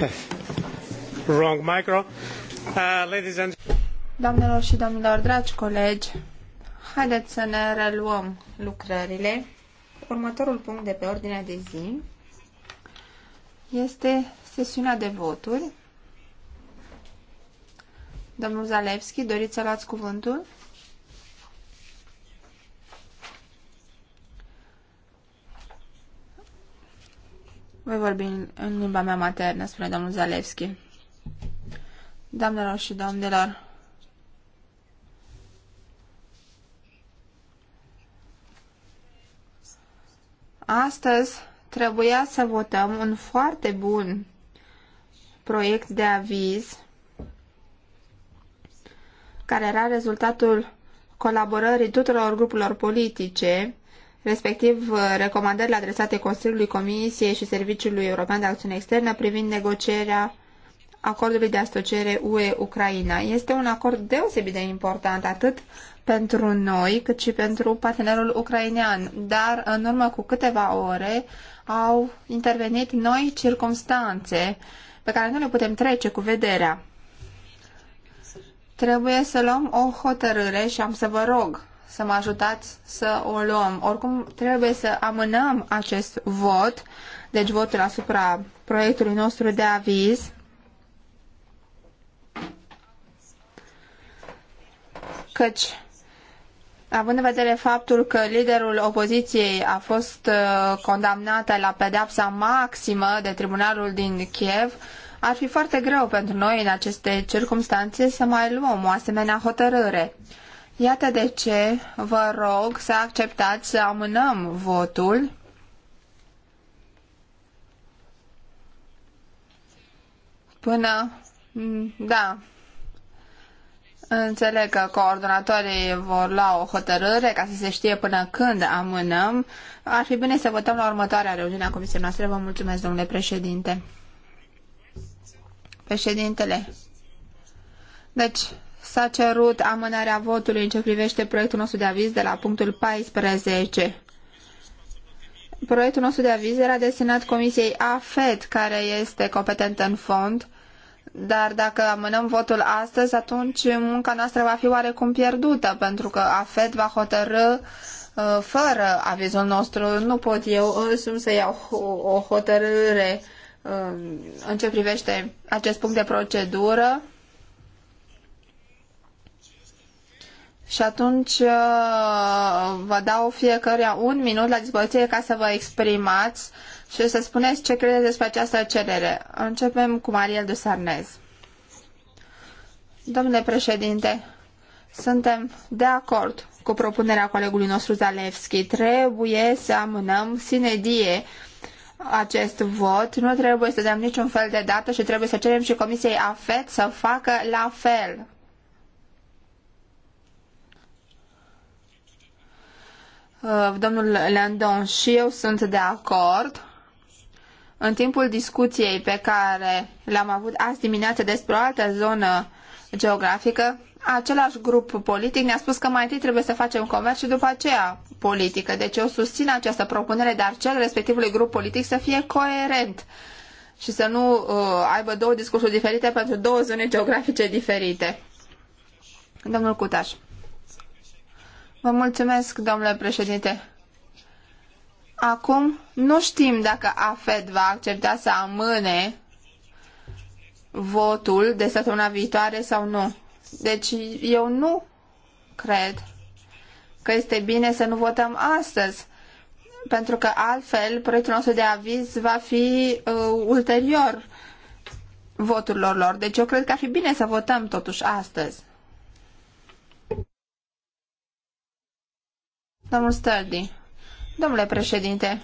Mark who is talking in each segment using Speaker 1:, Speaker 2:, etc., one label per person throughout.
Speaker 1: Wrong micro. Uh, ladies and...
Speaker 2: Doamnelor și domnilor, dragi colegi, haideți să ne reluăm lucrările. Următorul punct de pe ordinea de zi este sesiunea de voturi. Domnul Zalewski, doriți să luați cuvântul? Voi vorbi în, limba mea maternă, spune domnul Zalewski. Doamnelor și domnilor, astăzi trebuia să votăm un foarte bun proiect de aviz care era rezultatul colaborării tuturor grupurilor politice respectiv uh, recomandările adresate Consiliului Comisiei și Serviciului European de Acțiune Externă privind negocierea acordului de asociere UE-Ucraina. Este un acord deosebit de important atât pentru noi cât și pentru partenerul ucrainean, dar în urmă cu câteva ore au intervenit noi circumstanțe pe care nu le putem trece cu vederea. Trebuie să luăm o hotărâre și am să vă rog să mă ajutați să o luăm. Oricum, trebuie să amânăm acest vot, deci votul asupra proiectului nostru de aviz. Căci, având în vedere faptul că liderul opoziției a fost uh, condamnată la pedapsa maximă de tribunalul din Kiev, ar fi foarte greu pentru noi în aceste circunstanțe să mai luăm o asemenea hotărâre. Iată de ce vă rog să acceptați să amânăm votul până... Da, Înțeleg că coordonatorii vor lua o hotărâre ca să se știe până când amânăm. Ar fi bine să votăm la următoarea reuniune a comisiei noastre. Vă mulțumesc, domnule președinte. Președintele. Deci, S-a cerut amânarea votului în ce privește proiectul nostru de aviz de la punctul 14. Proiectul nostru de aviz era destinat Comisiei AFET, care este competentă în fond, dar dacă amânăm votul astăzi, atunci munca noastră va fi oarecum pierdută, pentru că AFET va hotărâ uh, fără avizul nostru. Nu pot eu însumi să iau o hotărâre uh, în ce privește acest punct de procedură și atunci uh, vă dau fiecăruia un minut la dispoziție ca să vă exprimați și să spuneți ce credeți despre această cerere. Începem cu Mariel de Sarnez. Domnule președinte, suntem de acord cu propunerea colegului nostru Zalewski. Trebuie să amânăm sinedie acest vot. Nu trebuie să dăm niciun fel de dată și trebuie să cerem și Comisiei AFET să facă la fel Uh, domnul Landon și eu sunt de acord. În timpul discuției pe care l-am avut azi dimineață despre o altă zonă geografică, același grup politic ne-a spus că mai întâi trebuie să facem comerț și după aceea politică. Deci eu susțin această propunere, dar cel respectivului grup politic să fie coerent și să nu uh, aibă două discursuri diferite pentru două zone geografice diferite. Domnul Cutaș. Vă mulțumesc, domnule președinte. Acum nu știm dacă AFED va accepta să amâne votul de săptămâna viitoare sau nu. Deci eu nu cred că este bine să nu votăm astăzi, pentru că altfel proiectul nostru de aviz va fi uh, ulterior voturilor lor. Deci eu cred că ar fi bine să votăm totuși astăzi. Domnul Sturdy. Domnule președinte,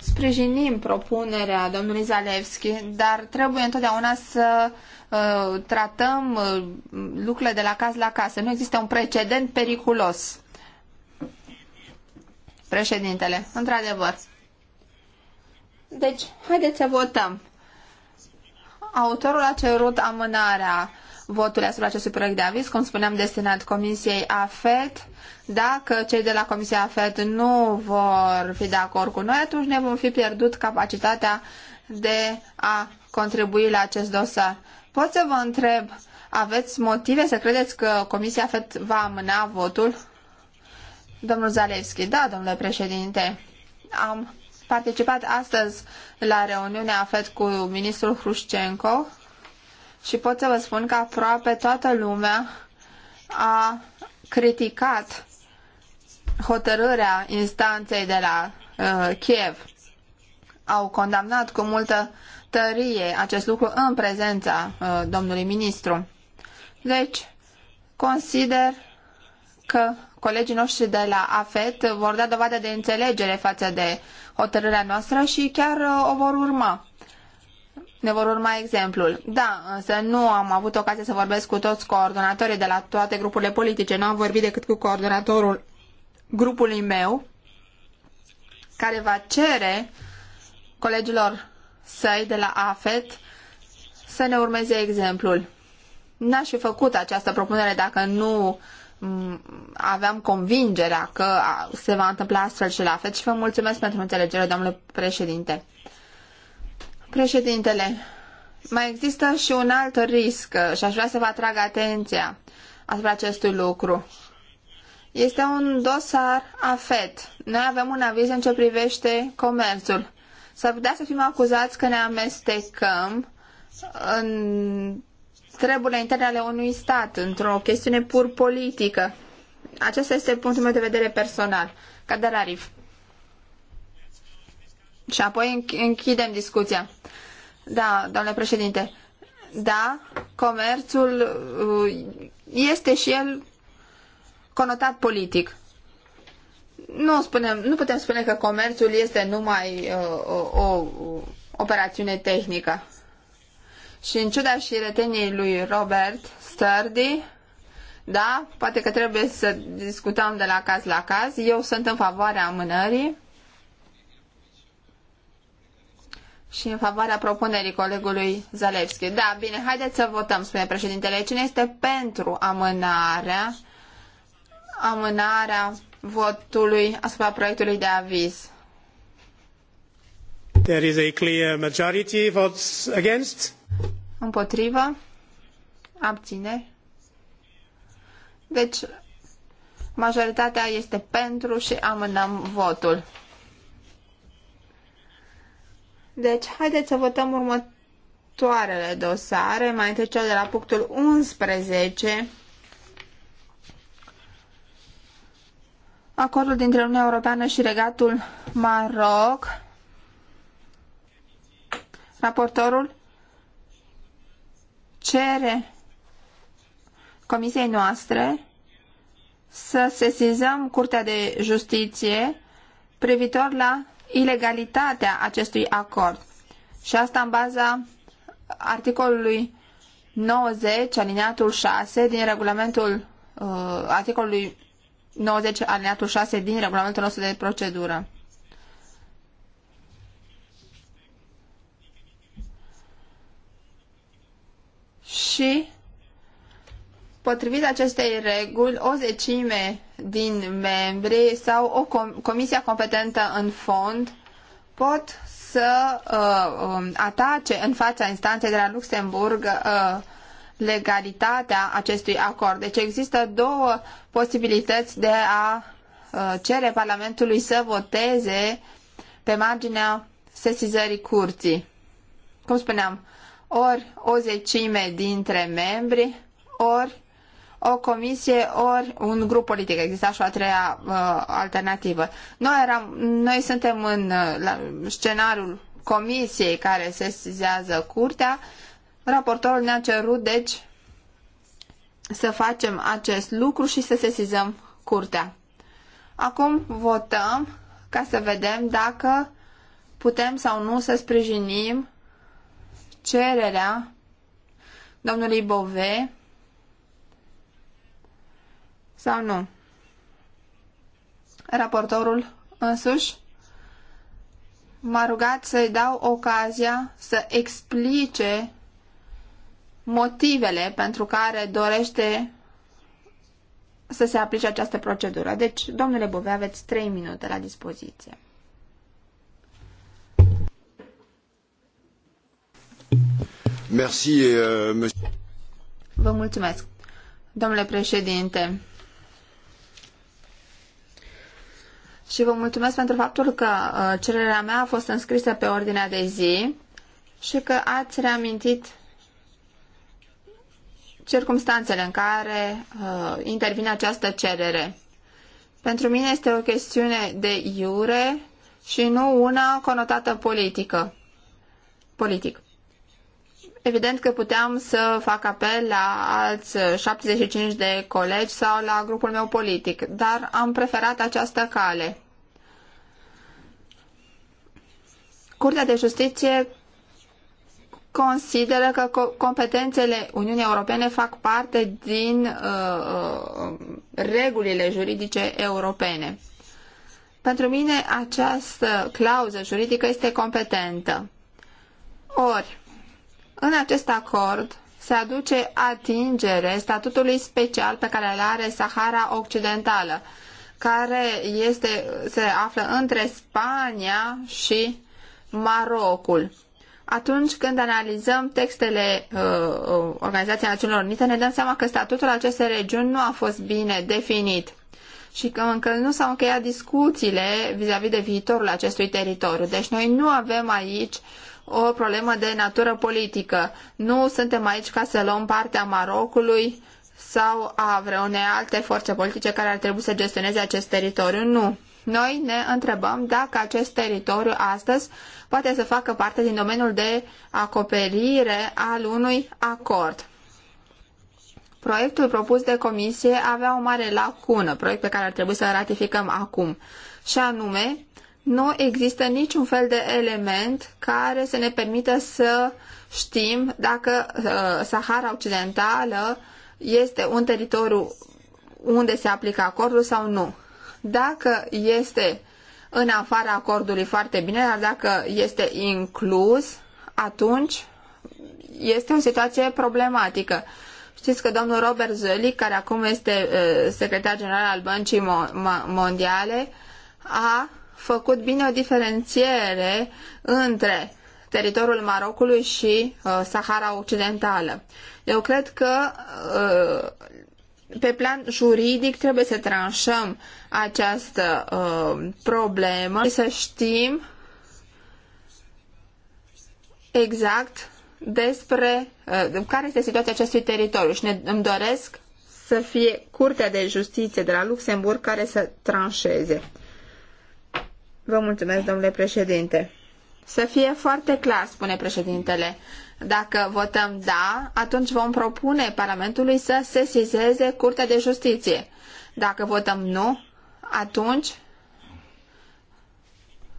Speaker 2: sprijinim propunerea domnului Zalewski, dar trebuie întotdeauna să uh, tratăm uh, lucrurile de la caz la caz. Nu există un precedent periculos. Președintele, într-adevăr. Deci, haideți să votăm. Autorul a cerut amânarea votul asupra acestui proiect de aviz, cum spuneam, destinat Comisiei AFET. Dacă cei de la Comisia AFET nu vor fi de acord cu noi, atunci ne vom fi pierdut capacitatea de a contribui la acest dosar. Pot să vă întreb, aveți motive să credeți că Comisia AFET va amâna votul? Domnul Zalewski, da, domnule președinte, am participat astăzi la reuniunea AFET cu ministrul Hrușcenco și pot să vă spun că aproape toată lumea a criticat hotărârea instanței de la uh, Kiev. Au condamnat cu multă tărie acest lucru în prezența uh, domnului ministru. Deci, consider că colegii noștri de la AFET vor da dovadă de înțelegere față de hotărârea noastră și chiar uh, o vor urma ne vor urma exemplul. Da, însă nu am avut ocazia să vorbesc cu toți coordonatorii de la toate grupurile politice. Nu am vorbit decât cu coordonatorul grupului meu, care va cere colegilor săi de la AFET să ne urmeze exemplul. N-aș fi făcut această propunere dacă nu aveam convingerea că se va întâmpla astfel și la AFET și vă mulțumesc pentru înțelegere, domnule președinte. Președintele, mai există și un alt risc și aș vrea să vă atrag atenția asupra acestui lucru. Este un dosar afet. Noi avem un aviz în ce privește comerțul. S-ar putea să fim acuzați că ne amestecăm în treburile interne ale unui stat, într-o chestiune pur politică. Acesta este punctul meu de vedere personal. Cadararif. Și apoi închidem discuția. Da, domnule președinte, da, comerțul uh, este și el conotat politic. Nu, spunem, nu putem spune că comerțul este numai uh, o, o, o operațiune tehnică. Și în ciuda și reteniei lui Robert Sturdy, da, poate că trebuie să discutăm de la caz la caz. Eu sunt în favoarea amânării și în favoarea propunerii colegului Zalewski. Da, bine, haideți să votăm, spune președintele. Cine este pentru amânarea, amânarea votului asupra proiectului de aviz?
Speaker 1: There is a clear majority votes against.
Speaker 2: Împotrivă. Abține. Deci, majoritatea este pentru și amânăm votul. Deci, haideți să votăm următoarele dosare, mai întâi cel de la punctul 11, acordul dintre Uniunea Europeană și Regatul Maroc. Raportorul cere comisiei noastre să sesizăm Curtea de Justiție privitor la ilegalitatea acestui acord. Și asta în baza articolului 90, alineatul 6 din regulamentul uh, articolului 90, alineatul 6 din regulamentul nostru de procedură. Și potrivit acestei reguli, o zecime din membri sau o com- comisia competentă în fond pot să uh, um, atace în fața instanței de la Luxemburg uh, legalitatea acestui acord. Deci există două posibilități de a uh, cere Parlamentului să voteze pe marginea sesizării curții. Cum spuneam, ori o zecime dintre membri, ori o comisie ori un grup politic. Exista și o a treia uh, alternativă. Noi, eram, noi suntem în uh, scenariul comisiei care sesizează curtea. Raportorul ne-a cerut, deci, să facem acest lucru și să sesizăm curtea. Acum votăm ca să vedem dacă putem sau nu să sprijinim cererea domnului Bove sau nu? Raportorul însuși m-a rugat să-i dau ocazia să explice motivele pentru care dorește să se aplice această procedură. Deci, domnule Bove, aveți trei minute la dispoziție.
Speaker 3: Merci, euh,
Speaker 2: Vă mulțumesc. Domnule președinte, și vă mulțumesc pentru faptul că uh, cererea mea a fost înscrisă pe ordinea de zi și că ați reamintit circumstanțele în care uh, intervine această cerere. Pentru mine este o chestiune de iure și nu una conotată politică. Politic. Evident că puteam să fac apel la alți 75 de colegi sau la grupul meu politic, dar am preferat această cale. Curtea de Justiție consideră că competențele Uniunii Europene fac parte din uh, uh, regulile juridice europene. Pentru mine această clauză juridică este competentă. Ori, în acest acord se aduce atingere statutului special pe care îl are Sahara Occidentală, care este, se află între Spania și Marocul. Atunci când analizăm textele uh, uh Organizației Națiunilor Unite, ne dăm seama că statutul acestei regiuni nu a fost bine definit și că încă nu s-au încheiat discuțiile vis-a-vis -vis de viitorul acestui teritoriu. Deci noi nu avem aici o problemă de natură politică. Nu suntem aici ca să luăm partea Marocului sau a vreunei alte forțe politice care ar trebui să gestioneze acest teritoriu. Nu. Noi ne întrebăm dacă acest teritoriu astăzi poate să facă parte din domeniul de acoperire al unui acord. Proiectul propus de comisie avea o mare lacună, proiect pe care ar trebui să-l ratificăm acum, și anume nu există niciun fel de element care să ne permită să știm dacă uh, Sahara Occidentală este un teritoriu unde se aplică acordul sau nu. Dacă este în afara acordului foarte bine, dar dacă este inclus, atunci este o situație problematică. Știți că domnul Robert Zölic, care acum este uh, secretar general al Băncii Mondiale, a făcut bine o diferențiere între teritoriul Marocului și uh, Sahara Occidentală. Eu cred că uh, pe plan juridic trebuie să tranșăm această uh, problemă și să știm exact despre uh, care este situația acestui teritoriu și ne, îmi doresc să fie Curtea de Justiție de la Luxemburg care să tranșeze. Vă mulțumesc, domnule președinte. Să fie foarte clar, spune președintele. Dacă votăm da, atunci vom propune Parlamentului să sesizeze Curtea de Justiție. Dacă votăm nu, atunci...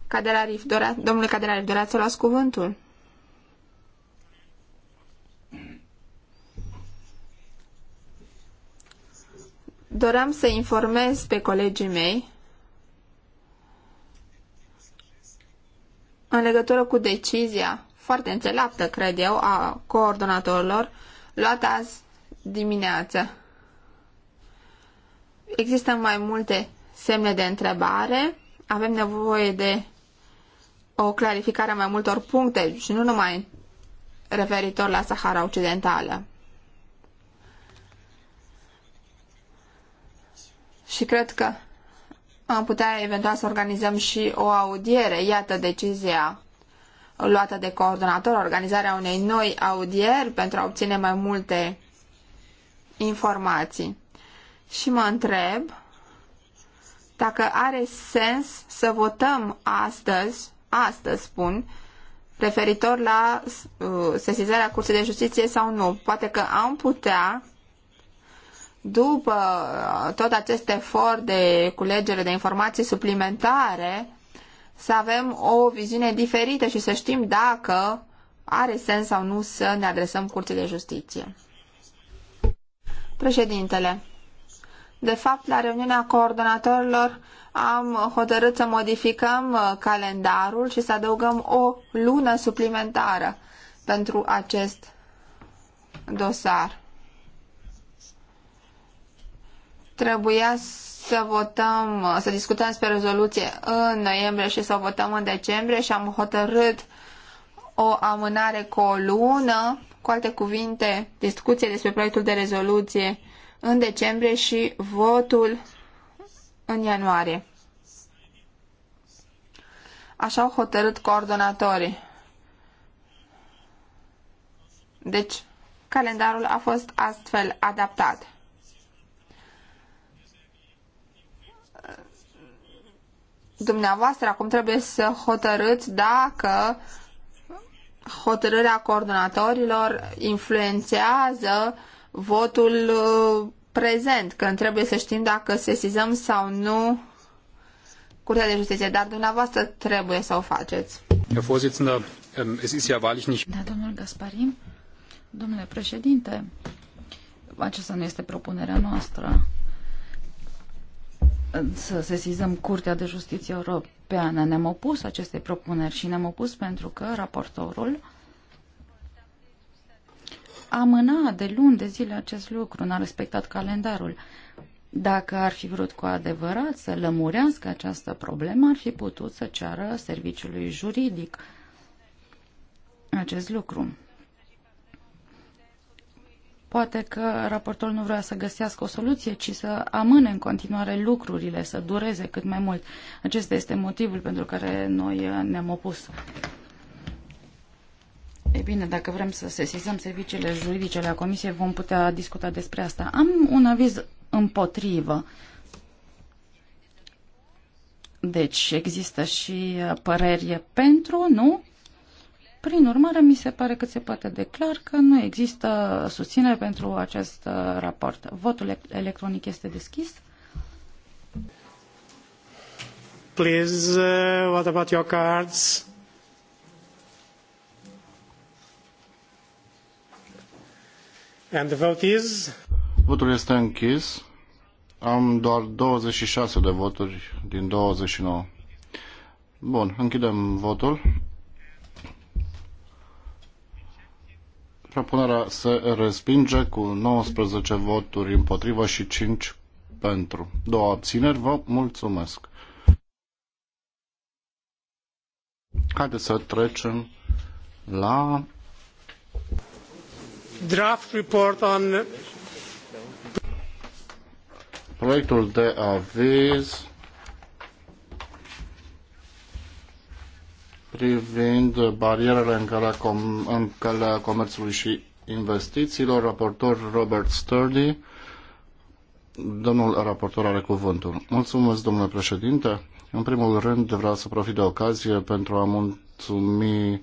Speaker 2: Cadelarif, dorea... Domnule Cadelarif, doreați să luați cuvântul? Doream să informez pe colegii mei în legătură cu decizia foarte înțeleaptă, cred eu, a coordonatorilor luată azi dimineață. Există mai multe semne de întrebare, avem nevoie de o clarificare a mai multor puncte și nu numai referitor la Sahara Occidentală. Și cred că am putea eventual să organizăm și o audiere. Iată decizia luată de coordonator, organizarea unei noi audieri pentru a obține mai multe informații. Și mă întreb dacă are sens să votăm astăzi, astăzi spun, referitor la uh, sesizarea Curții de Justiție sau nu. Poate că am putea după uh, tot acest efort de culegere de informații suplimentare, să avem o viziune diferită și să știm dacă are sens sau nu să ne adresăm Curții de Justiție. Președintele, de fapt, la reuniunea coordonatorilor am hotărât să modificăm uh, calendarul și să adăugăm o lună suplimentară pentru acest dosar. Trebuia să votăm, să discutăm despre rezoluție în noiembrie și să o votăm în decembrie și am hotărât o amânare cu o lună, cu alte cuvinte, discuție despre proiectul de rezoluție în decembrie și votul în ianuarie. Așa au hotărât coordonatorii. Deci, calendarul a fost astfel adaptat. dumneavoastră acum trebuie să hotărâți dacă hotărârea coordonatorilor influențează votul uh, prezent, când trebuie să știm dacă sesizăm sau nu Curtea de Justiție, dar dumneavoastră
Speaker 4: trebuie să o faceți.
Speaker 1: Herr ähm, es ist ja wahrlich nicht... Da, domnul Gasparim,
Speaker 4: domnule președinte, aceasta nu este propunerea noastră să sesizăm Curtea de Justiție Europeană. Ne-am opus acestei propuneri și ne-am opus pentru că raportorul amâna de luni de zile acest lucru, n-a respectat calendarul. Dacă ar fi vrut cu adevărat să lămurească această problemă, ar fi putut să ceară serviciului juridic acest lucru. Poate că raportorul nu vrea să găsească o soluție, ci să amâne în continuare lucrurile, să dureze cât mai mult. Acesta este motivul pentru care noi ne-am opus. E bine, dacă vrem să sesizăm serviciile juridice la Comisie, vom putea discuta despre asta. Am un aviz împotrivă. Deci există și păreri pentru, nu? Prin urmare, mi se pare că se poate declar că nu există susținere pentru acest uh, raport. Votul electronic este
Speaker 1: deschis. Please, uh, what about your cards? And the vote is?
Speaker 3: Votul este închis. Am doar 26 de voturi din 29. Bun, închidem votul. Propunerea se respinge cu 19 voturi împotrivă și 5 pentru. Două abțineri, vă mulțumesc. Haideți să trecem la
Speaker 1: draft report on
Speaker 3: proiectul de aviz privind barierele în calea, com- în calea comerțului și investițiilor, raportor Robert Sturdy. Domnul raportor are cuvântul. Mulțumesc, domnule președinte. În primul rând, vreau să profit de ocazie pentru a mulțumi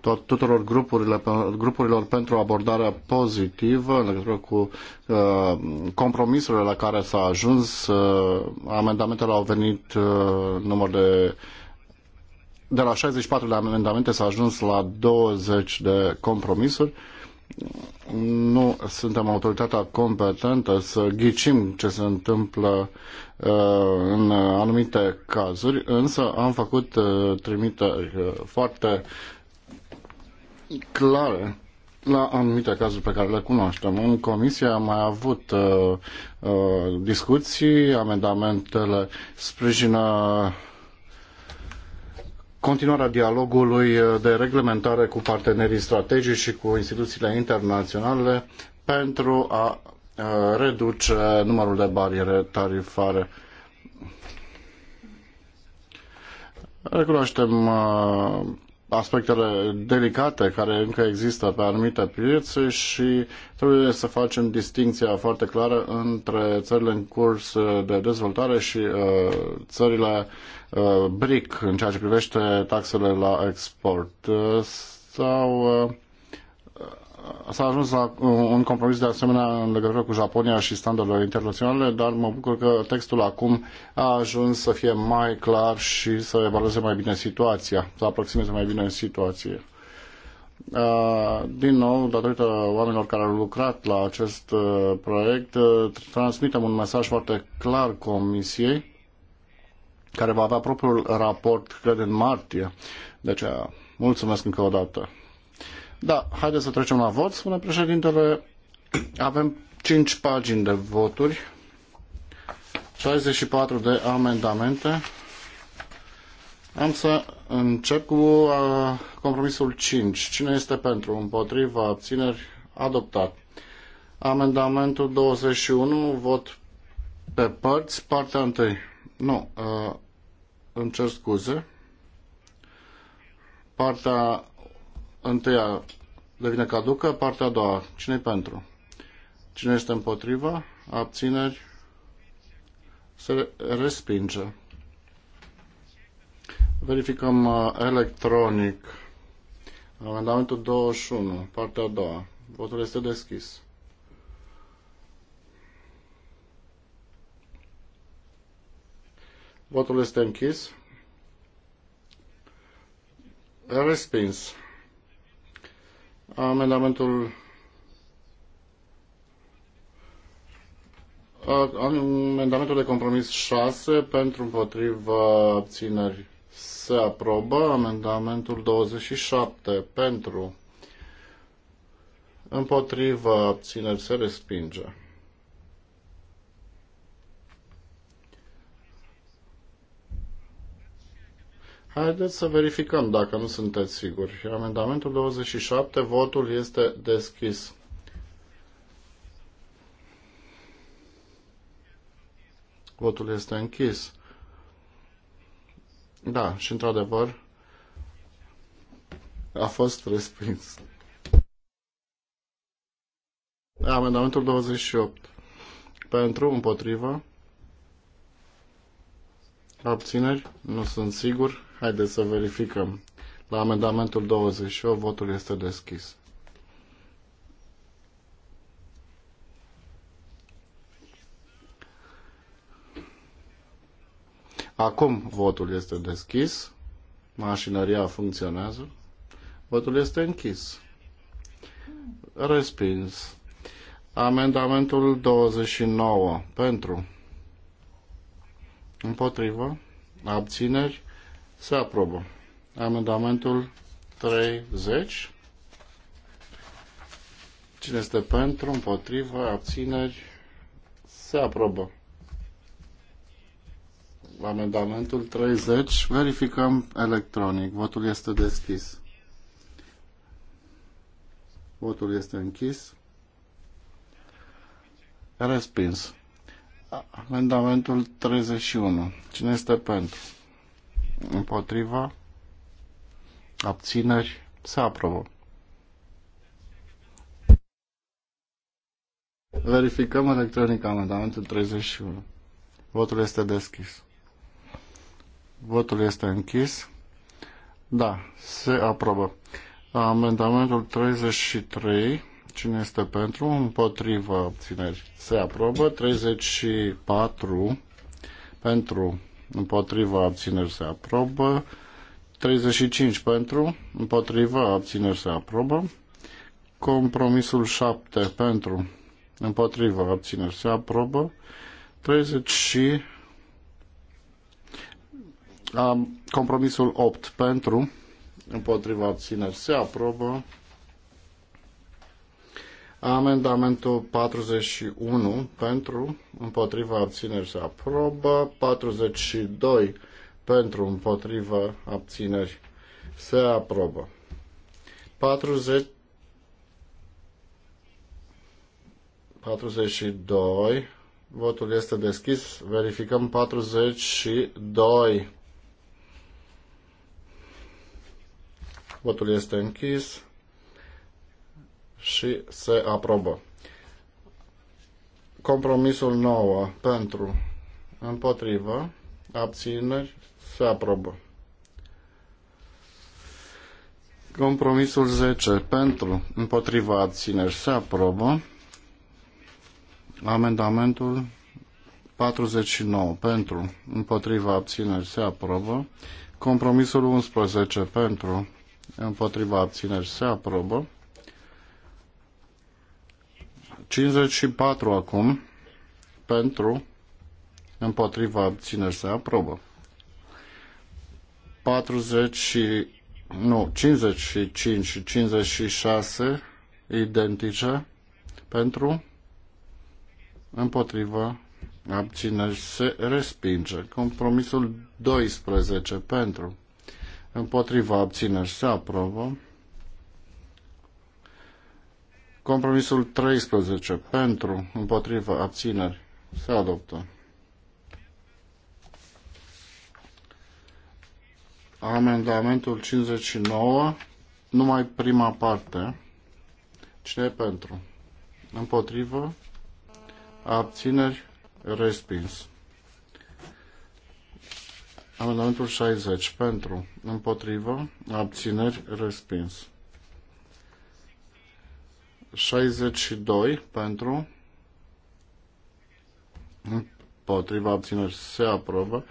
Speaker 3: tot, tuturor grupurile, grupurilor pentru abordarea pozitivă în legătură cu uh, compromisurile la care s-a ajuns. Uh, amendamentele au venit uh, număr de de la 64 de amendamente s-a ajuns la 20 de compromisuri. Nu suntem autoritatea competentă să ghicim ce se întâmplă uh, în anumite cazuri, însă am făcut uh, trimiteri uh, foarte clare la anumite cazuri pe care le cunoaștem. În comisie am mai avut uh, uh, discuții, amendamentele sprijină continuarea dialogului uh, de reglementare cu partenerii strategici și cu instituțiile internaționale pentru a uh, reduce numărul de bariere tarifare. Recunoaștem uh, aspectele delicate care încă există pe anumite piețe și trebuie să facem distinția foarte clară între țările în curs de dezvoltare și uh, țările uh, BRIC în ceea ce privește taxele la export. Uh, sau uh, s-a ajuns la uh, un compromis de asemenea în legătură cu Japonia și standardele internaționale, dar mă bucur că textul acum a ajuns să fie mai clar și să evalueze mai bine situația, să aproximeze mai bine situație. Uh, din nou, datorită oamenilor care au lucrat la acest uh, proiect, transmitem un mesaj foarte clar Comisiei, care va avea propriul raport, cred, în martie. Deci, mulțumesc încă o dată. Da, haideți să trecem la vot, spune președintele. Avem 5 pagini de voturi, 64 de amendamente. Am să încep cu uh, compromisul 5. Cine este pentru? Împotriva? Abțineri? Adoptat. Amendamentul 21, vot pe părți, partea 1. Nu, uh, îmi cer scuze. Partea întâia devine caducă, partea a doua. cine pentru? Cine este împotriva? Abțineri? Se respinge. Verificăm uh, electronic. Amendamentul 21, partea a doua. Votul este deschis. Votul este închis. Respins. Amendamentul Amendamentul de compromis 6 pentru împotriva abțineri se aprobă. Amendamentul 27 pentru împotriva abțineri se respinge. Haideți să verificăm dacă nu sunteți siguri. Amendamentul 27, votul este deschis. Votul este închis. Da, și într-adevăr a fost respins. Amendamentul 28. Pentru, împotrivă, abțineri, nu sunt sigur. Haideți să verificăm. La amendamentul 28, votul este deschis. Acum votul este deschis. Mașinăria funcționează. Votul este închis. Respins. Amendamentul 29. Pentru. Împotrivă. Abțineri. Se aprobă. Amendamentul 30. Cine este pentru, împotrivă, abțineri, se aprobă. Amendamentul 30. Verificăm electronic. Votul este deschis. Votul este închis. Respins. Amendamentul 31. Cine este pentru? împotriva, abțineri, se aprobă. Verificăm electronic amendamentul 31. Votul este deschis. Votul este închis. Da, se aprobă. Amendamentul 33. Cine este pentru? Împotrivă obțineri. Se aprobă. 34. Pentru Împotrivă, abțineri se aprobă. 35 pentru, împotrivă, abțineri se aprobă. Compromisul 7 pentru, împotrivă, abțineri se aprobă. 30 și compromisul 8 pentru, împotrivă, abțineri se aprobă. Amendamentul 41 pentru, împotriva abțineri se aprobă. 42 pentru, împotriva abțineri se aprobă. 40 42 Votul este deschis. Verificăm 42. Votul este închis și se aprobă. Compromisul 9 pentru împotrivă, abțineri, se aprobă. Compromisul 10 pentru împotriva abțineri se aprobă. Amendamentul 49 pentru împotriva abțineri se aprobă. Compromisul 11 pentru împotriva abțineri se aprobă. 54 acum pentru împotriva abțineri se aprobă. 40 și, nu, 55 și 56 identice pentru împotriva abțineri se respinge. Compromisul 12 pentru împotriva abțineri se aprobă. Compromisul 13 pentru, împotrivă, abțineri se adoptă. Amendamentul 59, numai prima parte. Cine e pentru? Împotrivă, abțineri, respins. Amendamentul 60, pentru, împotrivă, abțineri, respins. 62 pentru împotriva abțineri se aprobă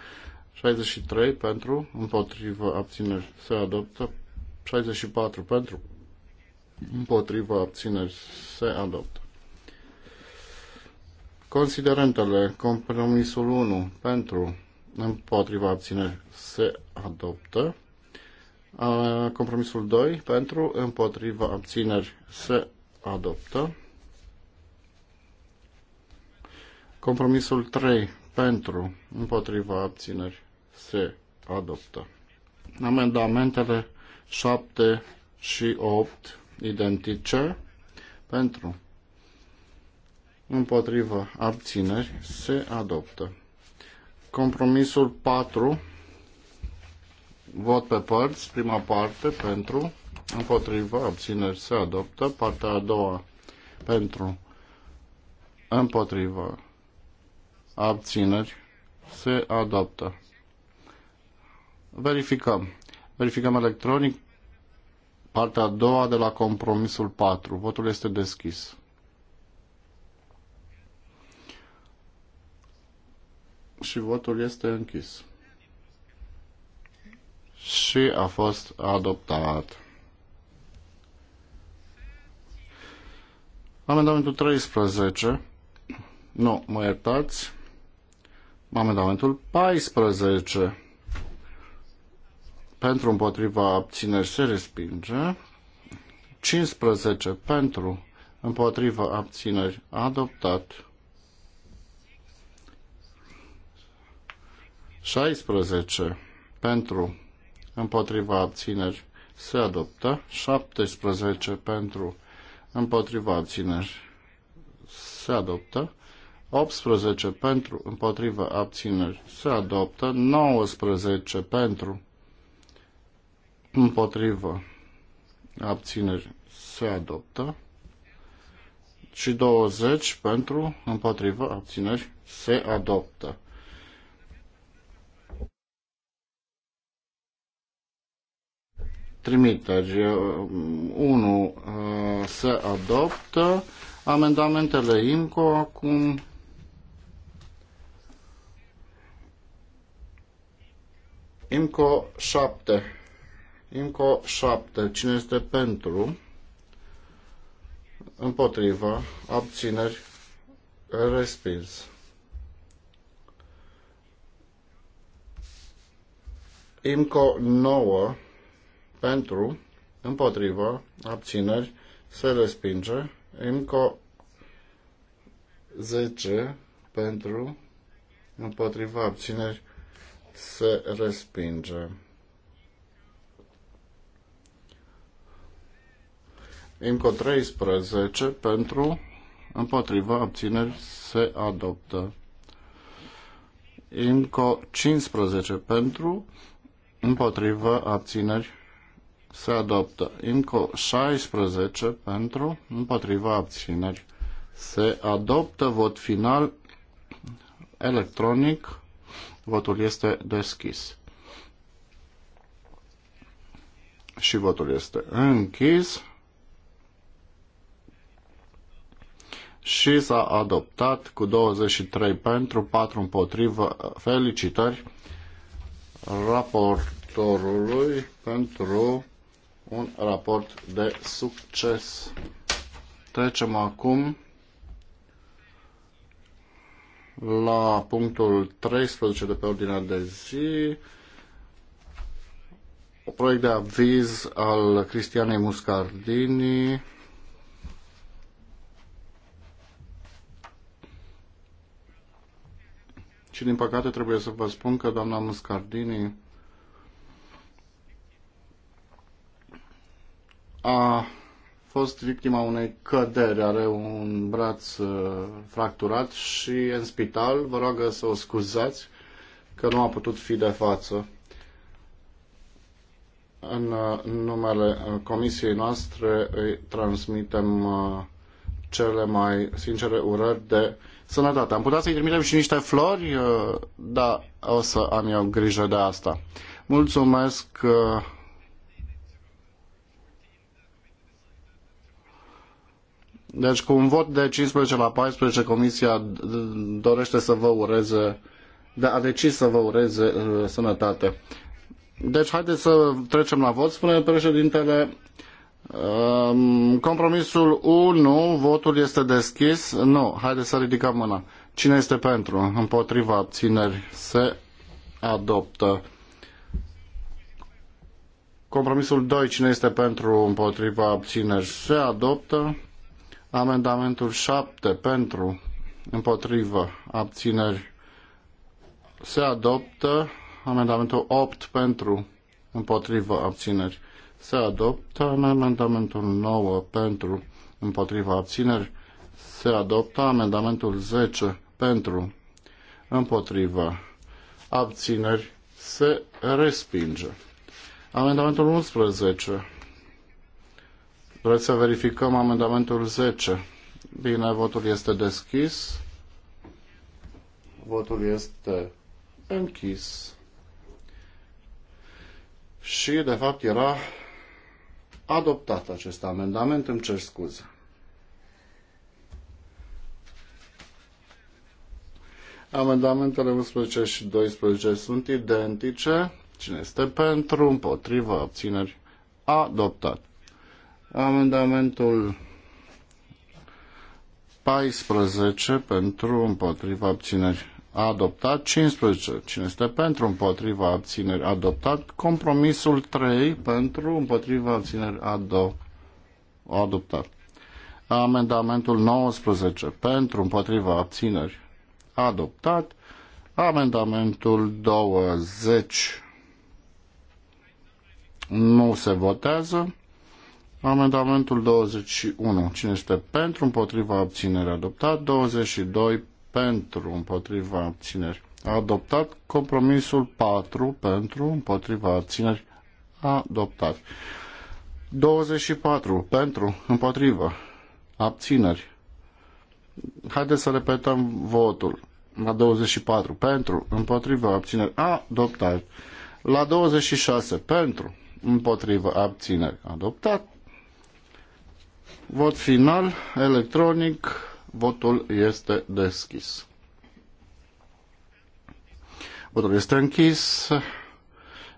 Speaker 3: 63 pentru împotriva abțineri se adoptă 64 pentru împotriva abțineri se adoptă Considerentele compromisul 1 pentru împotriva abțineri se adoptă compromisul 2 pentru împotriva abțineri se adoptă. Compromisul 3 pentru, împotriva abțineri se adoptă. Amendamentele 7 și 8 identice pentru, împotriva abțineri se adoptă. Compromisul 4 vot pe părți, prima parte pentru împotriva, abțineri se adoptă. Partea a doua pentru, împotriva, abțineri se adoptă. Verificăm. Verificăm electronic partea a doua de la compromisul 4. Votul este deschis. Și votul este închis. Și a fost adoptat. Amendamentul 13. Nu, mă iertați. Amendamentul 14. Pentru împotriva abțineri se respinge. 15. Pentru împotriva abțineri adoptat. 16. Pentru împotriva abțineri se adoptă. 17. Pentru împotriva abțineri se adoptă, 18 pentru, împotriva abțineri se adoptă, 19 pentru, împotriva abțineri se adoptă și 20 pentru, împotriva abțineri se adoptă. trimiteri. 1 uh, se adoptă. Amendamentele IMCO acum IMCO 7 IMCO 7 cine este pentru împotriva abțineri respins IMCO 9 pentru, împotrivă, abțineri, se respinge. încă 10 pentru, împotriva abțineri, se respinge. Încă 13 pentru, împotriva abțineri, se adoptă. Încă 15 pentru, împotriva abțineri, se adoptă. INCO 16 pentru, împotriva abțineri. Se adoptă vot final electronic. Votul este deschis. Și votul este închis. Și s-a adoptat cu 23 pentru, 4 împotrivă. Felicitări raportorului pentru un raport de succes. Trecem acum la punctul 13 de pe ordinea de zi, O proiect de aviz al Cristianei Muscardini, Și din păcate trebuie să vă spun că doamna Muscardini a fost victima unei căderi, are un braț uh, fracturat și în spital. Vă rog să o scuzați că nu a putut fi de față. În uh, numele uh, comisiei noastre îi transmitem cele mai sincere urări de sănătate. Am putea să-i trimitem și niște flori, dar o să am eu grijă de asta. Mulțumesc Deci cu un vot de 15 la 14 Comisia dorește să vă ureze, de a decis să vă ureze uh, sănătate. Deci haideți să trecem la vot, spune președintele. Um, compromisul 1, votul este deschis. Nu, haideți să ridicăm mâna. Cine este pentru? Împotriva abțineri se adoptă. Compromisul 2, cine este pentru? Împotriva abțineri se adoptă. Amendamentul 7 pentru, împotrivă, abțineri se adoptă. Amendamentul 8 pentru, împotrivă, abțineri se adoptă. Amendamentul 9 pentru, împotrivă, abțineri se adoptă. Amendamentul 10 pentru, împotrivă, abțineri se respinge. Amendamentul 11 Vreți să verificăm amendamentul 10? Bine, votul este deschis. Votul este închis. Și, de fapt, era adoptat acest amendament. Îmi cer scuze. Amendamentele 11 și 12 sunt identice. Cine este pentru, împotrivă, abțineri, adoptat. Amendamentul 14 pentru împotriva abțineri adoptat, 15 cine este pentru împotriva abțineri adoptat, compromisul 3 pentru împotriva abțineri ado, adoptat. Amendamentul 19 pentru împotriva abțineri adoptat, amendamentul 20 nu se votează, Amendamentul 21. Cine este pentru, împotriva, abțineri, adoptat. 22. Pentru, împotriva, abțineri, adoptat. Compromisul 4. Pentru, împotriva, abțineri, adoptat. 24. Pentru, împotriva, abțineri. Haideți să repetăm votul. La 24. Pentru, împotriva, abțineri, adoptat. La 26. Pentru, împotriva, abțineri, adoptat. Vot final, electronic, votul este deschis. Votul este închis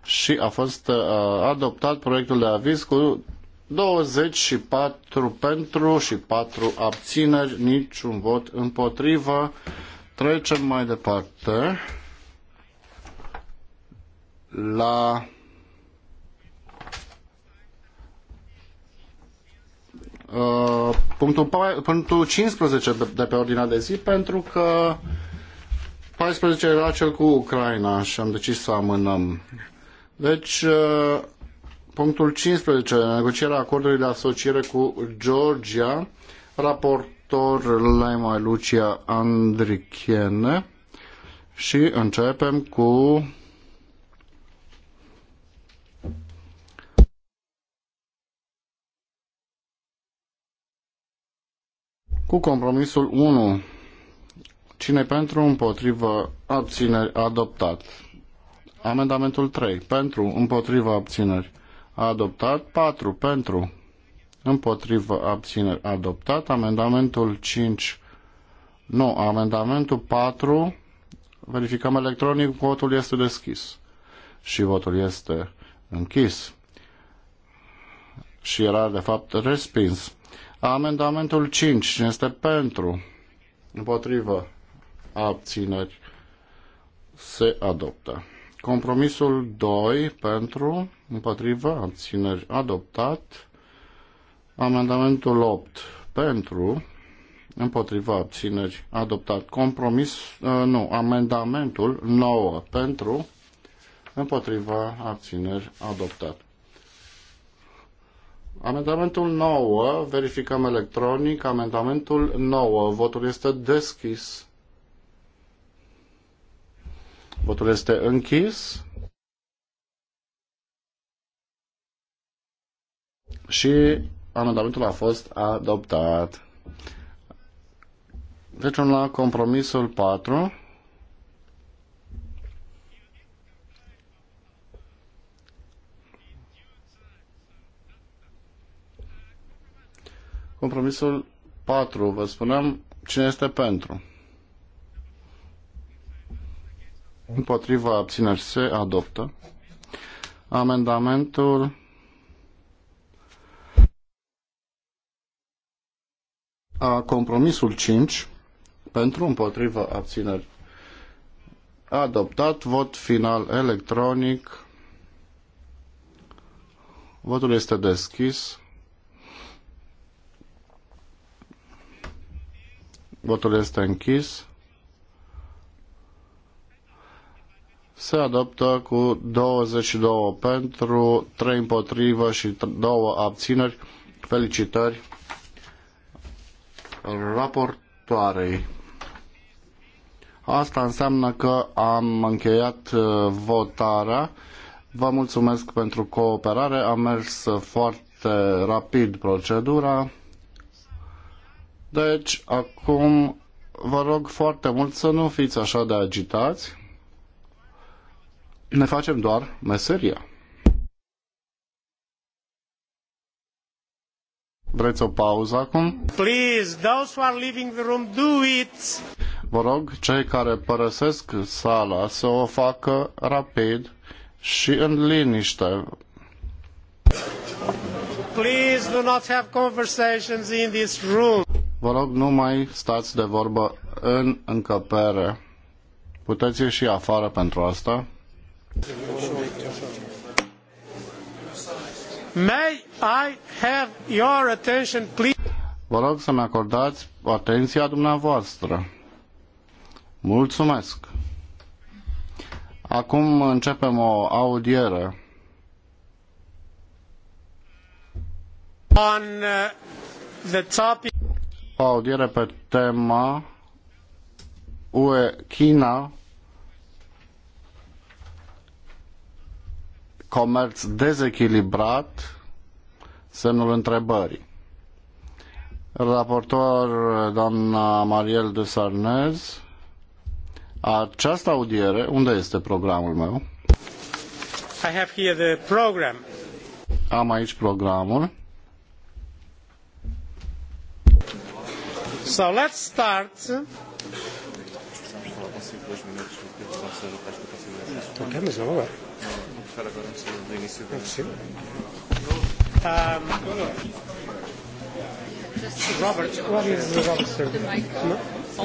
Speaker 3: și a fost uh, adoptat proiectul de aviz cu 24 pentru și 4 abțineri, niciun vot împotrivă. Trecem mai departe la Uh, punctul, punctul 15 de pe ordinea de zi pentru că 14 era cel cu Ucraina și am decis să amânăm. Deci, uh, punctul 15, negocierea acordului de asociere cu Georgia, raportor Laima Lucia și începem cu cu compromisul 1. Cine pentru, împotrivă, abțineri, adoptat. Amendamentul 3. Pentru, împotrivă, abțineri, adoptat. 4. Pentru, împotrivă, abțineri, adoptat. Amendamentul 5. Nu, amendamentul 4. Verificăm electronic, votul este deschis. Și votul este închis. Și era, de fapt, respins. Amendamentul 5. Cine este pentru? Împotrivă. Abțineri. Se adoptă. Compromisul 2 pentru, împotrivă, abțineri adoptat. Amendamentul 8 pentru, împotriva abțineri adoptat. Compromis, ă, nu, amendamentul 9 pentru, împotriva abțineri adoptat. Amendamentul 9, verificăm electronic. Amendamentul 9, votul este deschis. Votul este închis. Și amendamentul a fost adoptat. Trecem la compromisul 4. Compromisul 4, vă spuneam, cine este pentru? Împotriva abțineri se adoptă. Amendamentul a compromisul 5 pentru împotriva abțineri adoptat vot final electronic votul este deschis Votul este închis. Se adoptă cu 22 pentru, 3 împotrivă și 2 abțineri. Felicitări raportoarei. Asta înseamnă că am încheiat uh, votarea. Vă mulțumesc pentru cooperare. A mers foarte rapid procedura. Deci, acum vă rog foarte mult să nu fiți așa de agitați. Ne facem doar meseria. Vreți o pauză acum? Please, those who are leaving the room, do it! Vă rog, cei care părăsesc sala să o facă rapid și în liniște. Please do not have conversations in this room. Vă rog, nu mai stați de vorbă în încăpere. Puteți ieși afară pentru asta. May I have your attention, please? Vă rog să-mi acordați atenția dumneavoastră. Mulțumesc. Acum începem o audiere.
Speaker 1: On uh, the topic
Speaker 3: o audiere pe tema UE-China, comerț dezechilibrat, semnul întrebării. Raportor doamna Mariel de Sarnez, această audiere, unde este programul meu?
Speaker 1: I have here the program.
Speaker 3: Am aici programul.
Speaker 1: So let's start. Um, Robert, what is the Robert?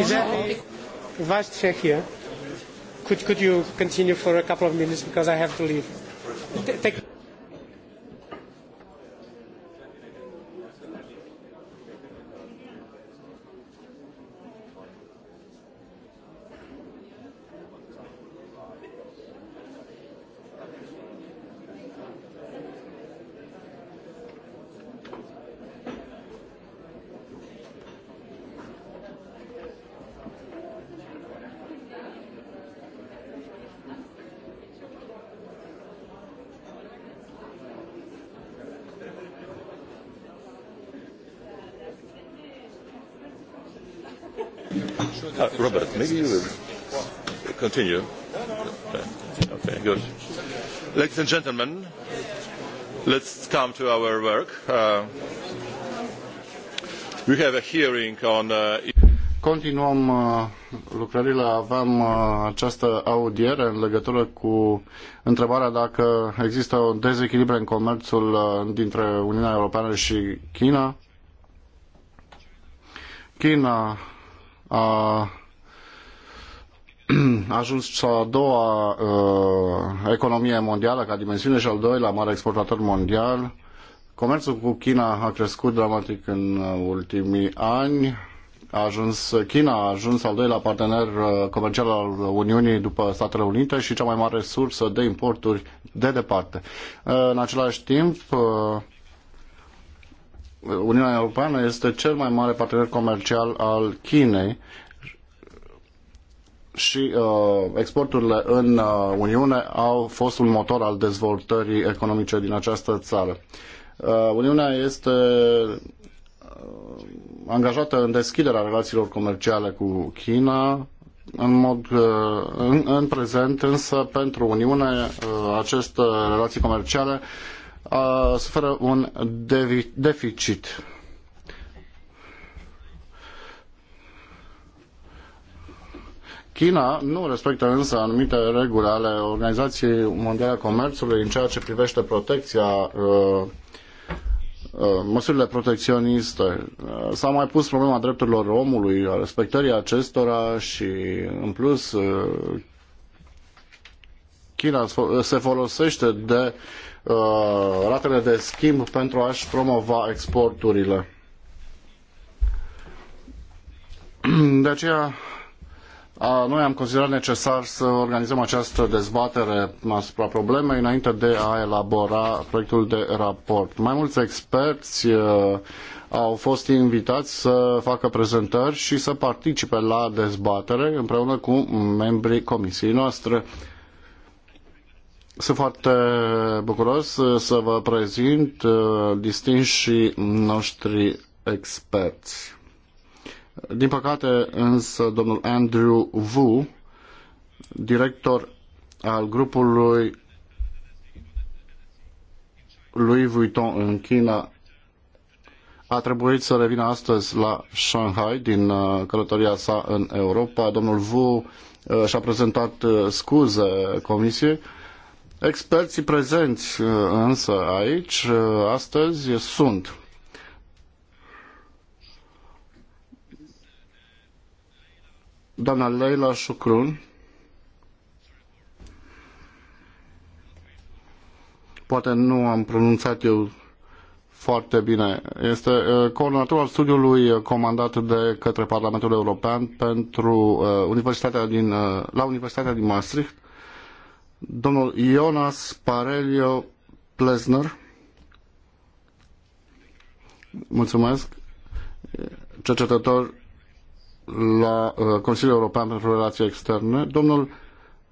Speaker 1: Is that vice chair here? Could could you continue for a couple of minutes because I have to leave. Take Maybe you will
Speaker 3: continue. Okay, good. Ladies and gentlemen, let's come to our work. Uh, we have a hearing on. Uh... Continuăm uh, lucrările. Avem uh, această audiere în legătură cu întrebarea dacă există o dezechilibre în comerțul uh, dintre Uniunea Europeană și China. China a ajuns cea a doua uh, economie mondială ca dimensiune și al doilea mare exportator mondial. Comerțul cu China a crescut dramatic în uh, ultimii ani. A ajuns, China a ajuns al doilea partener uh, comercial al Uniunii după Statele Unite și cea mai mare sursă de importuri de departe. În același timp, Uniunea Europeană este cel mai mare partener comercial al Chinei și uh, exporturile în uh, Uniune au fost un motor al dezvoltării economice din această țară. Uh, Uniunea este uh, angajată în deschiderea relațiilor comerciale cu China. În, mod, uh, în, în prezent, însă, pentru Uniune, uh, aceste relații comerciale suferă un deficit China nu respectă însă anumite reguli ale Organizației Mondiale a Comerțului în ceea ce privește protecția uh, uh, măsurile protecționiste. Uh, s-a mai pus problema drepturilor omului, a respectării acestora și, în plus, China se folosește de ratele de schimb pentru a-și promova exporturile. De aceea noi am considerat necesar să organizăm această dezbatere asupra problemei înainte de a elabora proiectul de raport. Mai mulți experți au fost invitați să facă prezentări și să participe la dezbatere împreună cu membrii comisiei noastre. Sunt foarte bucuros să vă prezint distinși noștri experți. Din păcate, însă, domnul Andrew Wu, director al grupului lui Vuitton în China, a trebuit să revină astăzi la Shanghai din uh, călătoria sa în Europa. Domnul Wu uh, și-a prezentat uh, scuze comisiei. Experții prezenți însă aici astăzi sunt doamna Leila Șucrun. Poate nu am pronunțat eu foarte bine. Este uh, coordonatorul al studiului comandat de către Parlamentul European pentru uh, Universitatea din, uh, la Universitatea din Maastricht, domnul Jonas Parelio Plesner. Mulțumesc. Cercetător la uh, Consiliul European pentru Relații Externe, domnul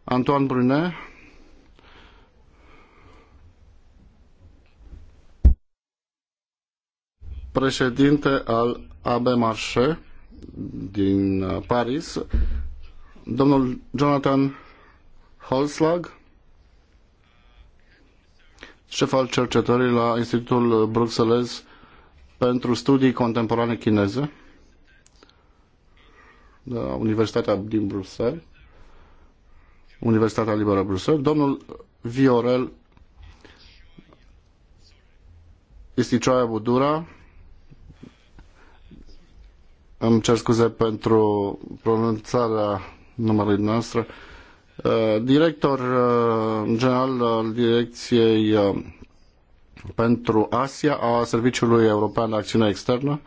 Speaker 3: Antoine Brunet. președinte al AB Marché din uh, Paris, domnul Jonathan Holslag, șef al cercetării la Institutul Bruxelles pentru Studii Contemporane Chineze, Universitatea din Bruxelles, Universitatea Liberă Bruxelles, domnul Viorel Isticioaia Budura, îmi cer scuze pentru pronunțarea numărului noastră, uh, director uh, general al Direcției uh, pentru Asia a Serviciului European de Acțiune Externă,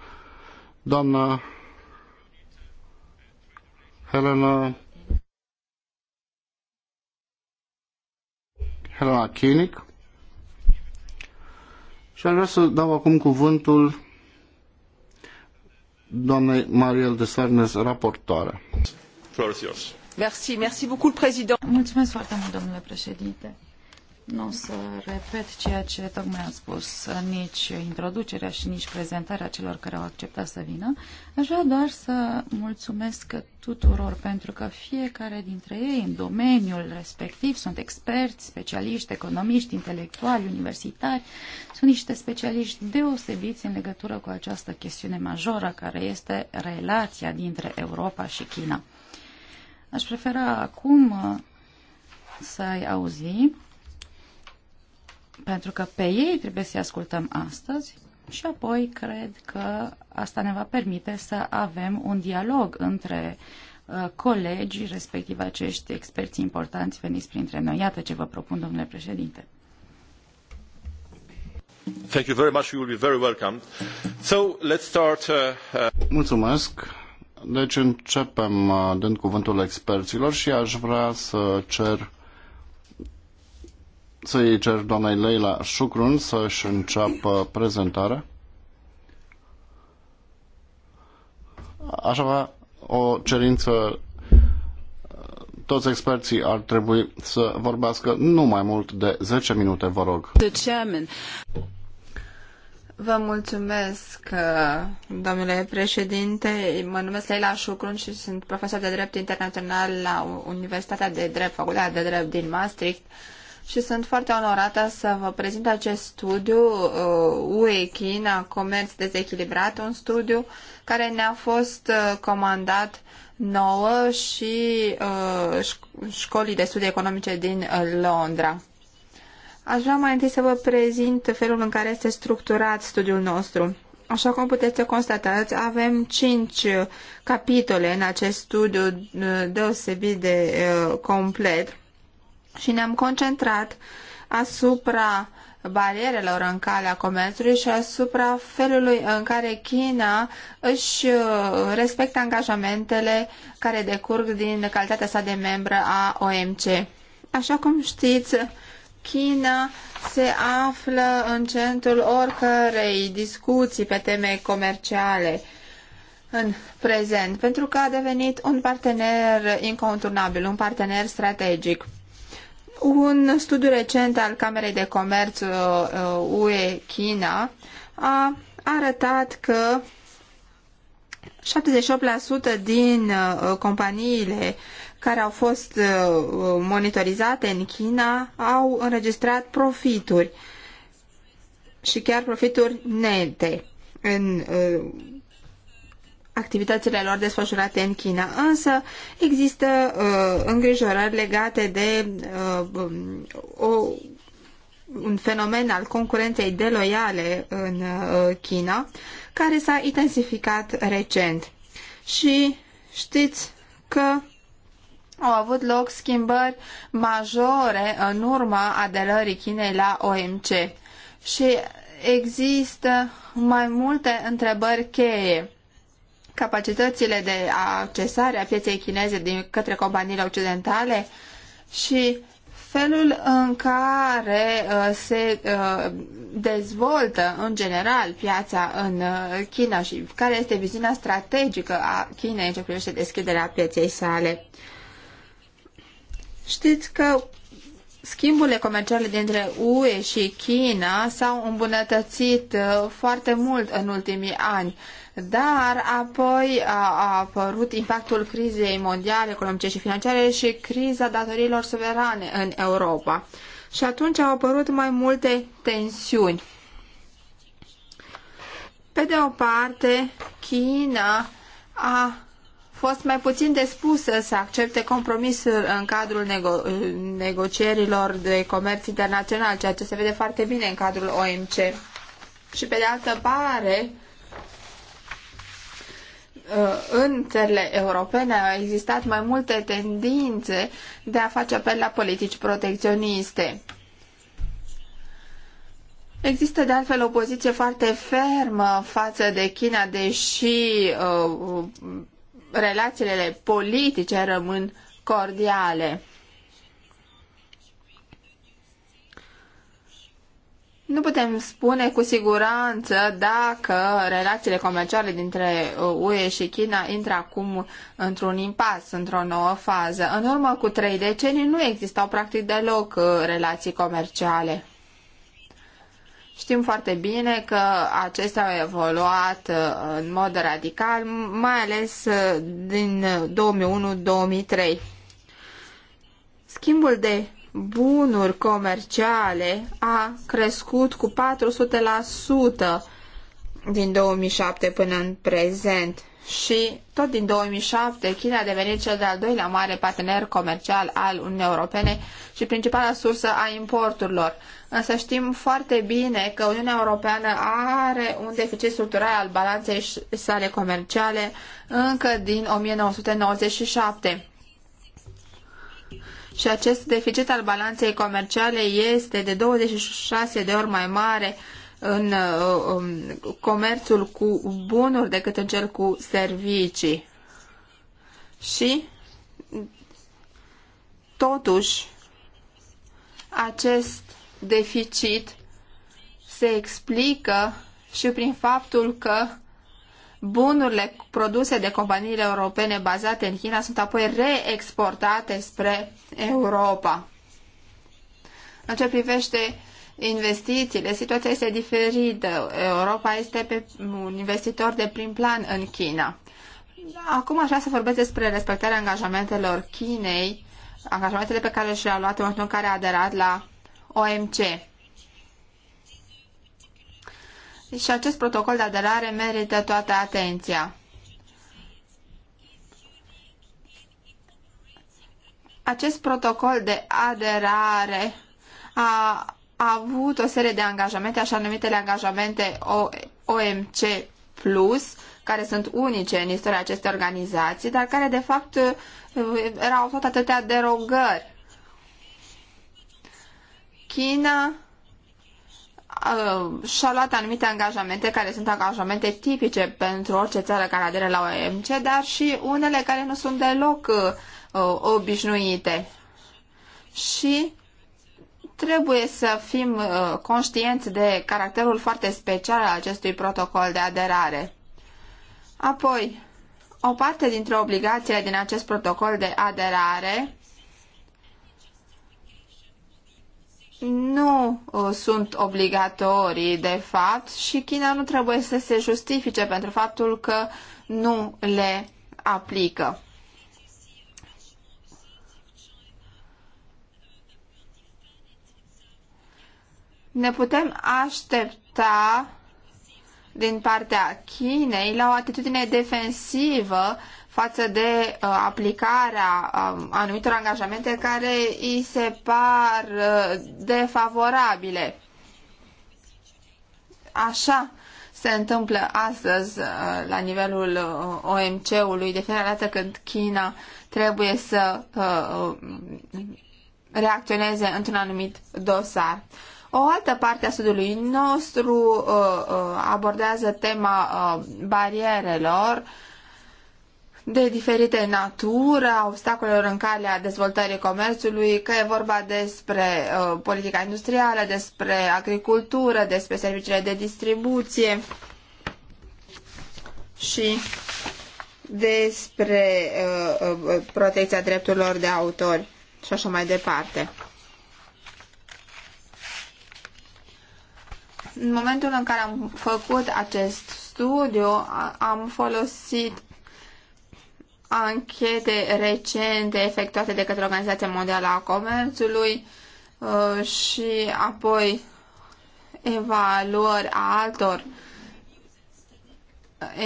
Speaker 3: doamna Helena Helena Chinic și aș vrea să dau acum cuvântul doamnei Mariel de Sarnes, raportoare.
Speaker 4: Mulțumesc foarte mult, domnule președinte. Nu o să repet ceea ce tocmai am spus, nici introducerea și nici prezentarea celor care au acceptat să vină. Aș vrea doar să mulțumesc tuturor pentru că fiecare dintre ei în domeniul respectiv sunt experți, specialiști, economiști, intelectuali, universitari. Sunt niște specialiști deosebiți în legătură cu această chestiune majoră care este relația dintre Europa și China. Aș prefera acum să-i auzim pentru că pe ei trebuie să-i ascultăm astăzi și apoi cred că asta ne va permite să avem un dialog între uh, colegi, respectiv acești experți importanți veniți printre noi. Iată ce vă propun, domnule președinte.
Speaker 5: Thank you very much. You will be very welcome. So, let's start. Uh,
Speaker 3: uh... Mulțumesc. Deci începem uh, dând cuvântul experților și aș vrea să cer să-i cer doamnei Leila Șucrun să-și înceapă prezentarea. Așa va o cerință toți experții ar trebui să vorbească nu mai mult de 10 minute, vă rog.
Speaker 2: Vă mulțumesc, domnule președinte. Mă numesc Leila Șucrun și sunt profesor de drept internațional la Universitatea de Drept, Facultatea de Drept din Maastricht și sunt foarte onorată să vă prezint acest studiu UE-China, uh, Comerț Dezechilibrat, un studiu care ne-a fost uh, comandat nouă și uh, școlii de studii economice din Londra. Aș vrea mai întâi să vă prezint felul în care este structurat studiul nostru. Așa cum puteți să constatați, avem cinci capitole în acest studiu deosebit de complet și ne-am concentrat asupra barierelor în calea comerțului și asupra felului în care China își uh, respectă angajamentele care decurg din calitatea sa de membră a OMC. Așa cum știți, China se află în centrul oricărei discuții pe teme comerciale în prezent, pentru că a devenit un partener inconturnabil, un partener strategic. Un studiu recent al Camerei de Comerț UE-China uh, uh, a arătat că 78% din uh, companiile care au fost monitorizate în China au înregistrat profituri și chiar profituri nete în activitățile lor desfășurate în China, însă există uh, îngrijorări legate de uh, um, o, un fenomen al concurenței deloiale în uh, China, care s-a intensificat recent. Și știți că au avut loc schimbări majore în urma aderării Chinei la OMC. Și există mai multe întrebări cheie capacitățile de accesare a pieței chineze din către companiile occidentale și felul în care uh, se uh, dezvoltă în general piața în uh, China și care este viziunea strategică a Chinei în ce privește deschiderea pieței sale. Știți că schimburile comerciale dintre UE și China s-au îmbunătățit uh, foarte mult în ultimii ani, dar apoi a apărut impactul crizei mondiale, economice și financiare și criza datoriilor suverane în Europa. Și atunci au apărut mai multe tensiuni. Pe de o parte, China a fost mai puțin despusă să accepte compromisul în cadrul nego negocierilor de comerț internațional, ceea ce se vede foarte bine în cadrul OMC. Și pe de altă parte, uh, în țările europene au existat mai multe tendințe de a face apel la politici protecționiste. Există de altfel o poziție foarte fermă față de China, deși uh, relațiile politice rămân cordiale. Nu putem spune cu siguranță dacă relațiile comerciale dintre UE și China intră acum într-un impas, într-o nouă fază. În urmă cu trei decenii nu existau practic deloc uh, relații comerciale. Știm foarte bine că acestea au evoluat uh, în mod radical, mai ales uh, din 2001-2003. Uh, Schimbul de bunuri comerciale a crescut cu 400% din 2007 până în prezent și tot din 2007 China a devenit cel de-al doilea mare partener comercial al Uniunii Europene și principala sursă a importurilor. Însă știm foarte bine că Uniunea Europeană are un deficit structural al balanței sale comerciale încă din 1997. Și acest deficit al balanței comerciale este de 26 de ori mai mare în uh, um, comerțul cu bunuri decât în cel cu servicii. Și, totuși, acest deficit se explică și prin faptul că bunurile produse de companiile europene bazate în China sunt apoi reexportate spre Europa. În ce privește investițiile, situația este diferită. Europa este pe un investitor de prim plan în China. Acum aș vrea să vorbesc despre respectarea angajamentelor Chinei, angajamentele pe care și le-a luat în momentul în care a aderat la OMC. Și acest protocol de aderare merită toată atenția. Acest protocol de aderare a a avut o serie de angajamente, așa numitele angajamente OMC+, Plus, care sunt unice în istoria acestei organizații, dar care de fapt uh, erau tot atâtea derogări. China uh, și-a luat anumite angajamente care sunt angajamente tipice pentru orice țară care adere la OMC, dar și unele care nu sunt deloc uh, obișnuite. Și Trebuie să fim uh, conștienți de caracterul foarte special al acestui protocol de aderare. Apoi, o parte dintre obligațiile din acest protocol de aderare nu uh, sunt obligatorii, de fapt, și China nu trebuie să se justifice pentru faptul că nu le aplică. ne putem aștepta din partea Chinei la o atitudine defensivă față de uh, aplicarea uh, anumitor angajamente care îi se par uh, defavorabile. Așa se întâmplă astăzi uh, la nivelul uh, OMC-ului, de fiecare dată când China trebuie să uh, uh reacționeze într-un anumit dosar. O altă parte a studiului nostru uh, uh, abordează tema uh, barierelor de diferite natură, obstacolelor în calea dezvoltării comerțului, că e vorba despre uh, politica industrială, despre agricultură, despre serviciile de distribuție și despre uh, protecția drepturilor de autori și așa mai departe. În momentul în care am făcut acest studiu, am folosit anchete recente efectuate de către Organizația Mondială a Comerțului uh, și apoi evaluări a altor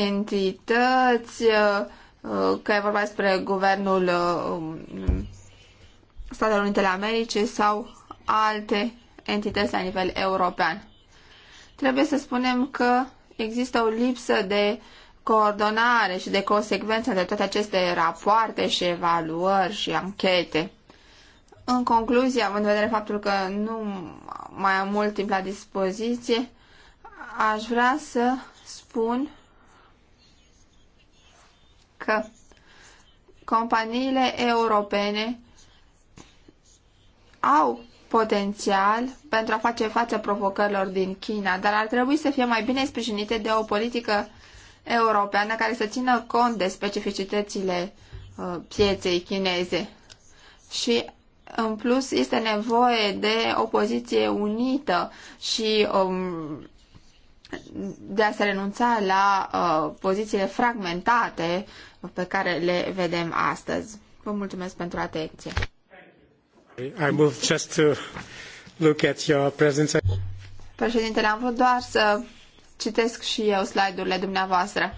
Speaker 2: entități, uh, uh, că e vorba despre guvernul Statelor Unite ale Americii sau alte entități la nivel european trebuie să spunem că există o lipsă de coordonare și de consecvență de toate aceste rapoarte și evaluări și anchete. În concluzie, având în vedere faptul că nu mai am mult timp la dispoziție, aș vrea să spun că companiile europene au potențial pentru a face față provocărilor din China, dar ar trebui să fie mai bine sprijinite de o politică europeană care să țină cont de specificitățile uh, pieței chineze. Și în plus este nevoie de o poziție unită și um, de a se renunța la uh, pozițiile fragmentate pe care le vedem astăzi. Vă mulțumesc pentru atenție.
Speaker 1: I move just to uh, look at your
Speaker 2: Președintele, am vrut doar să citesc și eu slide-urile dumneavoastră.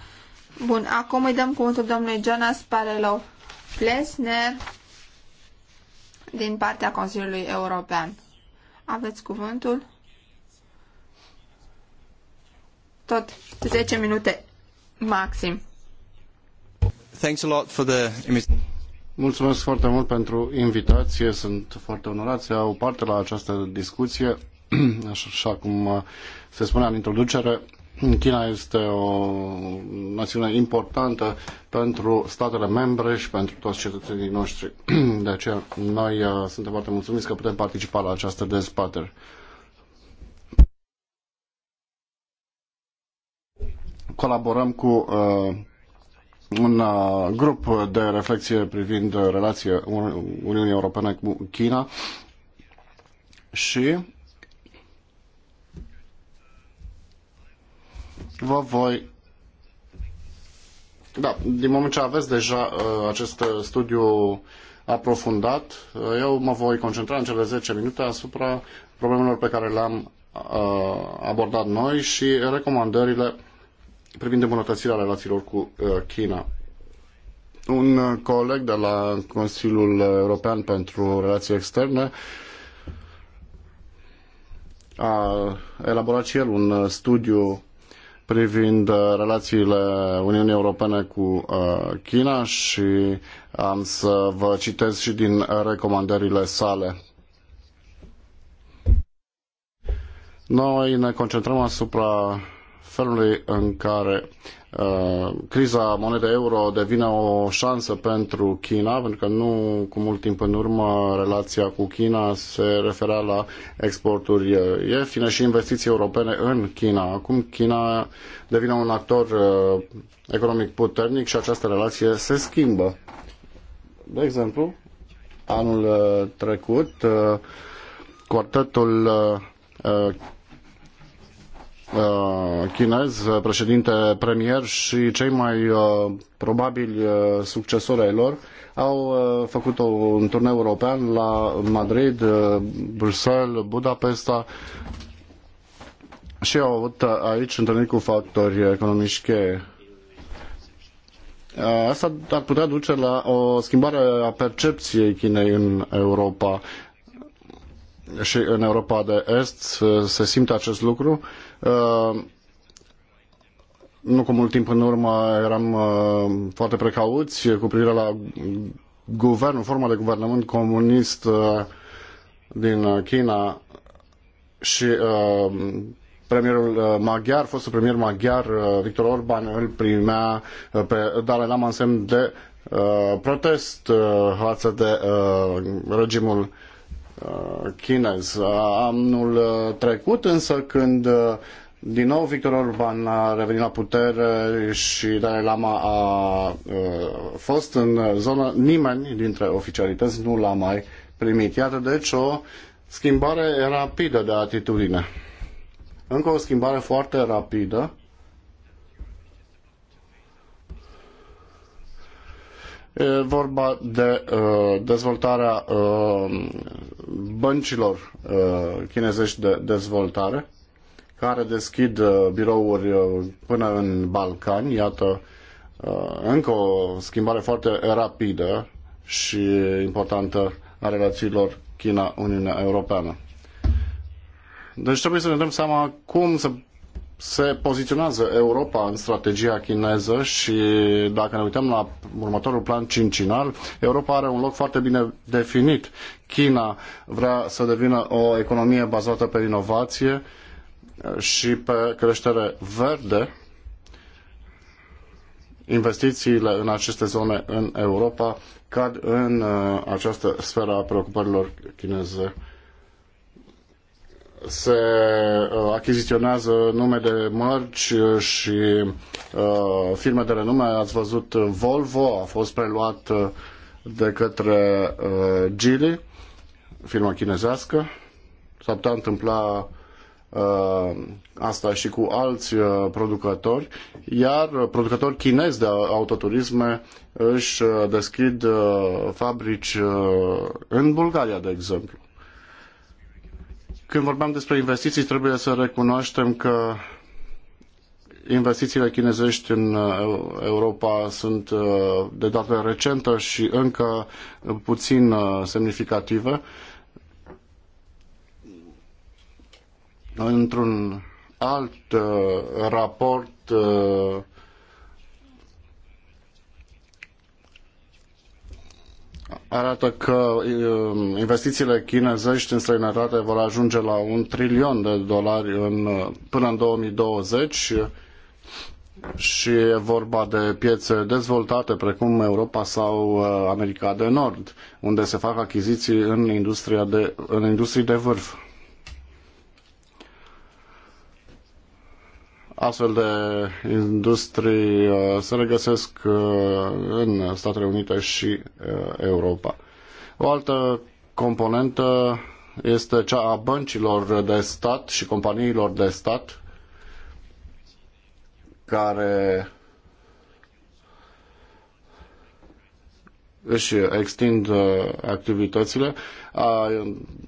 Speaker 2: Bun, acum îi dăm cuvântul domnului Jonas Parelo Plesner din partea Consiliului European. Aveți cuvântul? Tot 10 minute maxim.
Speaker 3: Thanks a lot for the Mulțumesc foarte mult pentru invitație, sunt foarte onorat să iau parte la această discuție. Așa cum uh, se spunea în introducere, China este o națiune importantă pentru statele membre și pentru toți cetățenii noștri. De aceea, noi uh, suntem foarte mulțumiți că putem participa la această dezbatere. Colaborăm cu uh, un uh, grup de reflexie privind relația Uniunii Europene cu China și vă voi da, din moment ce aveți deja uh, acest studiu aprofundat, uh, eu mă voi concentra în cele 10 minute asupra problemelor pe care le-am abordat noi și recomandările privind îmbunătățirea relațiilor cu uh, China. Un uh, coleg de la Consiliul European pentru Relații Externe a elaborat și el un uh, studiu privind relațiile Uniunii Europene cu China și am să vă citez și din recomandările sale. Noi ne concentrăm asupra felului în care uh, criza monedei euro devine o șansă pentru China, pentru că nu cu mult timp în urmă relația cu China se referea la exporturi uh, ieftine și investiții europene în China. Acum China devine un actor uh, economic puternic și această relație se schimbă. De exemplu, anul uh, trecut, uh, quartetul uh, Uh, chinez, uh, președinte, premier și cei mai uh, probabili succesori ai lor au făcut un turneu european la Madrid, Bruxelles, Budapesta și au avut aici întâlniri cu factori economici cheie. Asta ar putea duce la o schimbare a percepției Chinei în Europa și în Europa de Est se simte acest lucru. Uh, Uh, nu cu mult timp în urmă eram uh, foarte precauți cu privire la guvernul, forma de guvernământ comunist uh, din China și premierul maghiar, fostul premier maghiar Victor Orban îl primea pe Dalai Lama în semn de protest față de regimul chinez. Anul uh, trecut însă când uh, din nou Victor Orban a revenit la putere și Dalai Lama a uh, fost în zonă, nimeni dintre oficialități nu l-a mai primit. Iată deci o schimbare rapidă de atitudine. Încă o schimbare foarte rapidă. E vorba de uh, dezvoltarea uh, băncilor uh, chinezești de dezvoltare, care deschid uh, birouri uh, până în Balcani. Iată, încă o schimbare foarte rapidă și importantă a relațiilor China-Uniunea Europeană. Deci trebuie să ne dăm seama cum să se poziționează Europa în strategia chineză și dacă ne uităm la următorul plan cincinal, Europa are un loc foarte bine definit. China vrea să devină o economie bazată pe inovație și pe creștere verde, investițiile în aceste zone în Europa cad în această sferă a preocupărilor chineze. Se achiziționează nume de mărci și firme de renume. Ați văzut Volvo, a fost preluat de către Geely. Firma chinezească. S-ar putea întâmpla uh, asta și cu alți uh, producători, iar producători chinezi de autoturisme își uh, deschid uh, fabrici uh, în Bulgaria, de exemplu. Când vorbeam despre investiții, trebuie să recunoaștem că investițiile chinezești în uh, Europa sunt uh, de dată recentă și încă puțin semnificative. într-un alt uh, raport uh, arată că uh, investițiile chinezești în străinătate vor ajunge la un trilion de dolari în, uh, până în 2020 și e vorba de piețe dezvoltate precum Europa sau uh, America de Nord, unde se fac achiziții în, industria de, în industrie de vârf. Astfel de industrii uh, se regăsesc uh, în Statele Unite și uh, Europa. O altă componentă este cea a băncilor de stat și companiilor de stat care își extind uh, activitățile,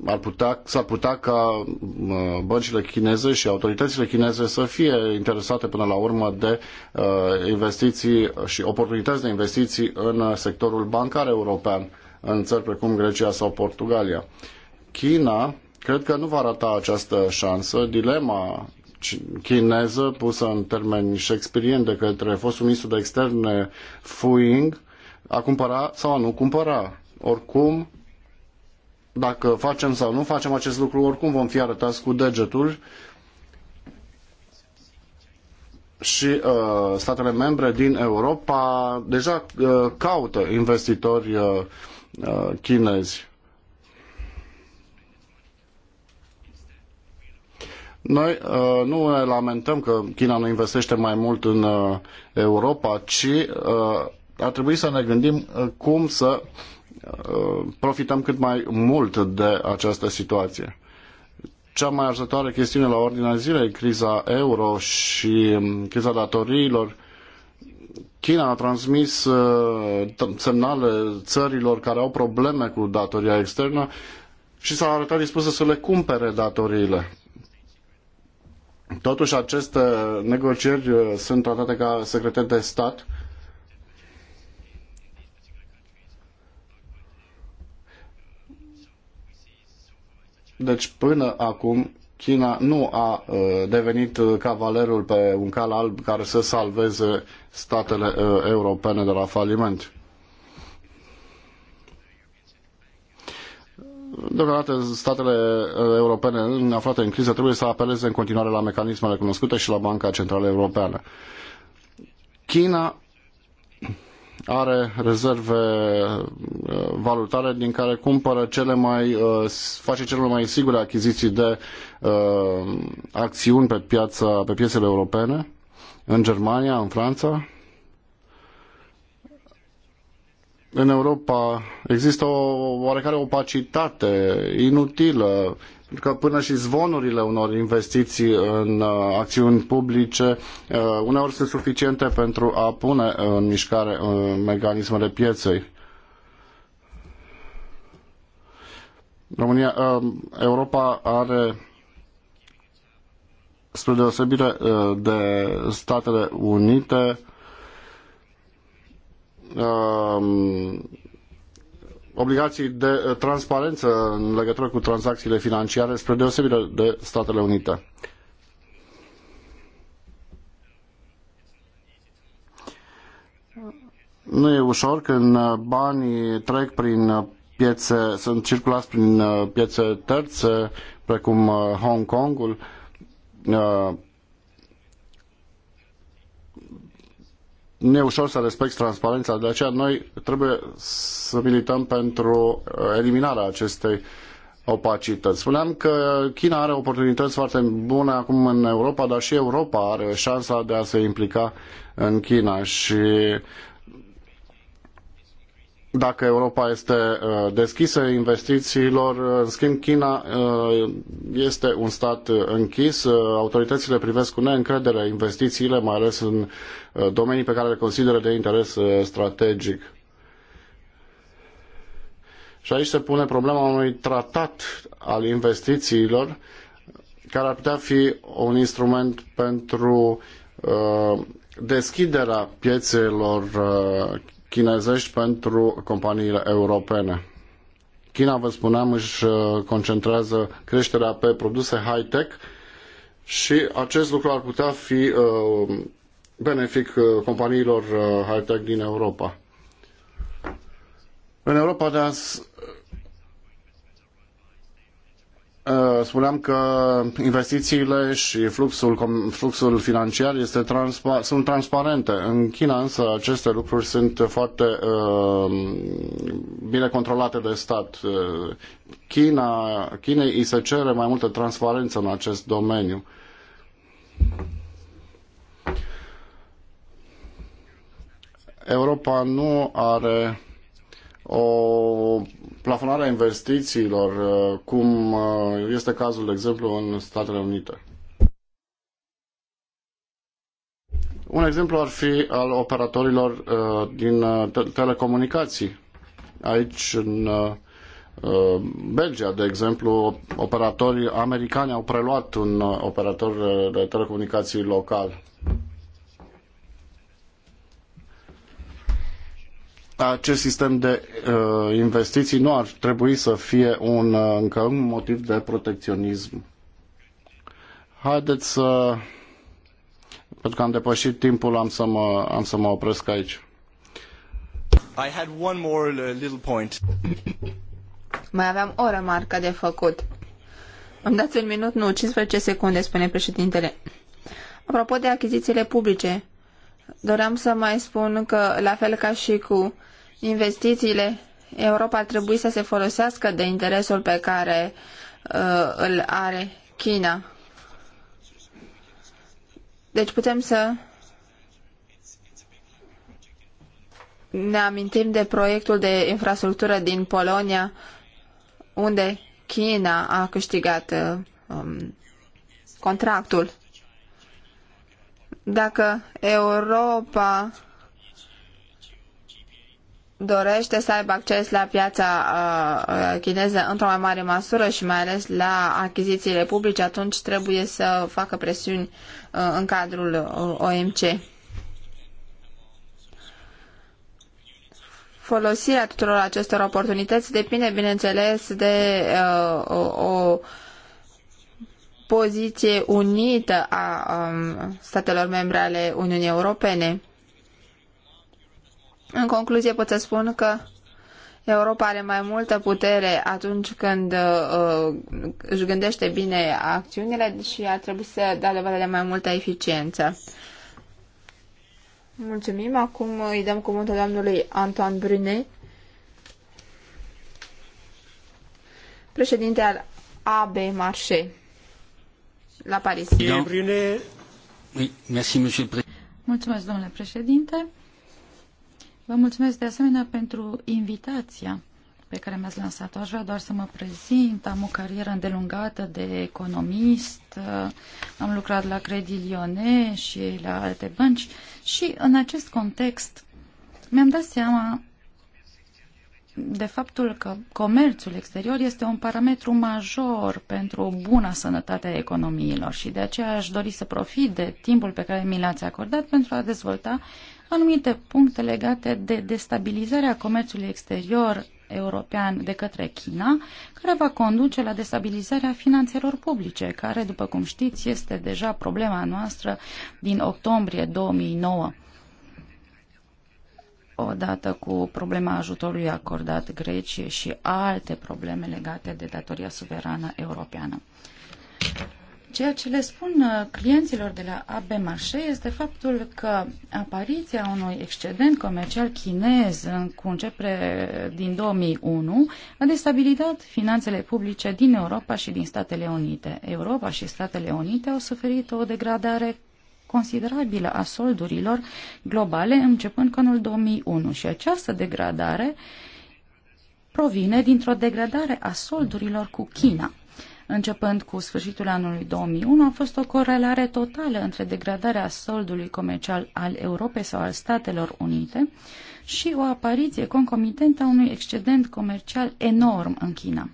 Speaker 3: ar putea, s-ar putea ca uh, băncile chineze și autoritățile chineze să fie interesate până la urmă de uh, investiții și oportunități de investiții în sectorul bancar european, în țări precum Grecia sau Portugalia. China, cred că nu va rata această șansă. Dilema chineză pusă în termeni shakespearieni de către fostul ministru de externe Fu Ying a cumpăra sau a nu cumpăra. Oricum, dacă facem sau nu facem acest lucru, oricum vom fi arătați cu degetul și uh, statele membre din Europa deja uh, caută investitori uh, uh chinezi. Noi uh, nu ne lamentăm că China nu investește mai mult în uh, Europa, ci uh, ar trebui să ne gândim uh, cum să uh, profităm cât mai mult de această situație. Cea mai ajutătoare chestiune la ordinea zilei, criza euro și um, criza datoriilor, China a transmis uh, semnale țărilor care au probleme cu datoria externă și s-a arătat dispusă să le cumpere datoriile. Totuși, aceste negocieri sunt tratate ca secrete de stat Deci până acum China nu a uh, devenit uh, cavalerul pe un cal alb care să salveze statele uh, europene de la faliment. Deocamdată statele europene aflate în criză trebuie să apeleze în continuare la mecanismele cunoscute și la Banca Centrală Europeană. China are rezerve uh, valutare din care cumpără cele mai, uh, face cele mai sigure achiziții de uh, acțiuni pe, piața, pe piețele europene, în Germania, în Franța. În Europa există o oarecare opacitate inutilă că până și zvonurile unor investiții în uh, acțiuni publice uh, uneori sunt suficiente pentru a pune în mișcare uh, mecanismele pieței. România, Europa are spre deosebire de Statele Unite obligații de eh, transparență în legătură cu tranzacțiile financiare, spre deosebire de Statele Unite. Nu e ușor când eh, banii trec prin eh, piețe, sunt circulați prin piețe terțe, precum Hong Kongul, nu e ușor să respecti transparența, de aceea noi trebuie să milităm pentru uh, eliminarea acestei opacități. Spuneam că China are oportunități foarte bune acum în Europa, dar și Europa are șansa de a se implica în China și dacă Europa este uh, deschisă investițiilor, uh, în schimb China uh, este un stat închis. Autoritățile privesc cu neîncredere investițiile, mai ales în domenii pe care le consideră de interes strategic. Și aici se pune problema unui tratat al investițiilor care ar putea fi un instrument pentru deschiderea piețelor chinezești pentru companiile europene. China, vă spuneam, își uh, concentrează creșterea pe produse high-tech și acest lucru ar putea fi uh, benefic uh, companiilor high-tech din Europa. În Europa de azi Uh, spuneam că investițiile și fluxul, fluxul financiar este transpa sunt transparente. În China însă aceste lucruri sunt foarte uh, bine controlate de stat. Uh, China, Chinei îi se cere mai multă transparență în acest domeniu. Europa nu are o plafonare a investițiilor, uh, cum uh, este cazul, de exemplu, în Statele Unite. Un exemplu ar fi al operatorilor uh, din telecomunicații. Aici, în Belgia, de exemplu, operatorii americani au preluat un operator de telecomunicații local. acest sistem de uh, investiții nu ar trebui să fie un, uh, încă un motiv de protecționism. Haideți să... Pentru că am depășit timpul, am să mă, am să mă opresc aici. I had one more uh, little point.
Speaker 2: Mai aveam o remarcă de făcut. Îmi dați un minut? Nu, 15 secunde, spune președintele. Apropo de achizițiile publice, doream să mai spun că, la fel ca și cu investițiile Europa ar trebui să se folosească de interesul pe care uh, îl are China. Deci putem să ne amintim de proiectul de infrastructură din Polonia, unde China a câștigat uh, um, contractul. Dacă Europa dorește să aibă acces la piața uh, uh, chineză într-o mai mare măsură și mai ales la achizițiile publice, atunci trebuie să facă presiuni uh, în cadrul OMC. Folosirea tuturor acestor oportunități depinde, bineînțeles, de o, o poziție unită a um, statelor membre ale Uniunii Europene. În concluzie pot să spun că Europa are mai multă putere atunci când uh, își gândește bine acțiunile și ar trebui să dea dovadă de mai multă eficiență. Mulțumim. Acum îi dăm cuvântul domnului Antoine Brunet, președinte al AB Marché la Paris.
Speaker 5: Brunet.
Speaker 4: Mulțumesc, domnule președinte. Vă mulțumesc de asemenea pentru invitația pe care mi-ați lansat-o. Aș vrea doar să mă prezint. Am o carieră îndelungată de economist, am lucrat la Credit Lyonnais și la alte bănci și în acest context mi-am dat seama de faptul că comerțul exterior este un parametru major pentru o bună sănătate a economiilor și de aceea aș dori să profit de timpul pe care mi l-ați acordat pentru a dezvolta anumite puncte legate de destabilizarea comerțului exterior european de către China, care va conduce la destabilizarea finanțelor publice, care, după cum știți, este deja problema noastră din octombrie 2009 odată cu problema ajutorului acordat Greciei și alte probleme legate de datoria suverană europeană. Ceea ce le spun uh, clienților de la AB Marché este faptul că apariția unui excedent comercial chinez cu începere din 2001 a destabilizat finanțele publice din Europa și din Statele Unite. Europa și Statele Unite au suferit o degradare considerabilă a soldurilor globale începând cu anul 2001 și această degradare provine dintr-o degradare a soldurilor cu China. Începând cu sfârșitul anului 2001, a fost o corelare totală între degradarea soldului comercial al Europei sau al Statelor Unite și o apariție concomitentă a unui excedent comercial enorm în China.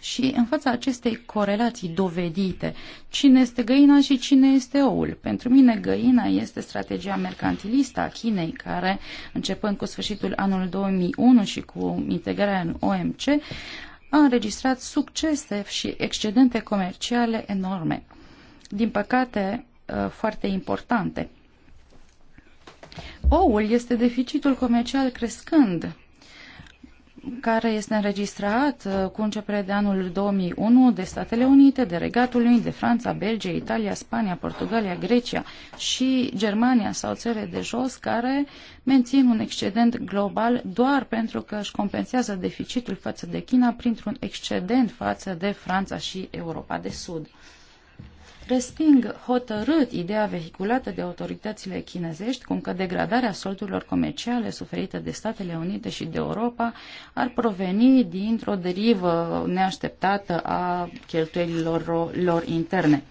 Speaker 4: Și în fața acestei corelații dovedite, cine este găina și cine este oul? Pentru mine găina este strategia mercantilistă a Chinei, care, începând cu sfârșitul anului 2001 și cu integrarea în OMC, a înregistrat succese și excedente comerciale enorme, din păcate uh, foarte importante. Oul este deficitul comercial crescând care este înregistrat uh, cu începerea de anul 2001 de Statele Unite, de Regatul Unit, de Franța, Belgia, Italia, Spania, Portugalia, Grecia și Germania sau țările de jos, care mențin un excedent global doar pentru că își compensează deficitul față de China printr-un excedent față de Franța și Europa de Sud resping hotărât ideea vehiculată de autoritățile chinezești cum că degradarea solturilor comerciale suferite de Statele Unite și de Europa ar proveni dintr-o derivă neașteptată a cheltuielilor lor interne.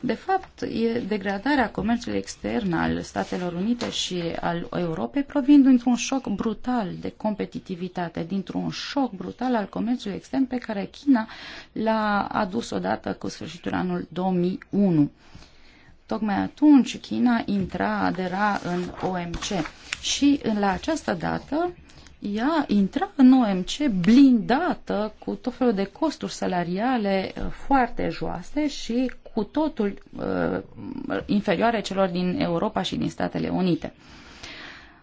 Speaker 4: De fapt, e degradarea comerțului extern al Statelor Unite și al Europei provin dintr-un șoc brutal de competitivitate, dintr-un șoc brutal al comerțului extern pe care China l-a adus odată cu sfârșitul anului 2001. Tocmai atunci China intra, adera în OMC și la această dată ea intra în OMC blindată cu tot felul de costuri salariale uh, foarte joase și cu totul uh, inferioare celor din Europa și din Statele Unite.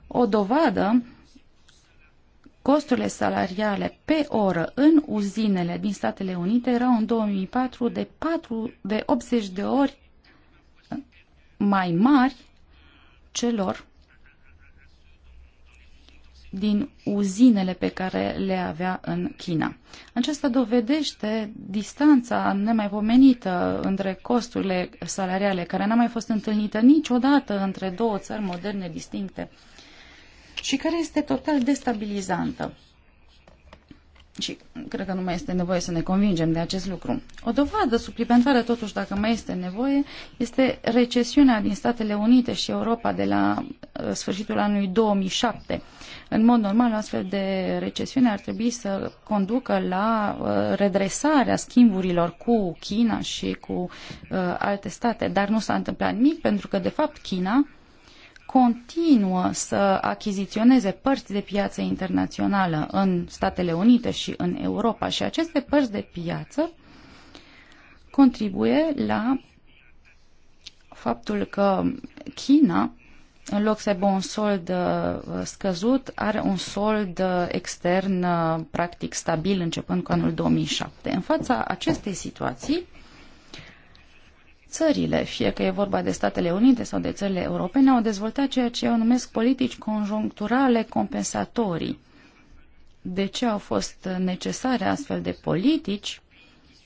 Speaker 4: O dovadă, costurile salariale pe oră în uzinele din Statele Unite erau în 2004 de, 4, de 80 de ori mai mari celor din uzinele pe care le avea în China. Acesta dovedește distanța nemaipomenită între costurile salariale, care n-a mai fost întâlnită niciodată între două țări moderne distincte și care este total destabilizantă. Și cred că nu mai este nevoie să ne convingem de acest lucru. O dovadă suplimentară, totuși, dacă mai este nevoie, este recesiunea din Statele Unite și Europa de la uh, sfârșitul anului 2007. În mod normal, astfel de recesiune ar trebui să conducă la uh, redresarea schimburilor cu China și cu uh, alte state, dar nu s-a întâmplat nimic pentru că, de fapt, China continuă să achiziționeze părți de piață internațională în Statele Unite și în Europa și aceste părți de piață contribuie la faptul că China, în loc să aibă un sold uh, scăzut, are un sold uh, extern uh, practic stabil începând cu anul 2007. În fața acestei situații, țările, fie că e vorba de Statele Unite sau de țările europene, au dezvoltat ceea ce eu numesc politici conjuncturale compensatorii. De ce au fost necesare astfel de politici?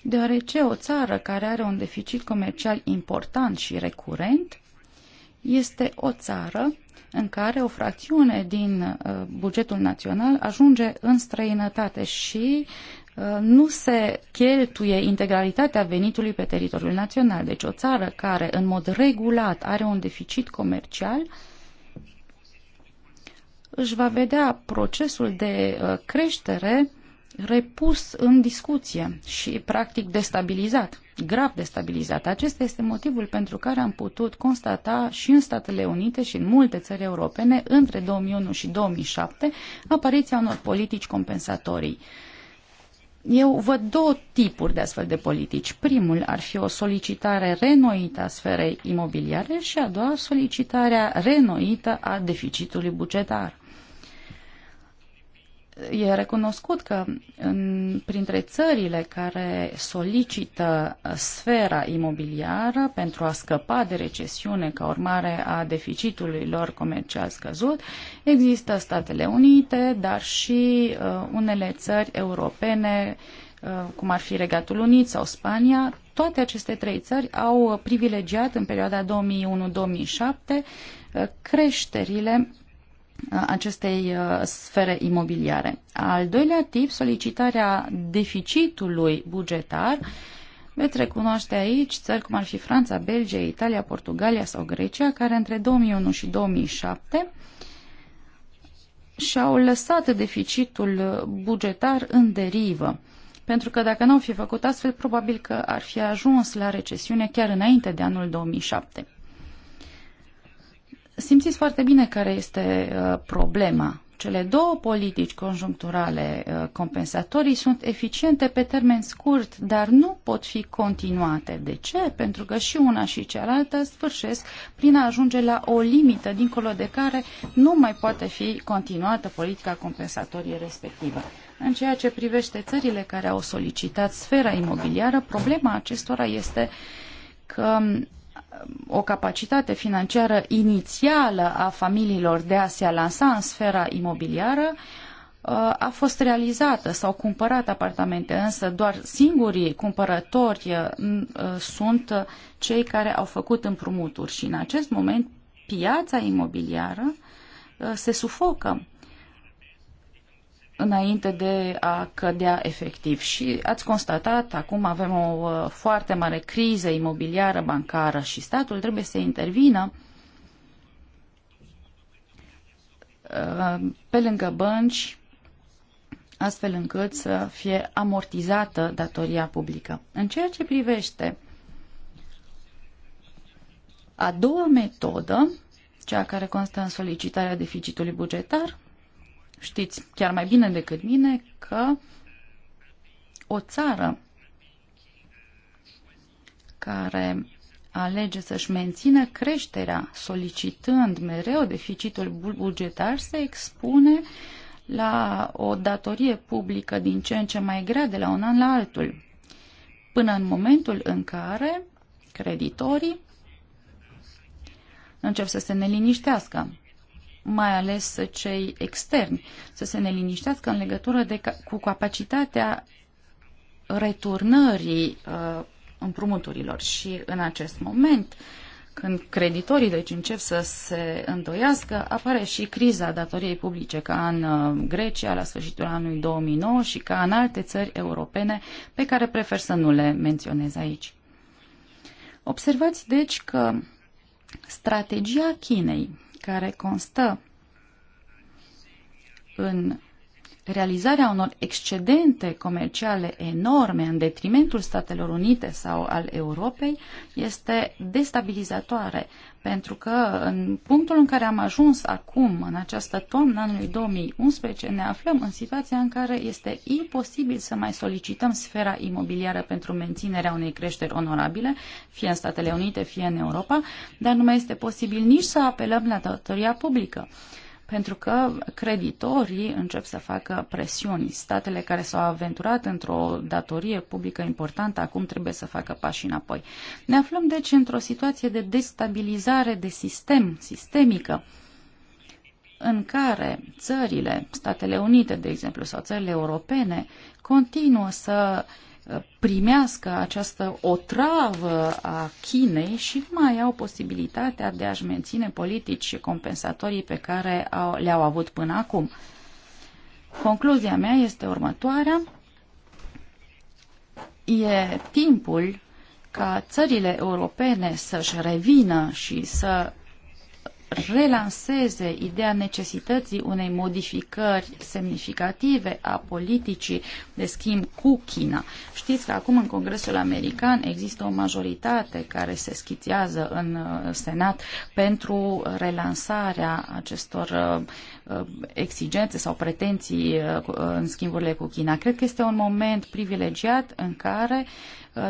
Speaker 4: Deoarece o țară care are un deficit comercial important și recurent este o țară în care o fracțiune din uh, bugetul național ajunge în străinătate și Uh, nu se cheltuie integralitatea venitului pe teritoriul național. Deci o țară care în mod regulat are un deficit comercial își va vedea procesul de uh, creștere repus în discuție și practic destabilizat, grav destabilizat. Acesta este motivul pentru care am putut constata și în Statele Unite și în multe țări europene între 2001 și 2007 apariția unor politici compensatorii. Uh, eu văd două tipuri de astfel de politici. Primul ar fi o solicitare renoită a sferei imobiliare și a doua solicitarea renoită a deficitului bugetar e recunoscut că în, printre țările care solicită uh, sfera imobiliară pentru a scăpa de recesiune ca urmare a deficitului lor comercial scăzut, există Statele Unite, dar și uh, unele țări europene, uh, cum ar fi Regatul Unit sau Spania. Toate aceste trei țări au privilegiat în perioada 2001-2007 uh, creșterile acestei uh, sfere imobiliare. Al doilea tip, solicitarea deficitului bugetar. Veți recunoaște aici țări cum ar fi Franța, Belgia, Italia, Portugalia sau Grecia, care între 2001 și 2007 și-au lăsat deficitul bugetar în derivă. Pentru că dacă nu au fi făcut astfel, probabil că ar fi ajuns la recesiune chiar înainte de anul 2007 simțiți foarte bine care este uh, problema. Cele două politici conjuncturale uh, compensatorii sunt eficiente pe termen scurt, dar nu pot fi continuate. De ce? Pentru că și una și cealaltă sfârșesc prin a ajunge la o limită dincolo de care nu mai poate fi continuată politica compensatorie respectivă. În ceea ce privește țările care au solicitat sfera imobiliară, problema acestora este că o capacitate financiară inițială a familiilor de a se lansa în sfera imobiliară uh, a fost realizată, s-au cumpărat apartamente, însă doar singurii cumpărători uh, uh, sunt cei care au făcut împrumuturi și în acest moment piața imobiliară se sufocă înainte de a cădea efectiv. Și ați constatat, acum avem o uh, foarte mare criză imobiliară, bancară și statul trebuie să intervină uh, pe lângă bănci, astfel încât să fie amortizată datoria publică. În ceea ce privește a doua metodă, cea care constă în solicitarea deficitului bugetar, Știți chiar mai bine decât mine că o țară care alege să-și mențină creșterea solicitând mereu deficitul bugetar se expune la o datorie publică din ce în ce mai grea de la un an la altul, până în momentul în care creditorii încep să se neliniștească mai ales cei externi, să se ne liniștească în legătură de, cu capacitatea returnării uh, împrumuturilor. Și în acest moment, când creditorii deci încep să se îndoiască, apare și criza datoriei publice, ca în uh, Grecia la sfârșitul anului 2009 și ca în alte țări europene, pe care prefer să nu le menționez aici. Observați deci că strategia Chinei care constă în realizarea unor excedente comerciale enorme în detrimentul Statelor Unite sau al Europei este destabilizatoare, pentru că în punctul în care am ajuns acum, în această toamnă anului 2011, ne aflăm în situația în care este imposibil să mai solicităm sfera imobiliară pentru menținerea unei creșteri onorabile, fie în Statele Unite, fie în Europa, dar nu mai este posibil nici să apelăm la datoria publică pentru că creditorii încep să facă presiuni. Statele care s-au aventurat într-o datorie publică importantă acum trebuie să facă pași înapoi. Ne aflăm deci într-o situație de destabilizare de sistem, sistemică, în care țările, Statele Unite, de exemplu, sau țările europene, continuă să uh, primească această otravă a Chinei și nu mai au posibilitatea de a-și menține politici compensatorii pe care au, le-au avut până acum. Concluzia mea este următoarea. E timpul ca țările europene să-și revină și să relanseze ideea necesității unei modificări semnificative a politicii de schimb cu China. Știți că acum în Congresul American există o majoritate care se schițează în uh, Senat pentru relansarea acestor uh, Uh, exigențe sau pretenții uh, uh, în schimburile cu China. Cred că este un moment privilegiat în care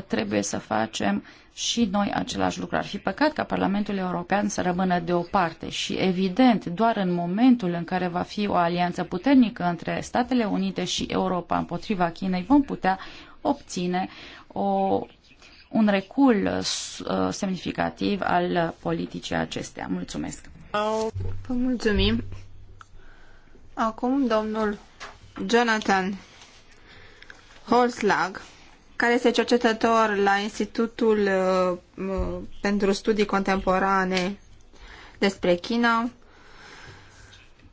Speaker 4: trebuie să facem și noi același lucru. Ar fi păcat ca Parlamentul European să rămână deoparte și, evident, doar în momentul în care va fi o alianță puternică între Statele Unite și Europa împotriva Chinei, vom putea obține o, un recul semnificativ al politicii acestea. Mulțumesc!
Speaker 2: Vă mulțumim! Acum domnul Jonathan Holslag, care este cercetător la Institutul uh, uh, pentru Studii Contemporane despre China,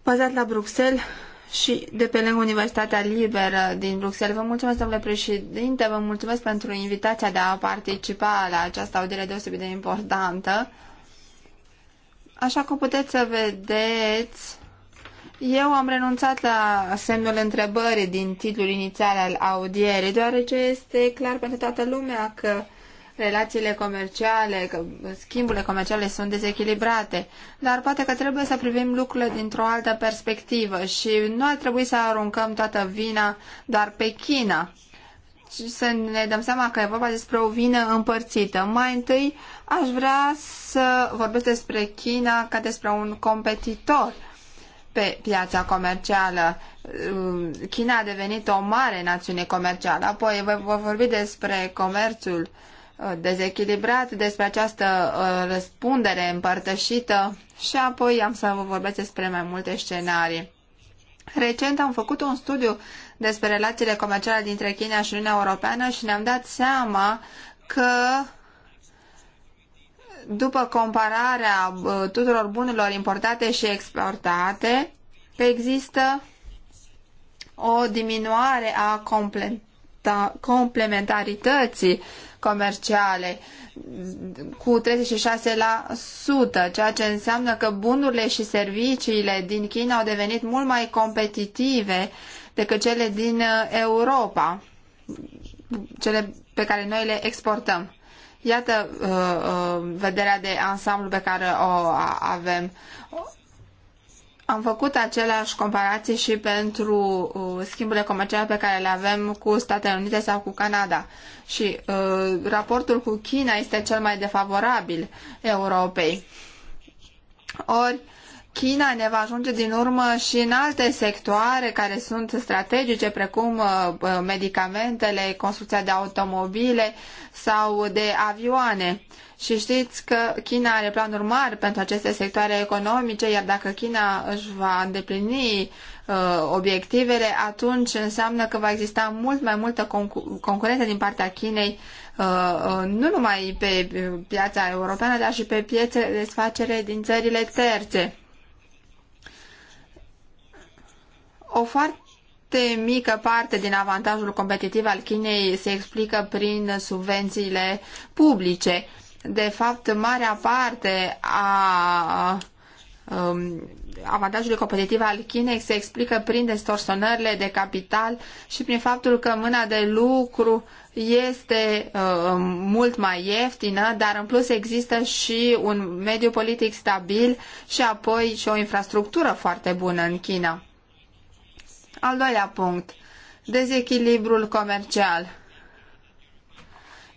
Speaker 2: bazat la Bruxelles și de pe lângă Universitatea Liberă din Bruxelles. Vă mulțumesc, domnule președinte, vă mulțumesc pentru invitația de a participa la această audiere deosebit de importantă. Așa cum puteți să vedeți, eu am renunțat la semnul întrebării din titlul inițial al audierii, deoarece este clar pentru toată lumea că relațiile comerciale, că schimburile comerciale sunt dezechilibrate, dar poate că trebuie să privim lucrurile dintr-o altă perspectivă și nu ar trebui să aruncăm toată vina doar pe China, să ne dăm seama că e vorba despre o vină împărțită. Mai întâi aș vrea să vorbesc despre China ca despre un competitor pe piața comercială. Uh, China a devenit o mare națiune comercială. Apoi voi vorbi despre comerțul uh, dezechilibrat, despre această uh, răspundere împărtășită și apoi am să vă vorbesc despre mai multe scenarii. Recent am făcut un studiu despre relațiile comerciale dintre China și Uniunea Europeană și ne-am dat seama că după compararea uh, tuturor bunurilor importate și exportate, că există o diminuare a complementarității comerciale cu 36%, ceea ce înseamnă că bunurile și serviciile din China au devenit mult mai competitive decât cele din uh, Europa, cele pe care noi le exportăm. Iată uh, uh, vederea de ansamblu pe care o avem. Am făcut aceleași comparații și pentru uh, schimburile comerciale pe care le avem cu Statele Unite sau cu Canada. Și uh, raportul cu China este cel mai defavorabil Europei. Ori, China ne va ajunge din urmă și în alte sectoare care sunt strategice, precum uh, uh, medicamentele, construcția de automobile sau de avioane. Și știți că China are planuri mari pentru aceste sectoare economice, iar dacă China își va îndeplini uh, obiectivele, atunci înseamnă că va exista mult mai multă concu- concurență din partea Chinei, nu numai pe piața europeană, dar și pe piețele de sfacere din țările terțe. O foarte mică parte din avantajul competitiv al Chinei se explică prin subvențiile publice. De fapt, marea parte a um, avantajului competitiv al Chinei se explică prin distorsionările de capital și prin faptul că mâna de lucru este uh, mult mai ieftină, dar în plus există și un mediu politic stabil și apoi și o infrastructură foarte bună în China. Al doilea punct, dezechilibrul comercial.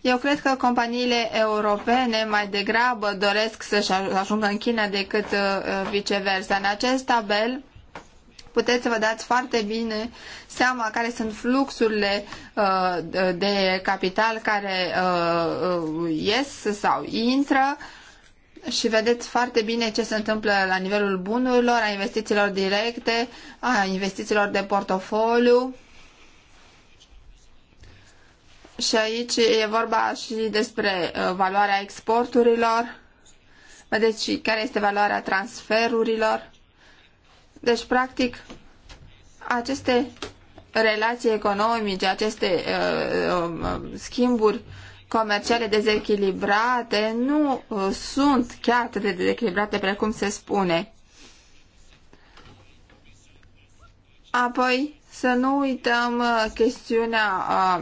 Speaker 2: Eu cred că companiile europene mai degrabă doresc să-și ajungă în China decât uh, uh, viceversa. În acest tabel puteți să vă dați foarte bine seama care sunt fluxurile uh, de capital care ies sau intră și vedeți foarte bine ce se întâmplă la nivelul bunurilor, a investițiilor directe, a investițiilor de portofoliu. Și aici e vorba și despre uh, valoarea exporturilor. Vedeți și care este valoarea transferurilor. Deci, practic, aceste relații economice, aceste uh, uh, schimburi comerciale dezechilibrate nu uh, sunt chiar atât de dezechilibrate precum se spune. Apoi, să nu uităm uh, chestiunea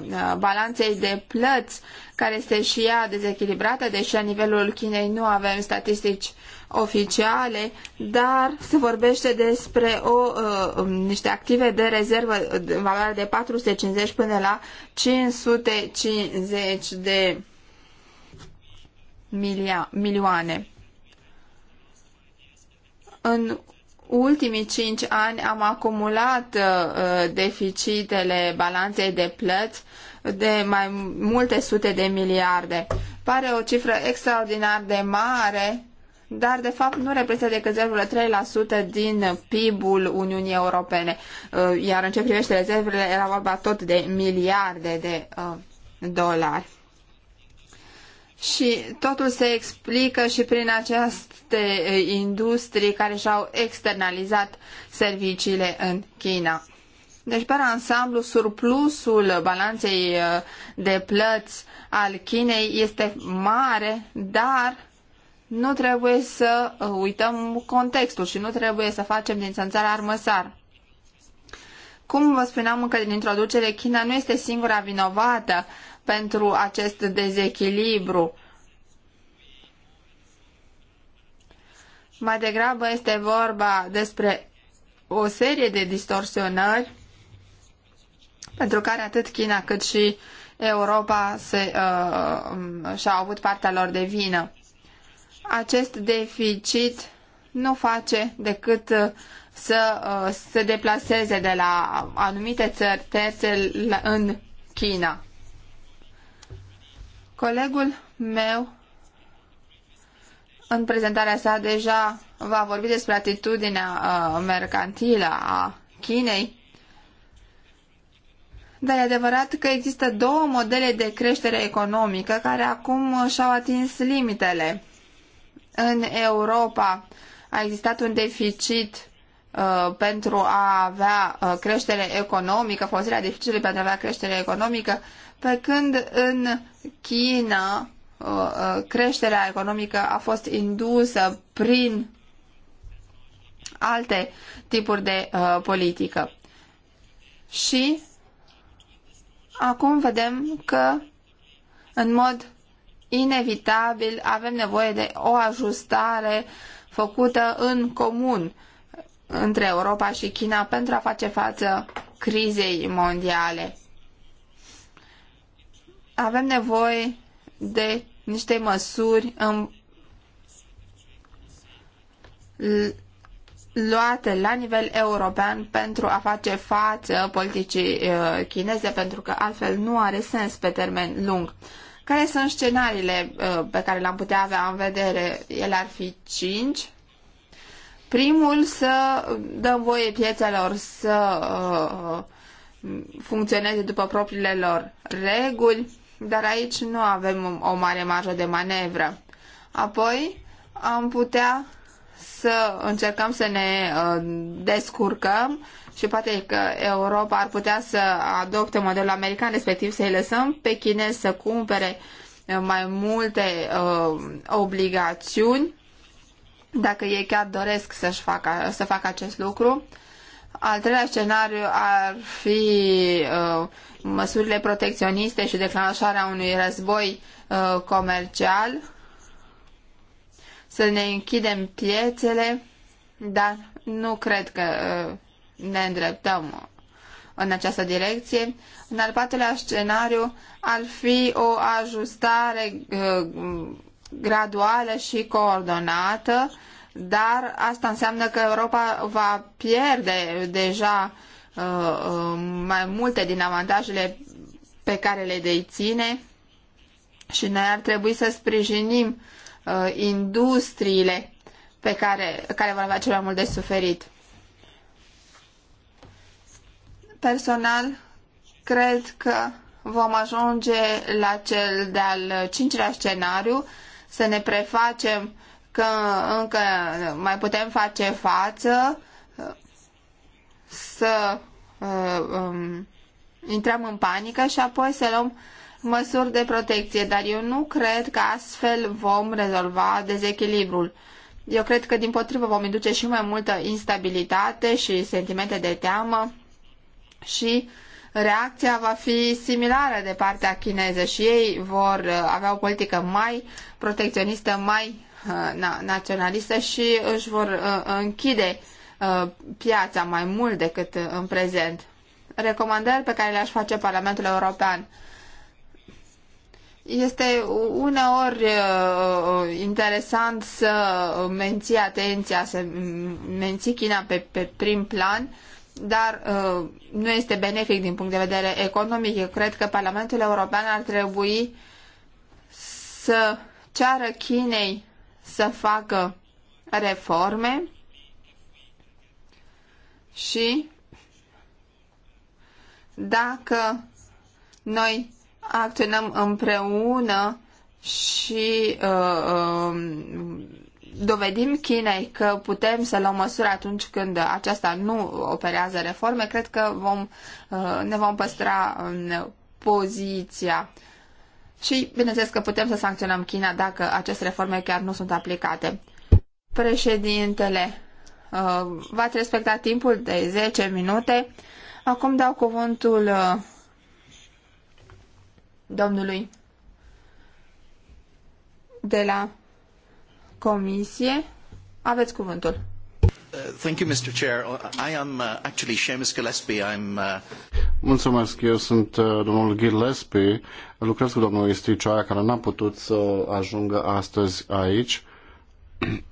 Speaker 2: uh, balanței de plăți, care este și ea dezechilibrată, deși la nivelul Chinei nu avem statistici oficiale, dar se vorbește despre o, uh, um, niște active de rezervă în valoare de 450 până la 550 de milia, milioane. În ultimii cinci ani am acumulat uh, deficitele balanței de plăți de mai multe sute de miliarde. Pare o cifră extraordinar de mare dar de fapt nu reprezintă decât 0,3% din PIB-ul Uniunii Europene. Uh, iar în ce privește rezervele, era vorba tot de miliarde de uh, dolari. Și totul se explică și prin aceste uh, industrii care și-au externalizat serviciile în China. Deci, pe ansamblu, surplusul balanței uh, de plăți al Chinei este mare, dar nu trebuie să uh, uităm contextul și nu trebuie să facem din țânțara armăsar. Cum vă spuneam încă din introducere, China nu este singura vinovată pentru acest dezechilibru. Mai degrabă este vorba despre o serie de distorsionări pentru care atât China cât și Europa se, uh, um, și-au avut partea lor de vină acest deficit nu face decât uh, să uh, se deplaseze de la anumite țări terțe în China. Colegul meu, în prezentarea sa, deja va vorbi despre atitudinea uh, mercantilă a Chinei, dar e adevărat că există două modele de creștere economică care acum și-au atins limitele în Europa a existat un deficit uh, pentru a avea uh, creștere economică, folosirea deficitului pentru a avea creștere economică, pe când în China uh, uh, creșterea economică a fost indusă prin alte tipuri de politică. Și acum vedem că în mod inevitabil avem nevoie de o ajustare făcută în comun între Europa și China pentru a face față crizei mondiale. Avem nevoie de niște măsuri în... luate la nivel european pentru a face față politicii uh, chineze, pentru că altfel nu are sens pe termen lung. Care sunt scenariile uh, pe care le-am putea avea în vedere? El ar fi cinci. Primul, să dăm voie piețelor să uh, funcționeze după propriile lor reguli, dar aici nu avem o mare marjă de manevră. Apoi, am putea să încercăm să ne uh, descurcăm și poate că Europa ar putea să adopte modelul american, respectiv să-i lăsăm pe chinezi să cumpere uh, mai multe uh, obligațiuni dacă ei chiar doresc să-și facă, să facă acest lucru. Al treilea scenariu ar fi uh, măsurile protecționiste și declanșarea unui război uh, comercial, să ne închidem piețele, dar nu cred că uh, ne îndreptăm în această direcție. În al patrulea scenariu ar fi o ajustare uh, graduală și coordonată, dar asta înseamnă că Europa va pierde deja uh, uh, mai multe din avantajele pe care le deține și noi ar trebui să sprijinim industriile pe care, care vor avea cel mai mult de suferit. Personal, cred că vom ajunge la cel de-al cincilea scenariu, să ne prefacem că încă mai putem face față, să uh, um, intrăm în panică și apoi să luăm măsuri de protecție, dar eu nu cred că astfel vom rezolva dezechilibrul. Eu cred că din potrivă vom induce și mai multă instabilitate și sentimente de teamă și reacția va fi similară de partea chineză și ei vor uh, avea o politică mai protecționistă, mai uh, na, naționalistă și își vor uh, închide piața mai mult decât în prezent. Recomandări pe care le-aș face Parlamentul European este uneori uh, interesant să menții atenția, să menții China pe, pe prim plan dar uh, nu este benefic din punct de vedere economic. Eu cred că Parlamentul European ar trebui să ceară Chinei să facă reforme și dacă noi acționăm împreună și uh, uh, dovedim Chinei că putem să luăm măsuri atunci când aceasta nu operează reforme, cred că vom, uh, ne vom păstra poziția. Și bineînțeles că putem să sancționăm China dacă aceste reforme chiar nu sunt aplicate. Președintele, uh, v-ați respectat timpul de 10 minute. Acum dau cuvântul uh, domnului de la Comisie. Aveți cuvântul.
Speaker 3: Uh, thank you, Mr. Chair. Uh, I am uh, actually Seamus Gillespie. I'm. Mulțumesc. Eu sunt domnul Gillespie. Lucrez cu domnul Isticioaia, care n-a putut să ajungă astăzi aici.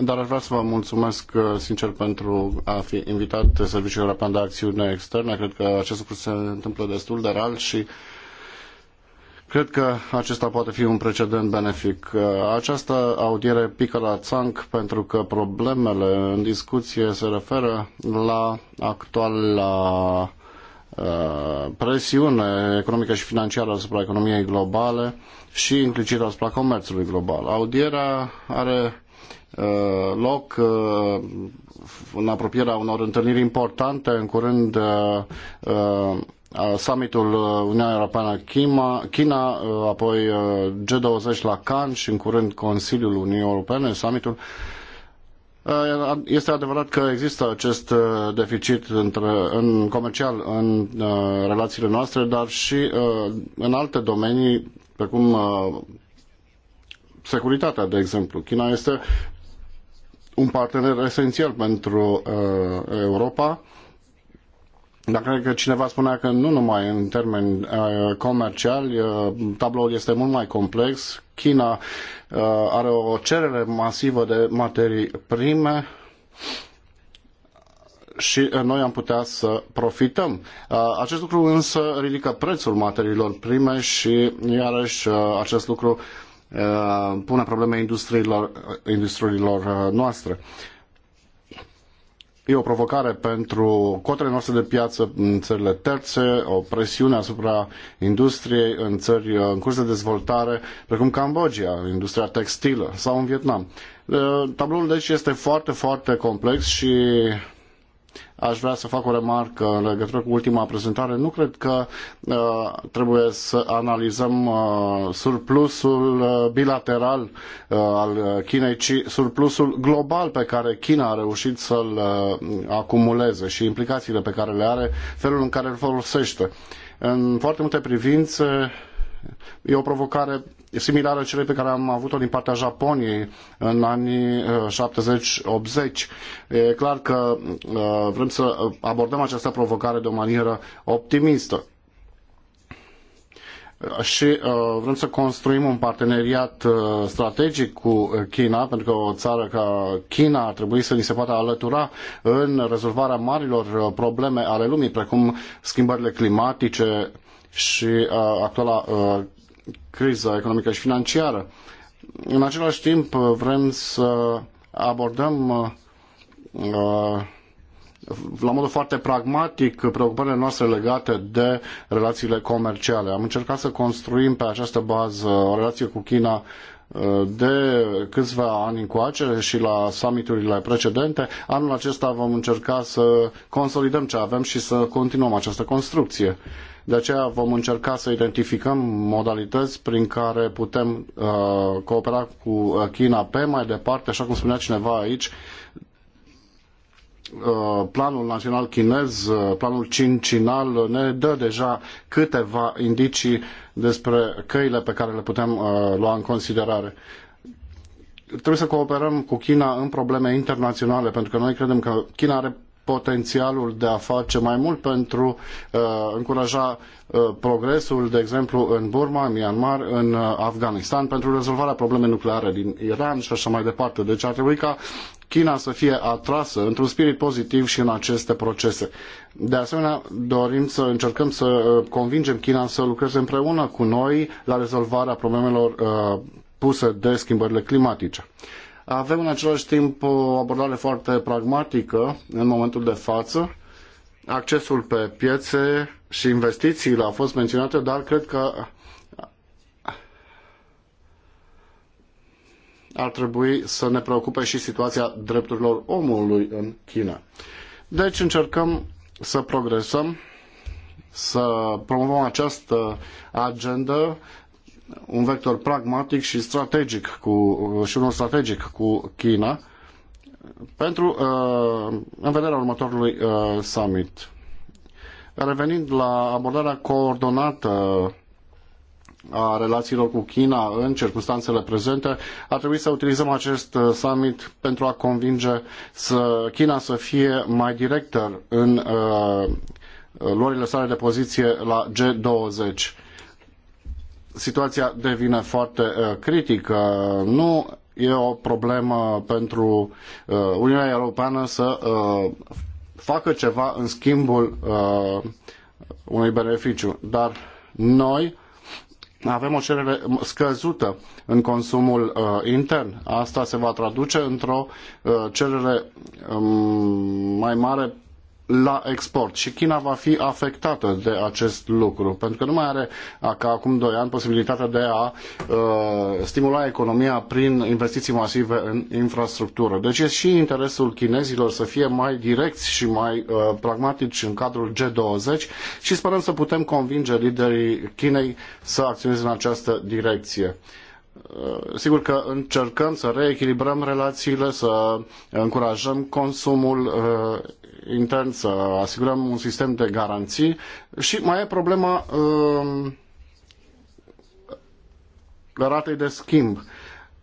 Speaker 3: Dar aș vrea să vă mulțumesc sincer pentru a fi invitat Serviciul European de Acțiune Externă. Cred că acest lucru se întâmplă destul de rar și uh, Cred că acesta poate fi un precedent benefic. Această audiere pică la țanc pentru că problemele în discuție se referă la actuala uh, presiune economică și financiară asupra economiei globale și implicit asupra comerțului global. Audierea are uh, loc uh, în apropierea unor întâlniri importante, în curând Uh, summitul uh, Uniunea Europeană China, uh, apoi G20 la Cannes și în curând Consiliul Uniunii Europene, summitul. Este adevărat că există acest deficit între, în comercial în relațiile noastre, dar și în alte domenii, precum securitatea, de exemplu. China este un partener esențial pentru Europa dar cred că cineva spunea că nu numai în termeni uh, comerciali, uh, tabloul este mult mai complex. China uh, are o cerere masivă de materii prime și uh, noi am putea să profităm. Uh, acest lucru însă ridică prețul materiilor prime și iarăși uh, acest lucru pune probleme industriilor, industriilor noastre. Uh, E o provocare pentru cotele noastre de piață în țările terțe, o presiune asupra industriei în țări în curs de dezvoltare, precum Cambodgia, industria textilă sau în Vietnam. Tabloul deci este foarte, foarte complex și aș vrea să fac o remarcă în legătură cu ultima prezentare. Nu cred că uh, trebuie să analizăm uh, surplusul uh, bilateral uh, al Chinei, ci surplusul global pe care China a reușit să-l uh, acumuleze și implicațiile pe care le are, felul în care îl folosește. În foarte multe privințe e o provocare similară celei pe care am avut-o din partea Japoniei în anii 70-80. Uh, e clar că uh, vrem să abordăm această provocare de o manieră optimistă și uh, vrem să construim un parteneriat strategic cu China, pentru că o țară ca China ar trebui să ni se poată alătura în rezolvarea marilor probleme ale lumii, precum schimbările climatice și actuala criza economică și financiară. În același timp, vrem să abordăm uh, la modul foarte pragmatic preocupările noastre legate de relațiile comerciale. Am încercat să construim pe această bază o relație cu China de câțiva ani încoace și la summiturile precedente. Anul acesta vom încerca să consolidăm ce avem și să continuăm această construcție. De aceea vom încerca să identificăm modalități prin care putem uh, coopera cu uh, China pe mai departe, așa cum spunea cineva aici, Uh, planul național chinez, uh, planul cincinal, uh, ne dă deja câteva indicii despre căile pe care le putem lua în considerare. Trebuie să cooperăm cu China în probleme internaționale, pentru că noi credem că China are potențialul de a face mai mult pentru a încuraja progresul, de exemplu, în Burma, în Myanmar, în Afganistan, pentru rezolvarea problemei nucleare din Iran și așa mai departe. Deci ar trebui ca China să fie atrasă într-un spirit pozitiv și în aceste procese. De asemenea, dorim să încercăm să uh, convingem China să lucreze împreună cu noi la rezolvarea problemelor uh, puse de schimbările climatice. Avem în același timp o abordare foarte pragmatică în momentul de față. Accesul pe piețe și investițiile a fost menționate, dar cred că ar trebui să ne preocupe și situația drepturilor omului în China. Deci încercăm să progresăm, să promovăm această agendă, un vector pragmatic și strategic cu, și unul strategic cu China pentru uh, în vederea următorului uh, summit. Revenind la abordarea coordonată a relațiilor cu China în circunstanțele prezente, ar trebui să utilizăm acest uh, summit pentru a convinge să China să fie mai directă în uh, luările sale de poziție la G20. Situația devine foarte uh, critică. Nu e o problemă pentru uh, Uniunea Europeană să uh, facă ceva în schimbul uh, unui beneficiu, dar noi avem o cerere scăzută în consumul uh, intern. Asta se va traduce într-o uh, cerere um, mai mare la export și China va fi afectată de acest lucru, pentru că nu mai are ca acum doi ani posibilitatea de a uh, stimula economia prin investiții masive în infrastructură. Deci este și interesul chinezilor să fie mai direcți și mai uh, pragmatici în cadrul G20 și sperăm să putem convinge liderii Chinei să acționeze în această direcție uh, sigur că încercăm să reechilibrăm relațiile, să încurajăm consumul uh, intern, să asigurăm un sistem de garanții și mai e problema uh, ratei de schimb.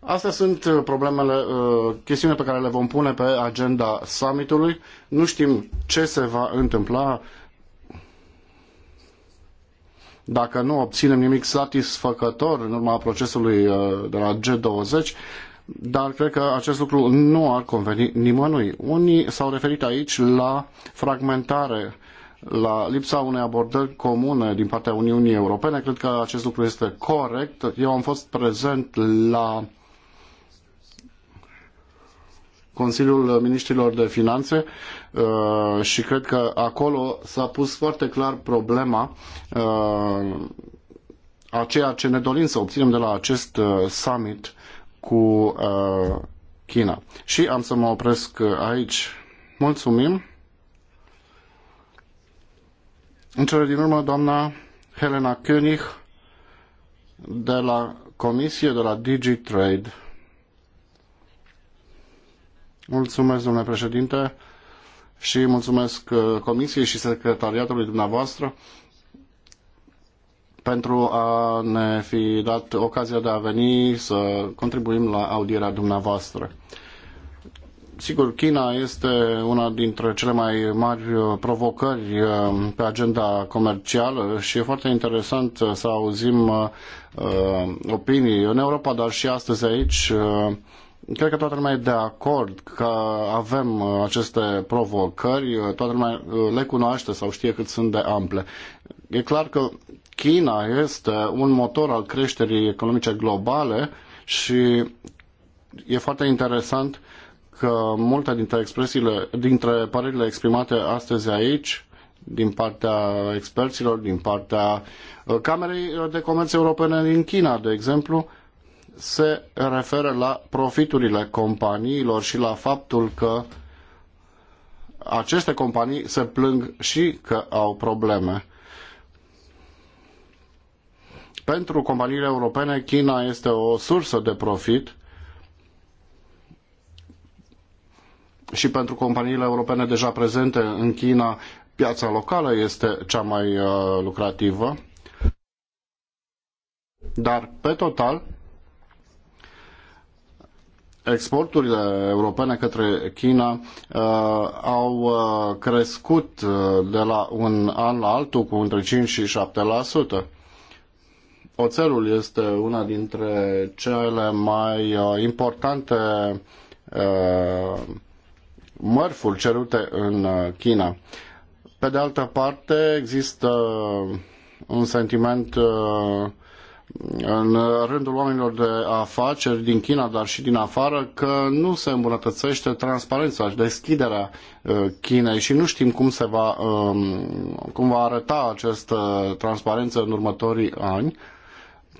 Speaker 3: Astea sunt uh, problemele, uh, chestiunile pe care le vom pune pe agenda summitului. Nu știm ce se va întâmpla dacă nu obținem nimic satisfăcător în urma procesului uh, de la G20 dar cred că acest lucru nu ar conveni nimănui. Unii s-au referit aici la fragmentare, la lipsa unei abordări comune din partea Uniunii Europene. Cred că acest lucru este corect. Eu am fost prezent la Consiliul Ministrilor de Finanțe uh, și cred că acolo s-a pus foarte clar problema uh, a ceea ce ne dorim să obținem de la acest uh, summit cu uh, China. Și am să mă opresc aici. Mulțumim. În cele din urmă, doamna Helena König de la Comisie, de la DigiTrade. Mulțumesc, domnule președinte, și mulțumesc uh, Comisiei și secretariatului dumneavoastră pentru a ne fi dat ocazia de a veni să contribuim la audierea dumneavoastră. Sigur, China este una dintre cele mai mari provocări uh, pe agenda comercială și e foarte interesant să auzim uh, uh, opinii în Europa, dar și astăzi aici. Cred că toată lumea e de acord că avem aceste provocări, toată lumea le cunoaște sau știe cât sunt de ample. E clar că China este un motor al creșterii economice globale și e foarte interesant că multe dintre expresiile, dintre părerile exprimate astăzi aici, din partea experților, din partea uh, Camerei de Comerț Europene din China, de exemplu, se referă la profiturile companiilor și la faptul că aceste companii se plâng și că au probleme. Pentru companiile europene, China este o sursă de profit și pentru companiile europene deja prezente în China, piața locală este cea mai uh, lucrativă. Dar, pe total, exporturile europene către China uh, au uh, crescut uh, de la un an la altul cu între 5 și 7%. Oțelul este una dintre cele mai uh, importante uh, mărfuri cerute în uh, China. Pe de altă parte, există un sentiment în rândul oamenilor de afaceri din China, dar și din afară, că nu se îmbunătățește transparența și deschiderea Chinei și nu știm cum, se va, um, cum va arăta această transparență în următorii ani.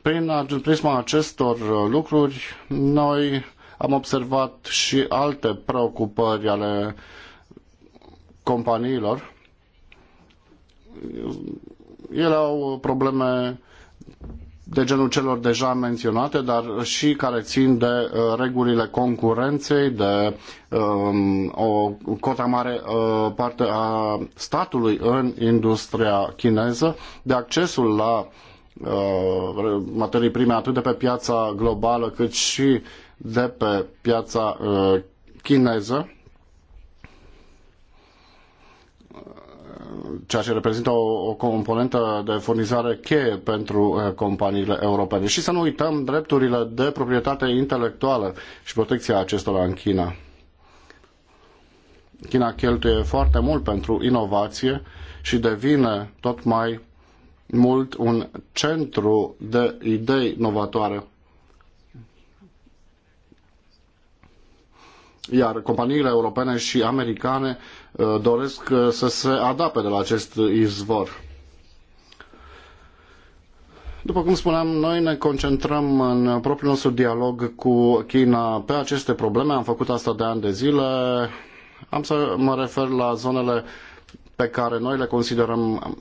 Speaker 3: Prin prisma acestor uh, lucruri, noi am observat și alte preocupări ale companiilor. Ele au probleme de genul celor deja menționate, dar și care țin de uh, regulile concurenței, de um, o cota mare uh, parte a statului în industria chineză, de accesul la Uh, materii prime atât de pe piața globală cât și de pe piața uh, chineză, uh, ceea ce reprezintă o, o componentă de furnizare cheie pentru companiile europene. Și să nu uităm drepturile de proprietate intelectuală și protecția acestora în China. China cheltuie foarte mult pentru inovație și devine tot mai mult un centru de idei novatoare. Iar companiile europene și americane uh, doresc uh, să se adapte de la acest izvor. După cum spuneam, noi ne concentrăm în propriul nostru dialog cu China pe aceste probleme. Am făcut asta de ani de zile. Am să mă refer la zonele pe care noi le considerăm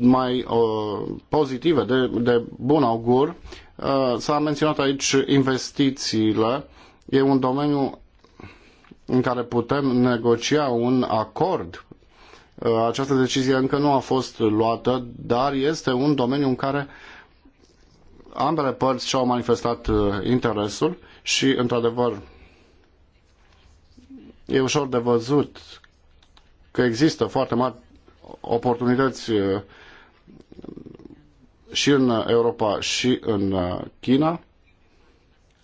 Speaker 3: mai uh, pozitive, de, de bun augur. Uh, s-a menționat aici investițiile. E un domeniu în care putem negocia un acord. Uh, această decizie încă nu a fost luată, dar este un domeniu în care ambele părți și-au manifestat interesul și, într-adevăr, e ușor de văzut că există foarte mari oportunități uh, și în Europa și în uh, China,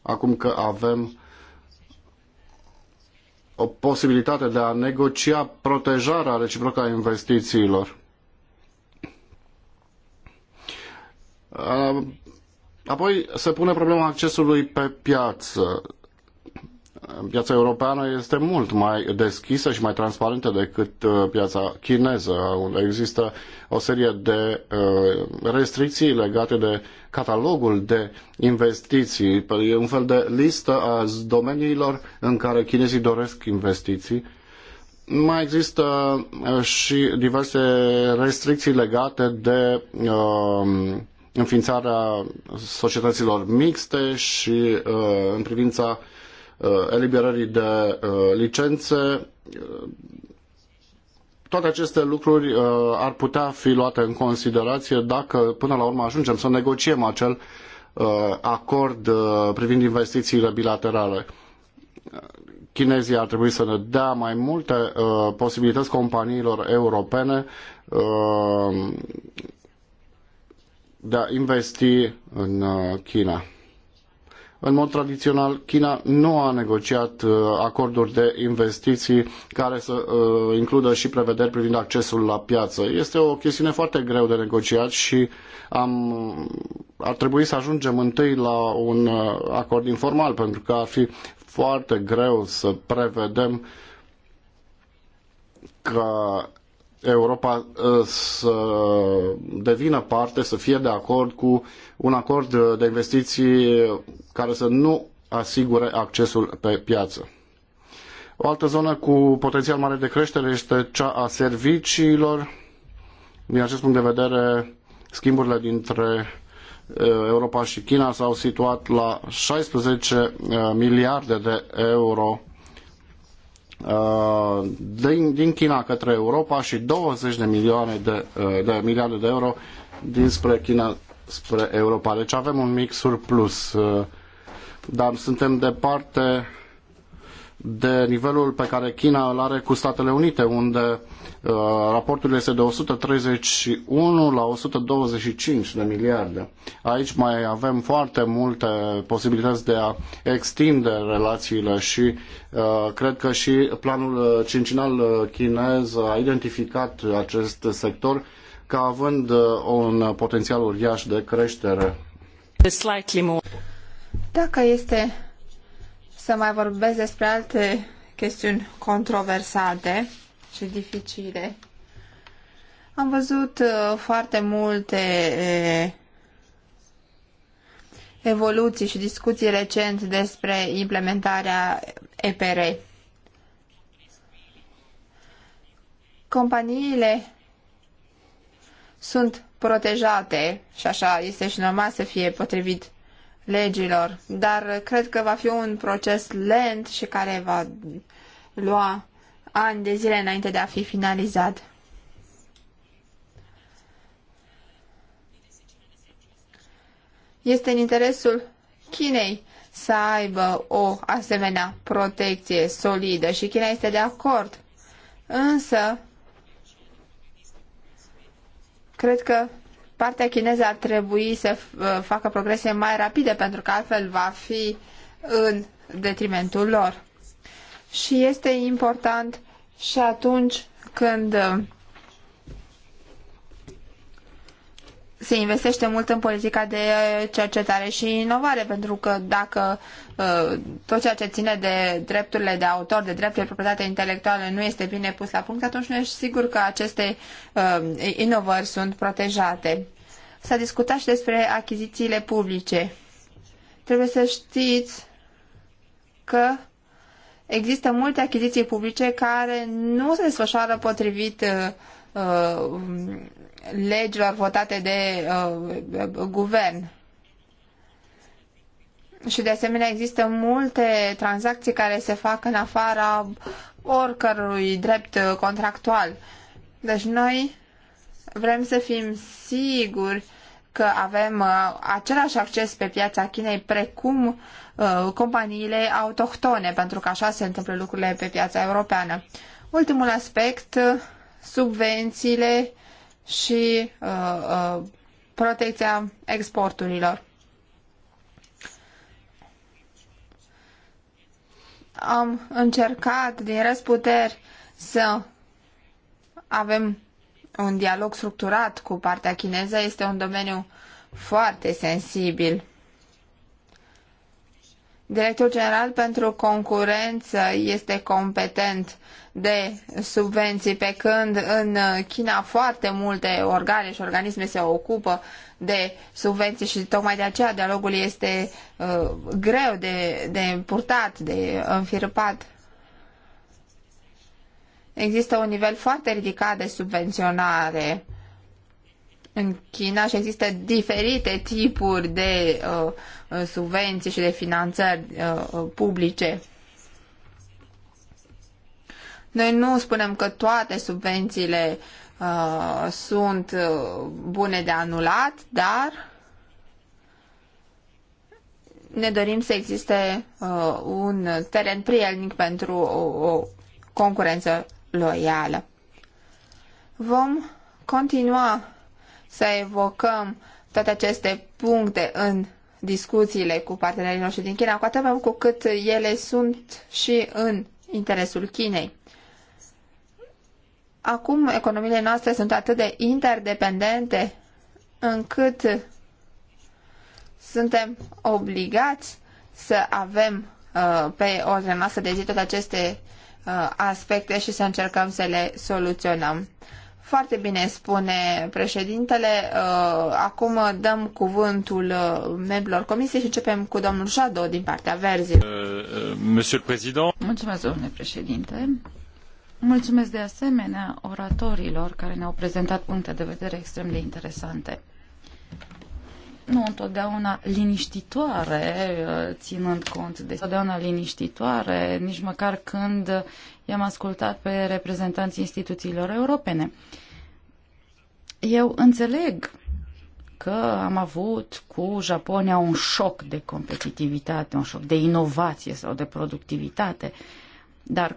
Speaker 3: acum că avem o posibilitate de a negocia protejarea reciprocă a investițiilor. Uh, apoi se pune problema accesului pe piață piața europeană este mult mai deschisă și mai transparentă decât uh, piața chineză, unde există o serie de uh, restricții legate de catalogul de investiții. Păi, e un fel de listă a domeniilor în care chinezii doresc investiții. Mai există uh, și diverse restricții legate de înființarea societăților mixte și în privința uh, Uh, eliberării de uh, licențe. Uh, toate aceste lucruri ar putea fi luate în considerație dacă până la urmă ajungem să negociem acel acord privind investițiile bilaterale. Chinezii ar trebui să ne dea mai multe posibilități companiilor europene de a investi în China. În mod tradițional, China nu a negociat uh, acorduri de investiții care să uh, includă și prevederi privind accesul la piață. Este o chestiune foarte greu de negociat și am, uh, ar trebui să ajungem întâi la un acord informal, pentru că ar fi foarte greu să prevedem că Europa să devină parte, să fie de acord cu un acord uh, de investiții care să nu asigure accesul pe piață. O altă zonă cu potențial mare de creștere este cea a serviciilor. Din acest punct de vedere, schimburile dintre uh, Europa și China s-au situat la 16 uh, miliarde de euro din, din China către Europa și 20 de milioane de, de miliarde de euro dinspre China spre Europa. Deci avem un mic surplus, dar suntem departe de nivelul pe care China îl are cu Statele Unite, unde uh, raportul este de 131 la 125 de miliarde. Aici mai avem foarte multe posibilități de a extinde relațiile și uh, cred că și planul cincinal chinez a identificat acest sector ca având uh, un potențial uriaș de creștere.
Speaker 2: Dacă este să mai vorbesc despre alte chestiuni controversate și dificile, am văzut uh, foarte multe uh, evoluții și discuții recent despre implementarea EPR. Companiile sunt protejate și așa este și normal să fie potrivit legilor, dar cred că va fi un proces lent și care va lua ani de zile înainte de a fi finalizat. Este în interesul Chinei să aibă o asemenea protecție solidă și China este de acord. Însă, Cred că partea chineză ar trebui să uh, facă progrese mai rapide, pentru că altfel va fi în detrimentul lor. Și este important și atunci când uh, se investește mult în politica de uh, cercetare și inovare, pentru că dacă uh, tot ceea ce ține de drepturile de autor, de drepturile de proprietate intelectuală nu este bine pus la punct, atunci nu ești sigur că aceste uh, inovări sunt protejate. S-a discutat și despre achizițiile publice. Trebuie să știți că există multe achiziții publice care nu se desfășoară potrivit uh, Uh, legilor votate de uh, guvern. Și de asemenea există multe tranzacții care se fac în afara oricărui drept contractual. Deci noi vrem să fim siguri că avem uh, același acces pe piața Chinei precum companiile autohtone, pentru că așa se întâmplă lucrurile pe piața europeană. Ultimul aspect subvențiile și uh, uh, protecția exporturilor. Am încercat din răsputeri să avem un dialog structurat cu partea chineză. Este un domeniu foarte sensibil. Directorul General pentru Concurență este competent de subvenții, pe când în China foarte multe organe și organisme se ocupă de subvenții și tocmai de aceea dialogul este uh, greu de, de purtat, de înfirpat. Există un nivel foarte ridicat de subvenționare în China și există diferite tipuri de uh, uh subvenții și de finanțări uh, uh, publice. Noi nu spunem că toate subvențiile uh, sunt uh, bune de anulat, dar ne dorim să existe uh, un teren prielnic pentru o, o concurență loială. Vom continua să evocăm toate aceste puncte în discuțiile cu partenerii noștri din China, cu atât mai mult cu cât ele sunt și în interesul Chinei. Acum economiile noastre sunt atât de interdependente încât suntem obligați să avem uh, pe ordinea noastră de zi toate aceste uh, aspecte și să încercăm să le soluționăm. Foarte bine spune președintele. Uh, acum dăm cuvântul uh, membrilor comisiei și începem cu domnul Jado din partea Verzi. Uh,
Speaker 4: monsieur Mulțumesc, domnule președinte. Mulțumesc de asemenea oratorilor care ne-au prezentat puncte de vedere extrem de interesante nu întotdeauna liniștitoare, uh, ținând cont de întotdeauna liniștitoare, nici măcar când i-am ascultat pe reprezentanții instituțiilor europene. Eu înțeleg că am avut cu Japonia un șoc de competitivitate, un șoc de inovație sau de productivitate, dar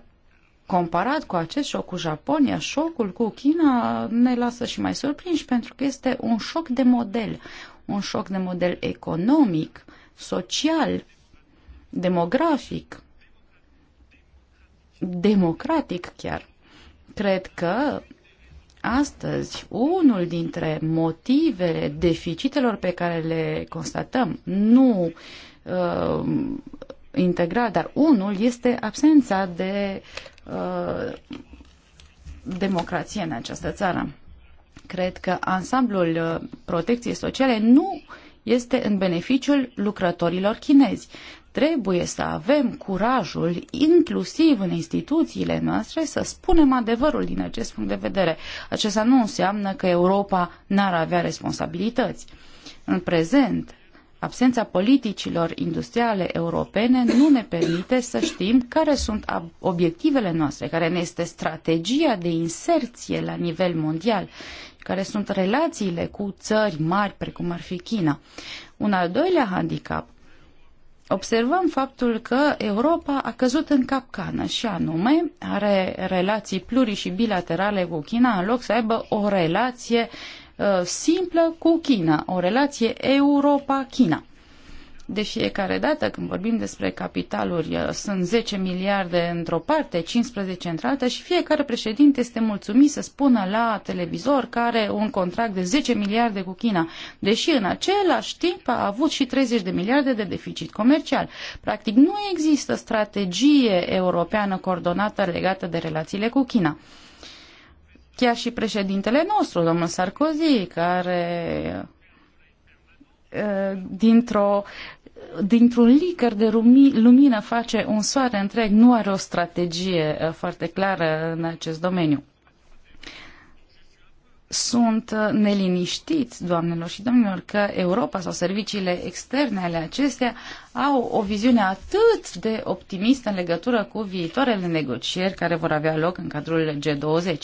Speaker 4: comparat cu acest șoc cu Japonia, șocul cu China ne lasă și mai surprinși pentru că este un șoc de model, un șoc de model economic, social, demografic, democratic chiar. Cred că astăzi unul dintre motivele deficitelor pe care le constatăm, nu uh, integral, dar unul este absența de uh, democrație în această țară. Cred că ansamblul uh, protecției sociale nu este în beneficiul lucrătorilor chinezi. Trebuie să avem curajul, inclusiv în instituțiile noastre, să spunem adevărul din acest punct de vedere. Acesta nu înseamnă că Europa n-ar avea responsabilități. În prezent, absența politicilor industriale europene nu ne permite să știm care sunt obiectivele noastre, care ne este strategia de inserție la nivel mondial care sunt relațiile cu țări mari, precum ar fi China. Un al doilea handicap observăm faptul că Europa a căzut în capcană și anume are relații pluri și bilaterale cu China în loc să aibă o relație uh, simplă cu China, o relație Europa-China de fiecare dată când vorbim despre capitaluri, uh, sunt 10 miliarde într-o parte, 15 într-alta și fiecare președinte este mulțumit să spună la televizor că are un contract de 10 miliarde cu China, deși în același timp a avut și 30 de miliarde de deficit comercial. Practic nu există strategie europeană coordonată legată de relațiile cu China. Chiar și președintele nostru, domnul Sarkozy, care uh, dintr-o dintr-un licăr de lumină face un soare întreg, nu are o strategie uh, foarte clară în acest domeniu. Sunt uh, neliniștiți, doamnelor și domnilor, că Europa sau serviciile externe ale acestea au o viziune atât de optimistă în legătură cu viitoarele negocieri care vor avea loc în cadrul G20.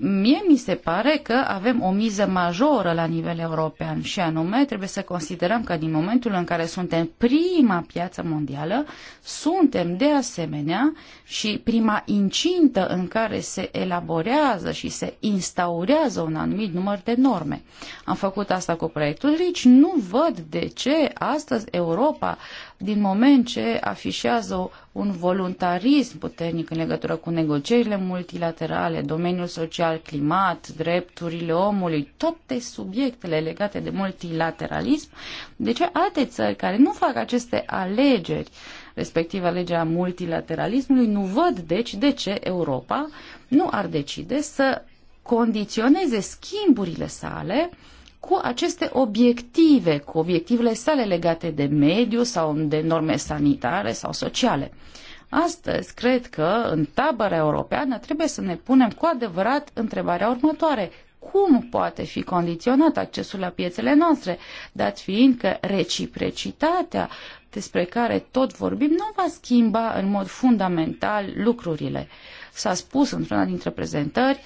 Speaker 4: Mie mi se pare că avem o miză majoră la nivel european și anume trebuie să considerăm că din momentul în care suntem prima piață mondială, suntem de asemenea și prima incintă în care se elaborează și se instaurează un anumit număr de norme. Am făcut asta cu proiectul RICI, nu văd de ce astăzi Europa din moment ce afișează un voluntarism puternic în legătură cu negocierile multilaterale, domeniul social, climat, drepturile omului, toate subiectele legate de multilateralism, de ce alte țări care nu fac aceste alegeri, respectiv alegerea multilateralismului, nu văd deci de ce Europa nu ar decide să condiționeze schimburile sale uh, cu aceste obiective, cu obiectivele sale legate de mediu sau de norme sanitare sau sociale. Astăzi, cred că în tabăra europeană trebuie să ne punem cu adevărat întrebarea următoare. Cum poate fi condiționat accesul la piețele noastre, dat fiind că reciprocitatea despre care tot vorbim nu va schimba în mod fundamental lucrurile. S-a spus într-una dintre prezentări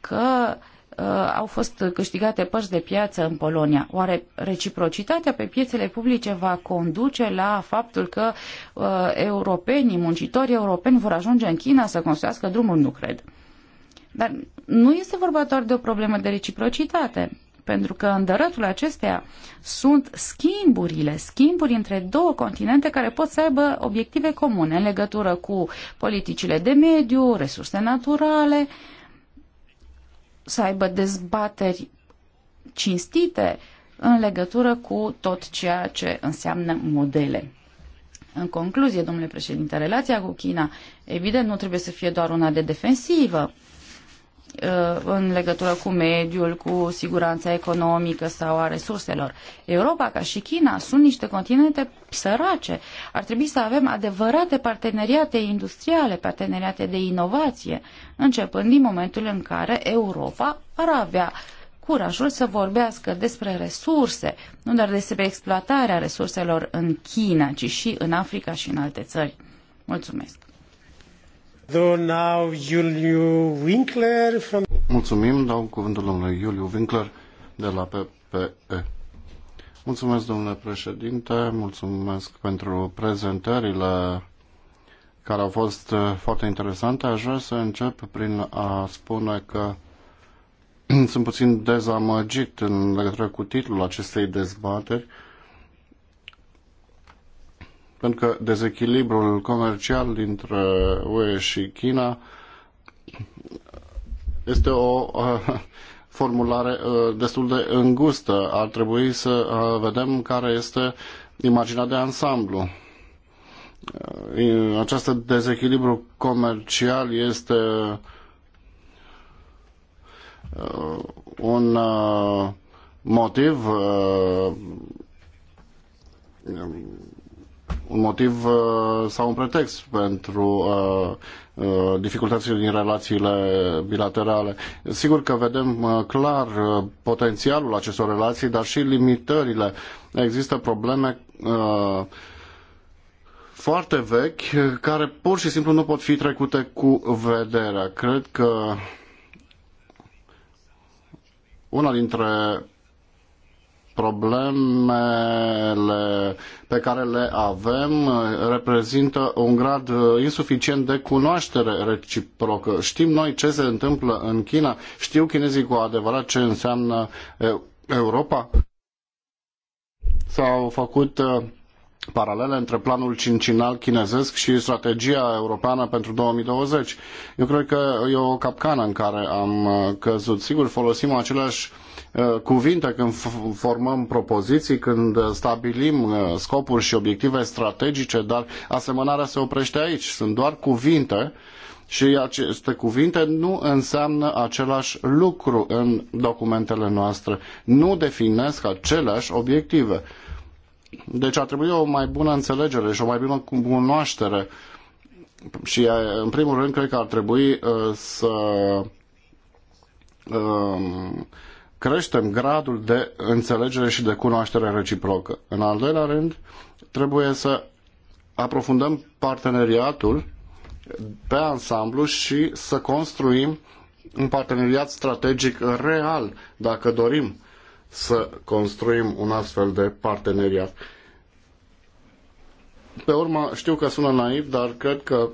Speaker 4: că Uh, au fost câștigate părți de piață în Polonia. Oare reciprocitatea pe piețele publice va conduce la faptul că uh, europenii, muncitorii europeni vor ajunge în China să construiască drumul? Nu cred. Dar nu este vorba doar de o problemă de reciprocitate, pentru că în dărătul acesteia sunt schimburile, schimburi între două continente care pot să aibă obiective comune în legătură cu politicile de mediu, resurse naturale, uh, să aibă dezbateri cinstite în legătură cu tot ceea ce înseamnă modele. În concluzie, domnule președinte, relația cu China, evident, nu trebuie să fie doar una de defensivă, Uh, în legătură cu mediul, cu siguranța economică sau a resurselor. Europa, ca și China, sunt niște continente sărace. Ar trebui să avem adevărate parteneriate industriale, parteneriate de inovație, începând din momentul în care Europa ar avea curajul să vorbească despre resurse, nu doar despre exploatarea resurselor în China, ci și în Africa și în alte
Speaker 1: țări. Mulțumesc! Now,
Speaker 3: Winkler from... Mulțumim, dau cuvântul domnului Iuliu Winkler de la PPE. Mulțumesc, domnule președinte, mulțumesc pentru prezentările care au fost uh, foarte interesante. Aș vrea să încep prin a spune că sunt puțin dezamăgit în legătură cu titlul acestei dezbateri pentru că dezechilibrul comercial dintre UE și China este o formulare destul de îngustă. Ar trebui să vedem care este imaginea de ansamblu. Acest dezechilibru comercial este un motiv un motiv uh, sau un pretext pentru uh, uh, dificultățile din relațiile bilaterale. Sigur că vedem clar potențialul acestor relații, dar și limitările. Există probleme foarte vechi care pur și simplu nu pot fi trecute cu vederea. Cred că una dintre problemele pe care le avem eh, reprezintă un grad eh, insuficient de cunoaștere reciprocă. Știm noi ce se întâmplă în China, știu chinezii cu adevărat ce înseamnă eh, Europa. S-au făcut paralele între planul cincinal chinezesc și strategia europeană pentru 2020. Eu cred că e o capcană în care am căzut. Sigur, folosim aceleași Uh, cuvinte, când formăm propoziții, când uh, stabilim uh, scopuri și obiective strategice, dar asemănarea se oprește aici. Sunt doar cuvinte și aceste cuvinte nu înseamnă același lucru în documentele noastre. Nu definesc aceleași obiective. Deci ar trebui o mai bună înțelegere și o mai bună cunoaștere. Și în primul rând cred că ar trebui să um, creștem gradul de înțelegere și de cunoaștere reciprocă. În al doilea rând, trebuie să aprofundăm parteneriatul pe ansamblu și să construim un parteneriat strategic real, dacă dorim să construim un astfel de parteneriat. Pe urmă, știu că sună naiv, dar cred că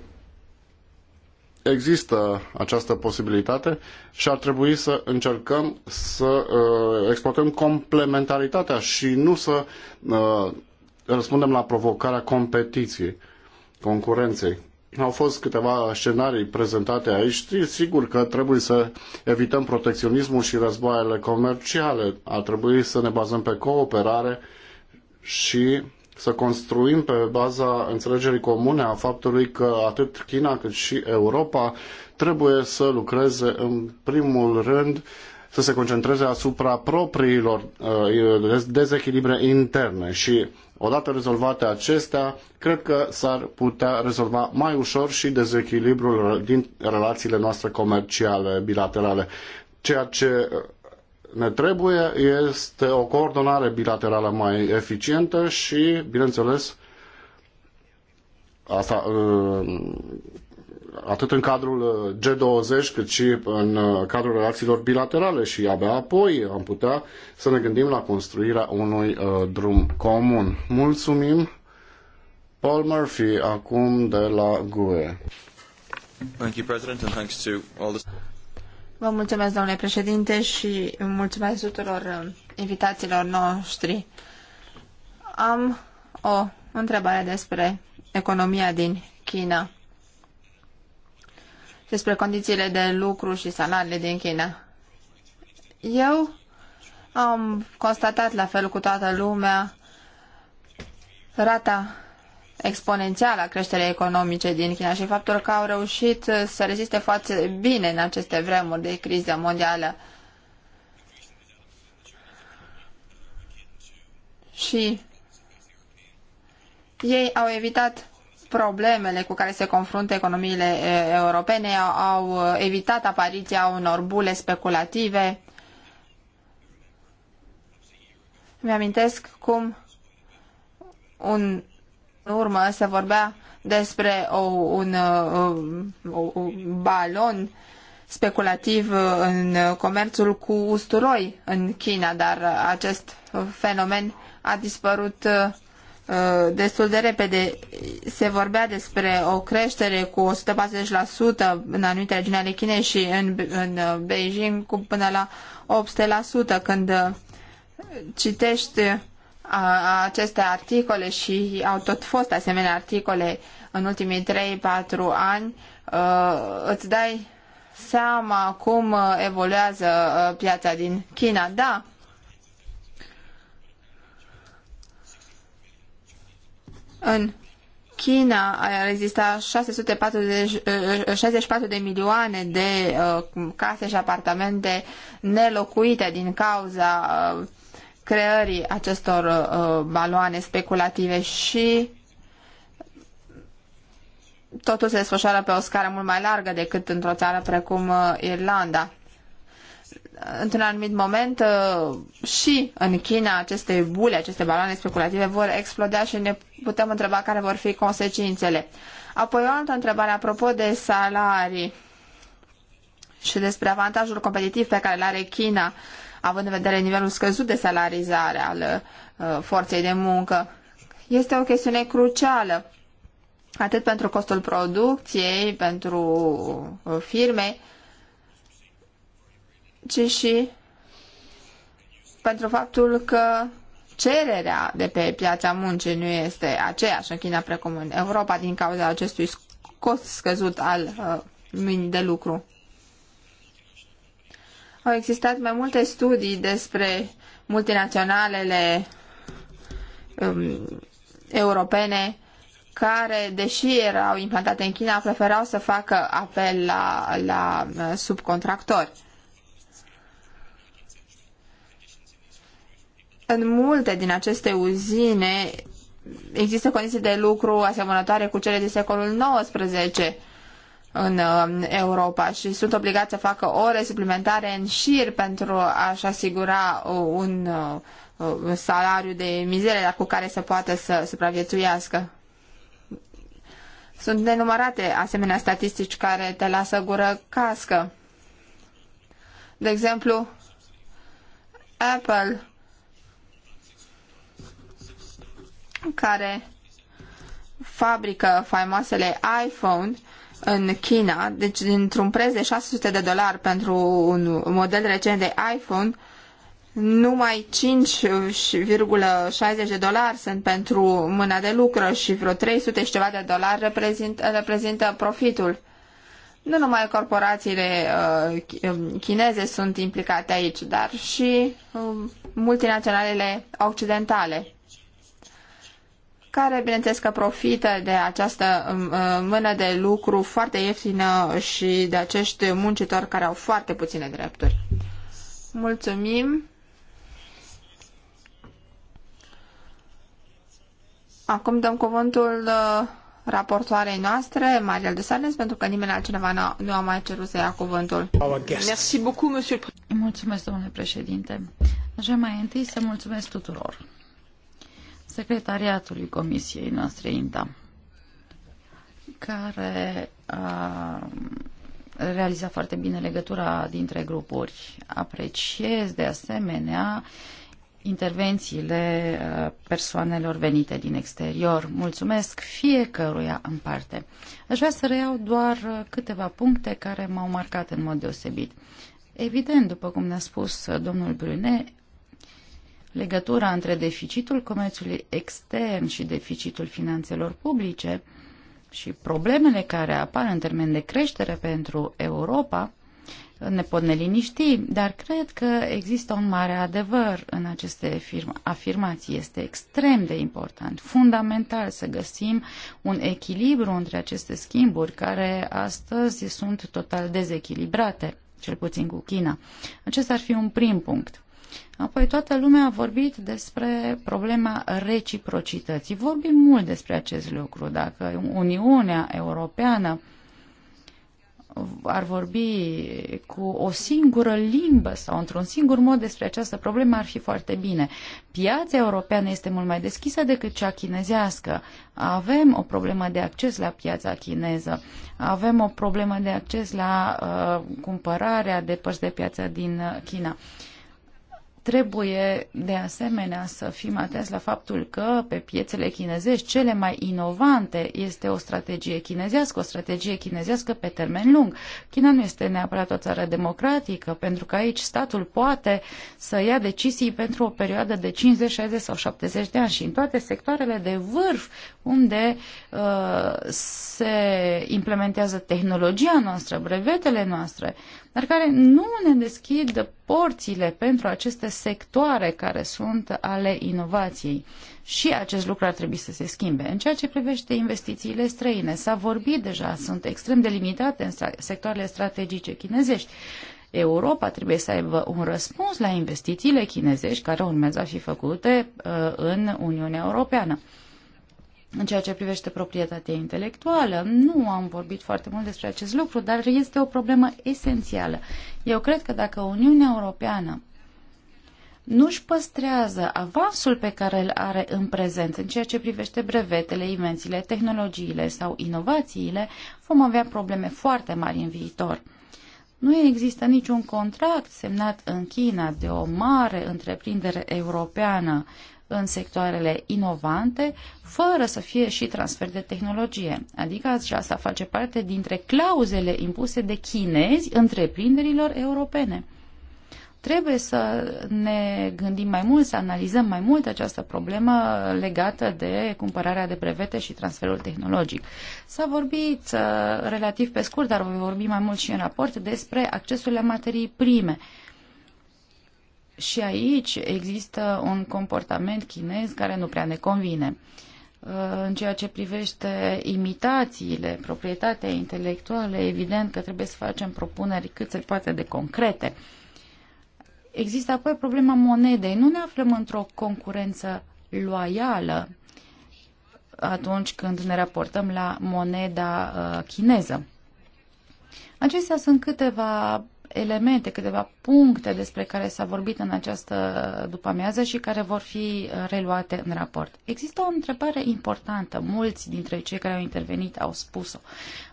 Speaker 3: există această posibilitate și ar trebui să încercăm să uh, exploatăm complementaritatea și nu să uh, răspundem la provocarea competiției, concurenței. Au fost câteva scenarii prezentate aici. Sigur că trebuie să evităm protecționismul și războaiele comerciale. Ar trebui să ne bazăm pe cooperare și să construim pe baza înțelegerii comune a faptului că atât China cât și Europa trebuie să lucreze în primul rând să se concentreze asupra propriilor uh, dezechilibre interne și odată rezolvate acestea, cred că s-ar putea rezolva mai ușor și dezechilibrul din relațiile noastre comerciale bilaterale, ceea ce ne trebuie este o coordonare bilaterală mai eficientă și, bineînțeles, asta uh, atât în cadrul uh, G20 cât și în uh, cadrul relațiilor bilaterale și abia apoi am putea să ne gândim la construirea unui drum comun. Mulțumim! Paul Murphy, acum de la GUE. Thank you, President, and thanks to all
Speaker 2: the... Vă mulțumesc, domnule președinte, și mulțumesc tuturor uh, invitațiilor noștri. Am o întrebare despre economia din China, despre condițiile de lucru și salariile din China. Eu am constatat, la fel cu toată lumea, rata exponențială a creșterii economice din China și faptul că au reușit să reziste foarte bine în aceste vremuri de criză mondială. Și ei au evitat problemele cu care se confruntă economiile europene, au evitat apariția unor bule speculative. Mi-amintesc cum un în urmă se vorbea despre o, un, uh, um, o, o, balon speculativ în comerțul cu usturoi în China, dar acest fenomen a dispărut uh, destul de repede. Se vorbea despre o creștere cu 140% în anumite regiuni ale Chinei și în, în uh, Beijing cu până la 800% când citești aceste articole și au tot fost asemenea articole în ultimii 3-4 ani, uh, îți dai seama cum uh, evoluează uh, piața din China. Da, în China a rezistat 640, 64 de milioane de case și apartamente nelocuite din cauza creării acestor uh, baloane speculative și totul se desfășoară pe o scară mult mai largă decât într-o țară precum uh, Irlanda. Într-un anumit moment uh, și în China aceste bule, aceste baloane speculative vor explodea și ne putem întreba care vor fi consecințele. Apoi o altă întrebare apropo de salarii și despre avantajul competitiv pe care îl are China având în vedere nivelul scăzut de salarizare al uh, forței de muncă. Este o chestiune crucială, atât pentru costul producției, pentru uh, firme, ci și pentru faptul că cererea de pe piața muncii nu este aceeași în China precum în Europa din cauza acestui cost scăzut al uh, mâinii de lucru. Au existat mai multe studii despre multinaționalele um, europene care, deși erau implantate în China, preferau să facă apel la, la uh, subcontractori. În multe din aceste uzine există condiții de lucru asemănătoare cu cele din secolul XIX în um, Europa și sunt obligați să facă ore suplimentare în șir pentru a-și asigura uh, uh, uh, un, salariu de mizerie cu care să poată să supraviețuiască. Sunt nenumărate asemenea statistici care te lasă gură cască. De exemplu, Apple, care fabrică faimoasele iPhone, în China, deci dintr-un preț de 600 de dolari pentru un model recent de iPhone, numai 5,60 de dolari sunt pentru mâna de lucru și vreo 300 și ceva de dolari reprezintă, reprezintă profitul. Nu numai corporațiile uh, chineze sunt implicate aici, dar și uh, multinaționalele occidentale care, bineînțeles, că profită de această um, uh, mână de lucru foarte ieftină și de acești muncitori care au foarte puține drepturi. Mulțumim! Acum dăm cuvântul uh, raportoarei noastre, Maria Dusarnes, pentru că nimeni altcineva nu a mai cerut să ia cuvântul.
Speaker 4: Mulțumesc, domnule președinte. Aș mai întâi să mulțumesc tuturor secretariatului Comisiei noastre INTA, care a realizat foarte bine legătura dintre grupuri. Apreciez de asemenea intervențiile uh, persoanelor venite din exterior. Mulțumesc fiecăruia în parte. Aș vrea să reiau doar uh, câteva puncte care m-au marcat în mod deosebit. Evident, după cum ne-a spus uh, domnul Brune, legătura între deficitul comerțului extern și deficitul finanțelor publice și problemele care apar în termen de creștere pentru Europa ne pot neliniști, dar cred că există un mare adevăr în aceste afirmații. Este extrem de important, fundamental să găsim un echilibru între aceste schimburi care astăzi sunt total dezechilibrate, cel puțin cu China. Acesta ar fi un prim punct. Apoi toată lumea a vorbit despre problema reciprocității. Vorbim mult despre acest lucru. Dacă Uniunea Europeană ar vorbi cu o singură limbă sau într-un singur mod despre această problemă, ar fi foarte bine. Piața europeană este mult mai deschisă decât cea chinezească. Avem o problemă de acces la piața chineză, avem o problemă de acces la uh, cumpărarea de părți de piață din China. Uh, Trebuie de asemenea să fim atenți la faptul că pe piețele chinezești cele mai inovante este o strategie chinezească, o strategie chinezească pe termen lung. China nu este neapărat o țară democratică, pentru că aici statul poate să ia decizii pentru o perioadă de 50, 60 sau 70 de ani și în toate sectoarele de vârf unde uh, se implementează tehnologia noastră, brevetele noastre, dar care nu ne deschid porțile pentru aceste sectoare care sunt ale inovației. Și acest lucru ar trebui să se schimbe. În ceea ce privește investițiile străine, s-a vorbit deja, sunt extrem de limitate în sectoarele strategice chinezești. Europa trebuie să aibă un răspuns la investițiile chinezești care urmează a fi făcute uh, în Uniunea Europeană. În ceea ce privește proprietatea intelectuală, nu am vorbit foarte mult despre acest lucru, dar este o problemă esențială. Eu cred că dacă Uniunea Europeană nu își păstrează avansul pe care îl are în prezent în ceea ce privește brevetele, invențiile, tehnologiile sau inovațiile, vom avea probleme foarte mari în viitor. Nu există niciun contract semnat în China de o mare întreprindere europeană în sectoarele inovante, fără să fie și transfer de tehnologie. Adică aceasta face parte dintre clauzele impuse de chinezi întreprinderilor europene. Trebuie să ne gândim mai mult, să analizăm mai mult această problemă legată de cumpărarea de brevete și transferul tehnologic. S-a vorbit uh, relativ pe scurt, dar voi vorbi mai mult și în raport, despre accesul la materii prime. Uh, și aici există un comportament chinez care nu prea ne convine. Uh, în ceea ce privește imitațiile, proprietatea intelectuală, evident că trebuie să facem propuneri cât se poate de concrete. Există apoi problema monedei. Nu ne aflăm într-o concurență loială atunci când ne raportăm la moneda uh, chineză. Acestea sunt câteva elemente, câteva puncte despre care s-a vorbit în această după-amiază și care vor fi uh, reluate în raport. Există o întrebare importantă, mulți dintre cei care au intervenit au spus-o.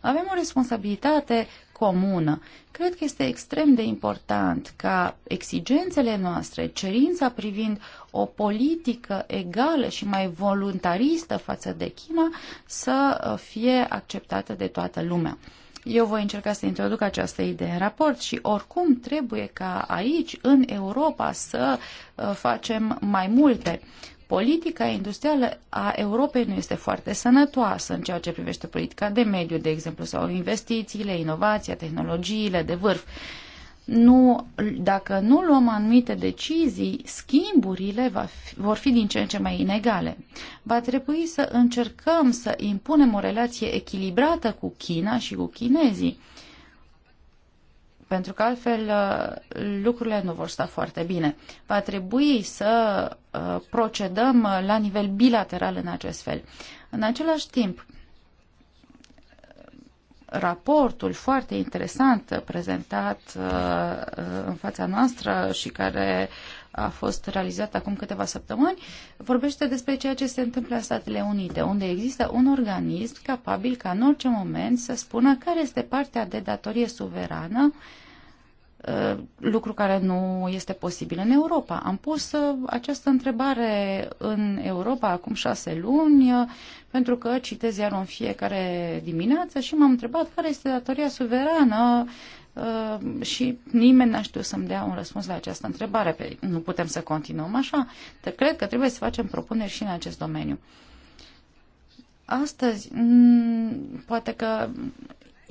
Speaker 4: Avem o responsabilitate comună. Cred că este extrem de important ca exigențele noastre, cerința privind o politică egală și mai voluntaristă față de China să uh, fie acceptată de toată lumea. Eu voi încerca să introduc această idee în raport și oricum trebuie ca aici, în Europa, să uh, facem mai multe. Politica industrială a Europei nu este foarte sănătoasă în ceea ce privește politica de mediu, de exemplu, sau investițiile, inovația, tehnologiile de vârf. Uh, nu, dacă nu luăm anumite decizii, schimburile va fi, vor fi din ce în ce mai inegale. Va trebui să încercăm să impunem o relație echilibrată cu China și cu chinezii, pentru că altfel uh, lucrurile nu vor sta foarte bine. Va trebui să uh, procedăm uh, la nivel bilateral în acest fel. În același timp, raportul foarte interesant prezentat uh, uh, în fața noastră și care a fost realizat acum câteva săptămâni, vorbește despre ceea ce se întâmplă în Statele Unite, unde există un organism capabil ca în orice moment să spună care este partea de datorie suverană uh, Uh, lucru care nu este posibil în Europa. Am pus uh, această întrebare în Europa acum șase luni, uh, pentru că citez iar în fiecare dimineață și m-am întrebat care este datoria suverană și nimeni n-a știut să-mi dea un răspuns la această întrebare. Pe, nu putem să continuăm așa. Dar cred că trebuie să facem propuneri și în acest domeniu. Astăzi, poate că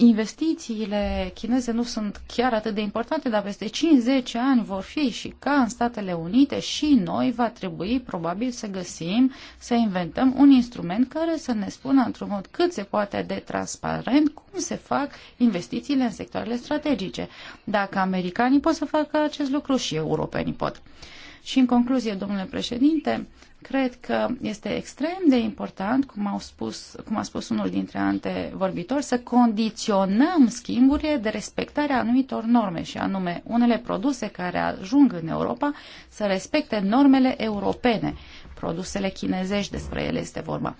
Speaker 4: investițiile chineze nu sunt chiar atât de importante, dar peste 50 ani vor fi și ca în Statele Unite și noi va trebui probabil să găsim, să inventăm un instrument care să ne spună într-un mod cât se poate de transparent cum se fac investițiile în sectoarele strategice. Dacă americanii pot să facă acest lucru și europenii pot. Și în concluzie, domnule președinte, cred că este extrem de important, cum, au spus, cum a spus unul dintre antevorbitori, să condiționăm schimburile de respectarea anumitor norme și anume unele produse care ajung în Europa să respecte normele europene. Produsele chinezești, despre ele este vorba.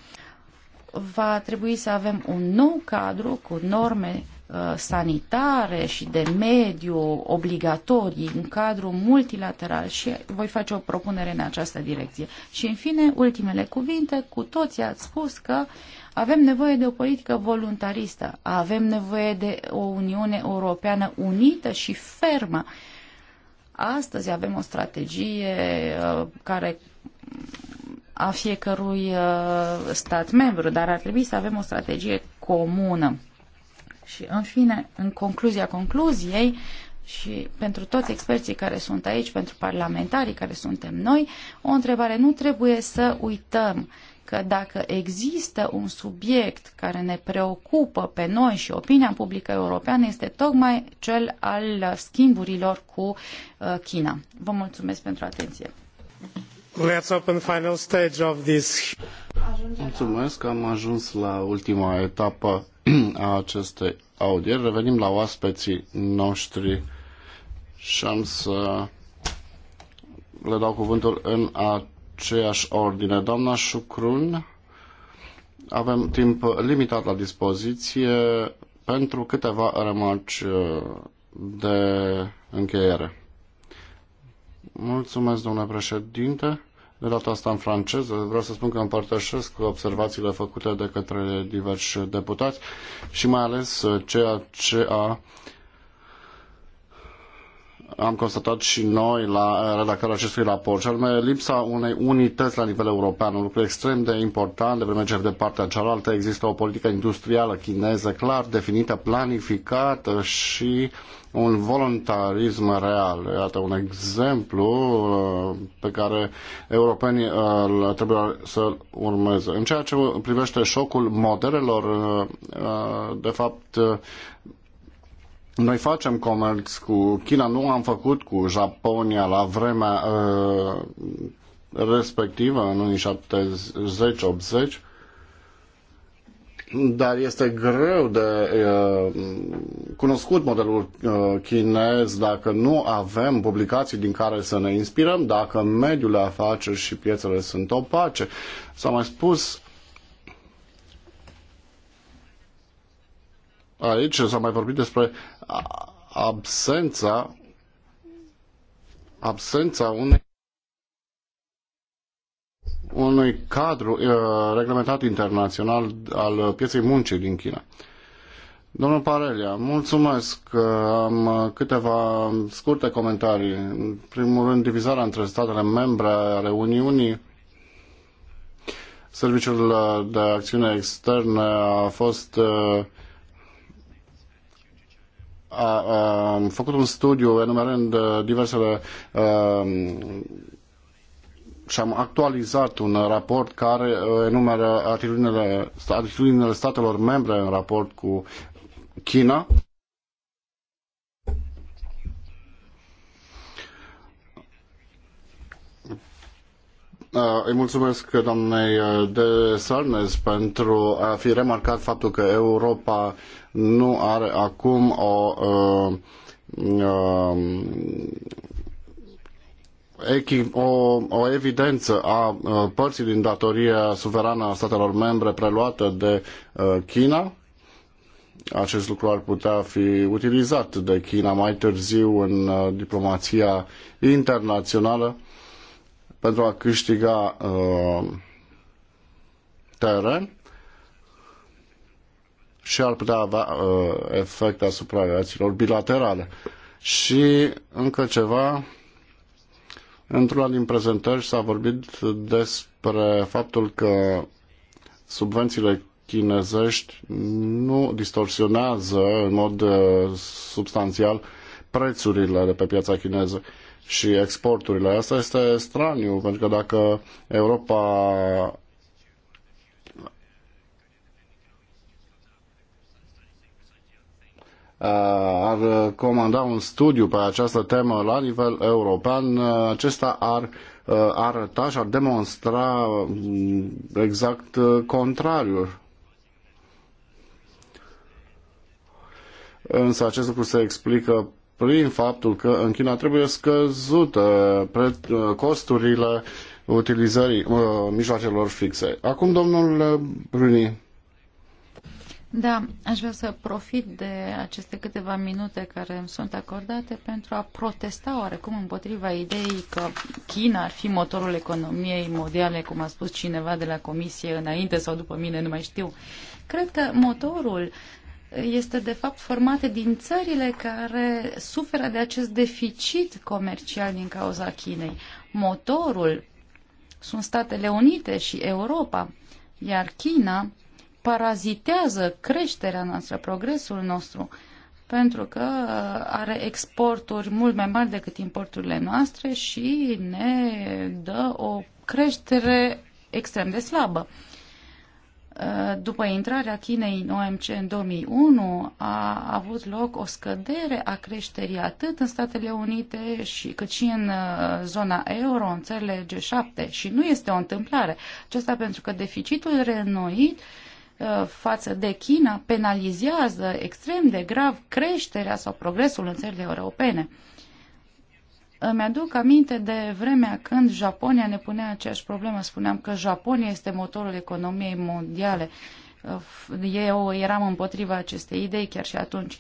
Speaker 4: Va trebui să avem un nou cadru cu norme Uh, sanitare și de mediu obligatorii în cadrul multilateral și voi face o propunere în această direcție. Și în fine, ultimele cuvinte, cu toții ați spus că avem nevoie de o politică voluntaristă, avem nevoie de o Uniune Europeană unită și fermă. Astăzi avem o strategie uh, care a fiecărui uh, stat membru, dar ar trebui să avem o strategie comună și, în fine, în concluzia concluziei, și pentru toți experții care sunt aici, pentru parlamentarii care suntem noi, o întrebare. Nu trebuie să uităm că dacă există un subiect care ne preocupă pe noi și opinia publică europeană, este tocmai cel al schimburilor cu uh, China. Vă mulțumesc pentru atenție.
Speaker 1: Let's open final stage of this.
Speaker 3: am ajuns la ultima etapă a acestei audieri. Revenim la oaspeții noștri și am să le dau cuvântul în aceeași ordine. Doamna Șucrun, avem timp limitat la dispoziție pentru câteva remarci uh, de încheiere. Mulțumesc, domnule președinte de data asta în franceză. Vreau să spun că împărtășesc observațiile făcute de către diversi deputați și mai ales uh, ceea ce a am constatat și noi la uh, redactarea acestui raport, și anume lipsa unei unități la nivel european, un lucru extrem de important, de vreme ce de partea cealaltă există o politică industrială chineză clar definită, planificată și un voluntarism real. Iată un exemplu uh, pe care europenii uh, trebuie să urmeze. În ceea ce privește șocul modelelor, de fapt, noi facem comerț cu China, nu am făcut cu Japonia la vremea uh, respectivă, în anii 70-80, dar este greu de uh, cunoscut modelul uh, chinez dacă nu avem publicații din care să ne inspirăm, dacă mediul de afaceri și piețele sunt opace. S-a mai spus aici s-a mai vorbit despre absența absența unei unui cadru uh, reglementat internațional al pieței muncii din China. Domnul Parelia, mulțumesc. Uh, am câteva scurte comentarii. În primul rând, divizarea între statele membre ale Uniunii. Serviciul de acțiune externă a fost uh, am făcut un studiu enumerând uh, diversele um, și am actualizat un raport care uh, enumeră atitudinile, statelor membre în raport cu China. Îi mulțumesc doamnei uh, de Sarnes pentru a fi remarcat faptul că Europa nu are acum o uh, um, o, o evidență a uh, părții din datoria suverană a statelor membre preluată de uh, China. Acest lucru ar putea fi utilizat de China mai târziu în uh, diplomația internațională pentru a câștiga teren și ar putea avea uh, efecte asupra relațiilor bilaterale. Și încă ceva, într-una din prezentări s-a vorbit despre faptul că subvențiile chinezești nu distorsionează în mod uh, substanțial prețurile de pe piața chineză și exporturile. Asta este straniu, pentru că dacă Europa Uh, ar comanda un studiu pe această temă la nivel european, uh, acesta ar uh, arăta și ar demonstra um, exact contrariul. Însă acest lucru se explică prin faptul că în China trebuie scăzute costurile utilizării mijloacelor fixe. Acum, domnul Bruni.
Speaker 4: Da, aș vrea să profit de aceste câteva minute care îmi sunt acordate pentru a protesta oarecum împotriva ideii că China ar fi motorul economiei mondiale, cum a spus cineva de la comisie înainte sau după mine, nu mai știu. Cred că motorul este de fapt format din țările care suferă de acest deficit comercial din cauza Chinei. Motorul sunt Statele Unite și Europa, iar China parazitează creșterea noastră, progresul nostru, pentru că uh, are exporturi mult mai mari decât importurile noastre și ne dă o creștere extrem de slabă. Uh, după intrarea Chinei în OMC în 2001 a avut loc o scădere a creșterii atât în Statele Unite și, cât și în uh, zona euro, în țările G7 și nu este o întâmplare. Aceasta pentru că deficitul reînnoit uh, Uh, față de China penalizează extrem de grav creșterea sau progresul în țările europene. Îmi aduc aminte de vremea când Japonia ne punea aceeași problemă. Spuneam că Japonia este motorul economiei mondiale. Uh, eu eram împotriva acestei idei chiar și atunci.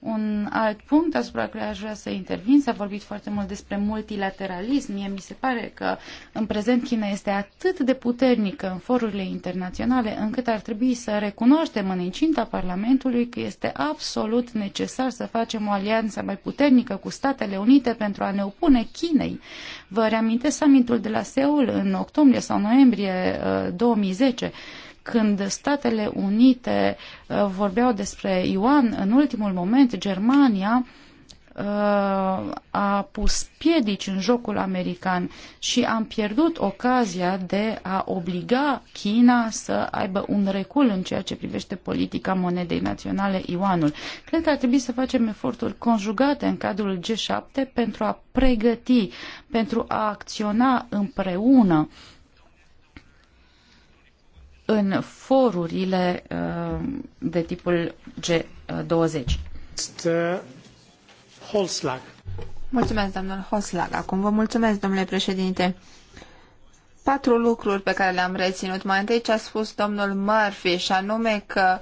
Speaker 4: Un alt punct asupra care aș vrea să intervin, s-a vorbit foarte mult despre multilateralism. Mie mi se pare că în prezent China este atât de puternică în forurile internaționale încât ar trebui să recunoaștem în incinta Parlamentului că este absolut necesar să facem o alianță mai puternică cu Statele Unite pentru a ne opune Chinei. Vă reamintesc summitul de la Seul în octombrie sau noiembrie 2010 uh, când Statele Unite uh, vorbeau despre Ioan, în ultimul moment Germania uh, a pus piedici în jocul american și am pierdut ocazia de a obliga China să aibă un recul în ceea ce privește politica monedei naționale Ioanul. Cred că ar trebui să facem eforturi conjugate în cadrul G7 pentru a pregăti, pentru a acționa împreună în forurile uh, de tipul G20. Holslag.
Speaker 2: Mulțumesc, domnul Hoslag. Acum vă mulțumesc, domnule președinte. Patru lucruri pe care le-am reținut. Mai întâi ce a spus domnul Murphy, și anume că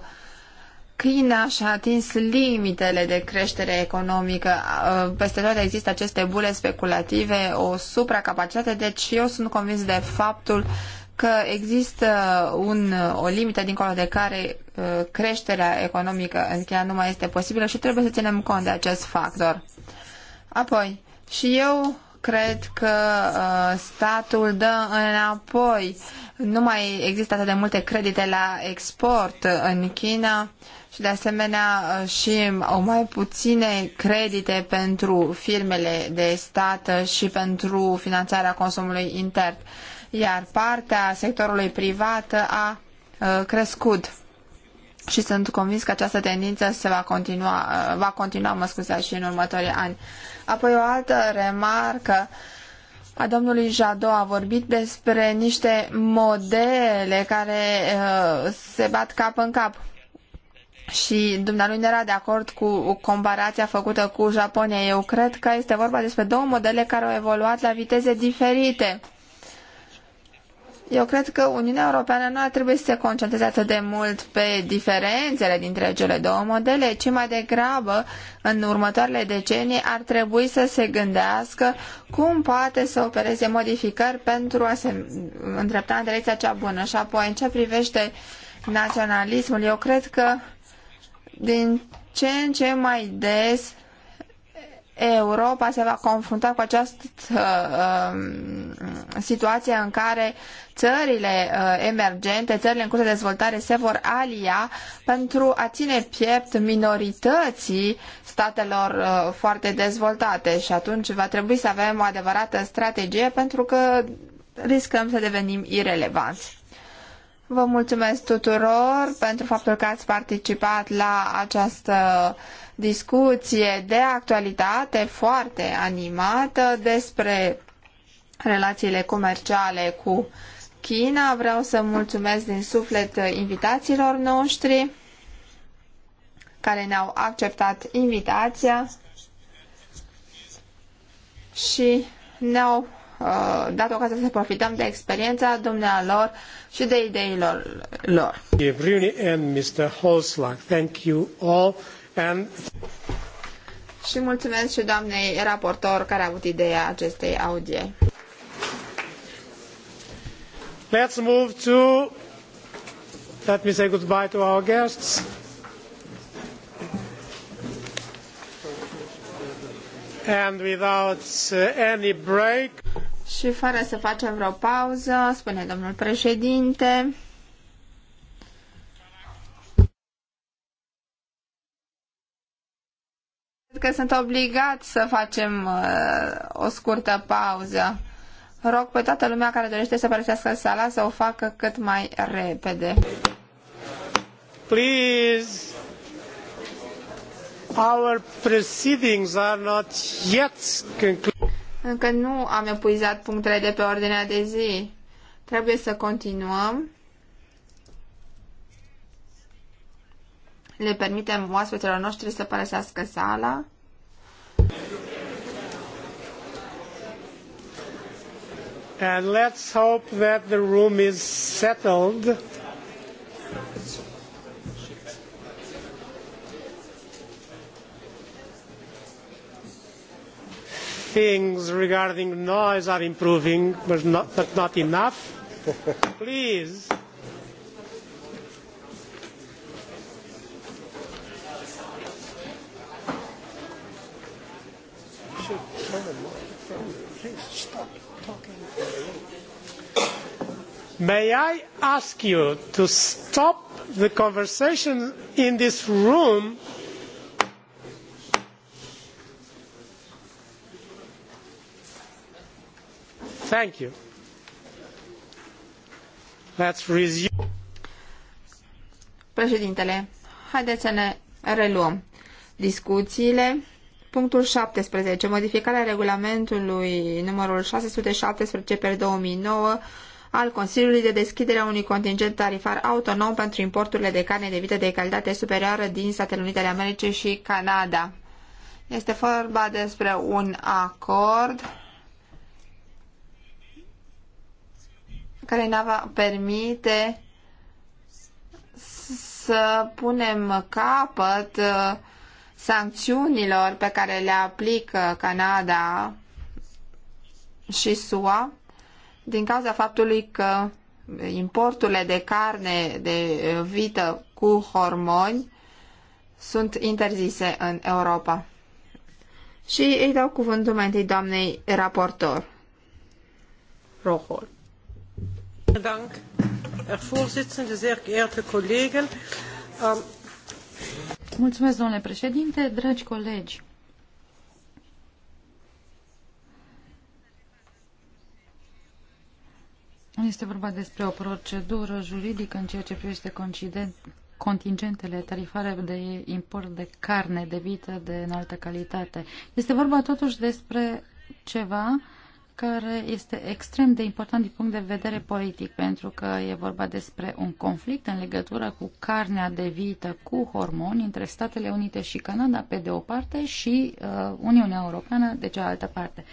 Speaker 2: China și-a atins limitele de creștere economică. Uh, peste toate există aceste bule speculative, o supracapacitate, deci eu sunt convins de faptul că există un, o limită dincolo de care uh, creșterea economică în China nu mai este posibilă și trebuie să ținem cont de acest factor. Apoi, și eu cred că uh, statul dă înapoi. Nu mai există atât de multe credite la export în China și de asemenea uh, și au mai puține credite pentru firmele de stat și pentru finanțarea consumului intern iar partea sectorului privat a uh, crescut. Și sunt convins că această tendință se va continua, uh, va continua, mă și în următorii ani. Apoi o altă remarcă a domnului Jadot a vorbit despre niște modele care uh, se bat cap în cap. Și dumnealui nu era de acord cu comparația făcută cu Japonia. Eu cred că este vorba despre două modele care au evoluat la viteze diferite eu cred că Uniunea Europeană nu ar trebui să se concentreze atât de mult pe diferențele dintre cele două modele, ci mai degrabă, în următoarele decenii, ar trebui să se gândească cum poate să opereze modificări pentru a se îndrepta în direcția cea bună. Și apoi, în ce privește naționalismul, eu cred că din ce în ce mai des Europa se va confrunta cu această uh, um, situație în care țările uh, emergente, țările în curs de dezvoltare se vor alia pentru a ține piept minorității statelor uh, foarte dezvoltate și atunci va trebui să avem o adevărată strategie pentru că riscăm să devenim irelevanți. Vă mulțumesc tuturor pentru faptul că ați participat la această uh, discuție de actualitate foarte animată despre relațiile comerciale cu China. Vreau să mulțumesc din suflet invitațiilor noștri care ne-au acceptat invitația și ne-au uh, dat ocazia să profităm de experiența dumnealor și de ideilor
Speaker 1: lor. Thank you all. And...
Speaker 2: Și mulțumesc și doamnei raportor care a avut ideea acestei audieri.
Speaker 1: Let's move to... Let me say goodbye to our guests. And without uh, any break.
Speaker 2: Și fără să facem vreo pauză, spune domnul președinte, că sunt obligat să facem uh, o scurtă pauză. Rog pe toată lumea care dorește să părăsească sala să o facă cât mai repede. Please.
Speaker 1: Our proceedings are not yet concluded.
Speaker 2: Încă nu am epuizat punctele de pe ordinea de zi. Trebuie să continuăm. le permitem oaspeților noștri să părăsească sala.
Speaker 1: And let's hope that the room is settled. things regarding noise are improving, but not, but not enough. Please. May I ask you to stop the conversation in this room? Thank you. Let's resume.
Speaker 2: Președintele, haideți să ne reluăm discuțiile. Punctul 17. Modificarea regulamentului numărul 617 per 2009 al Consiliului de deschidere a unui contingent tarifar autonom pentru importurile de carne de vită de calitate superioară din Statele Unite ale Americii și Canada. Este vorba despre un acord care ne va permite să punem capăt uh, sancțiunilor pe care le aplică Canada și SUA din cauza faptului că importurile de carne de vită cu hormoni sunt interzise în Europa. Și îi dau cuvântul mai întâi doamnei raportor. Rohol.
Speaker 1: Dank, Herr Vorsitzende, sehr geehrte Kollegen. Ähm,
Speaker 4: Mulțumesc, domnule președinte, dragi colegi. Este vorba despre o procedură juridică în ceea ce privește contingentele tarifare de import de carne de vită de înaltă calitate. Este vorba totuși despre ceva care este extrem de important din punct de vedere politic, pentru că e vorba despre un conflict în legătură cu carnea de vită cu hormoni între Statele Unite și Canada, pe de o parte, și uh, Uniunea Europeană, de cealaltă parte.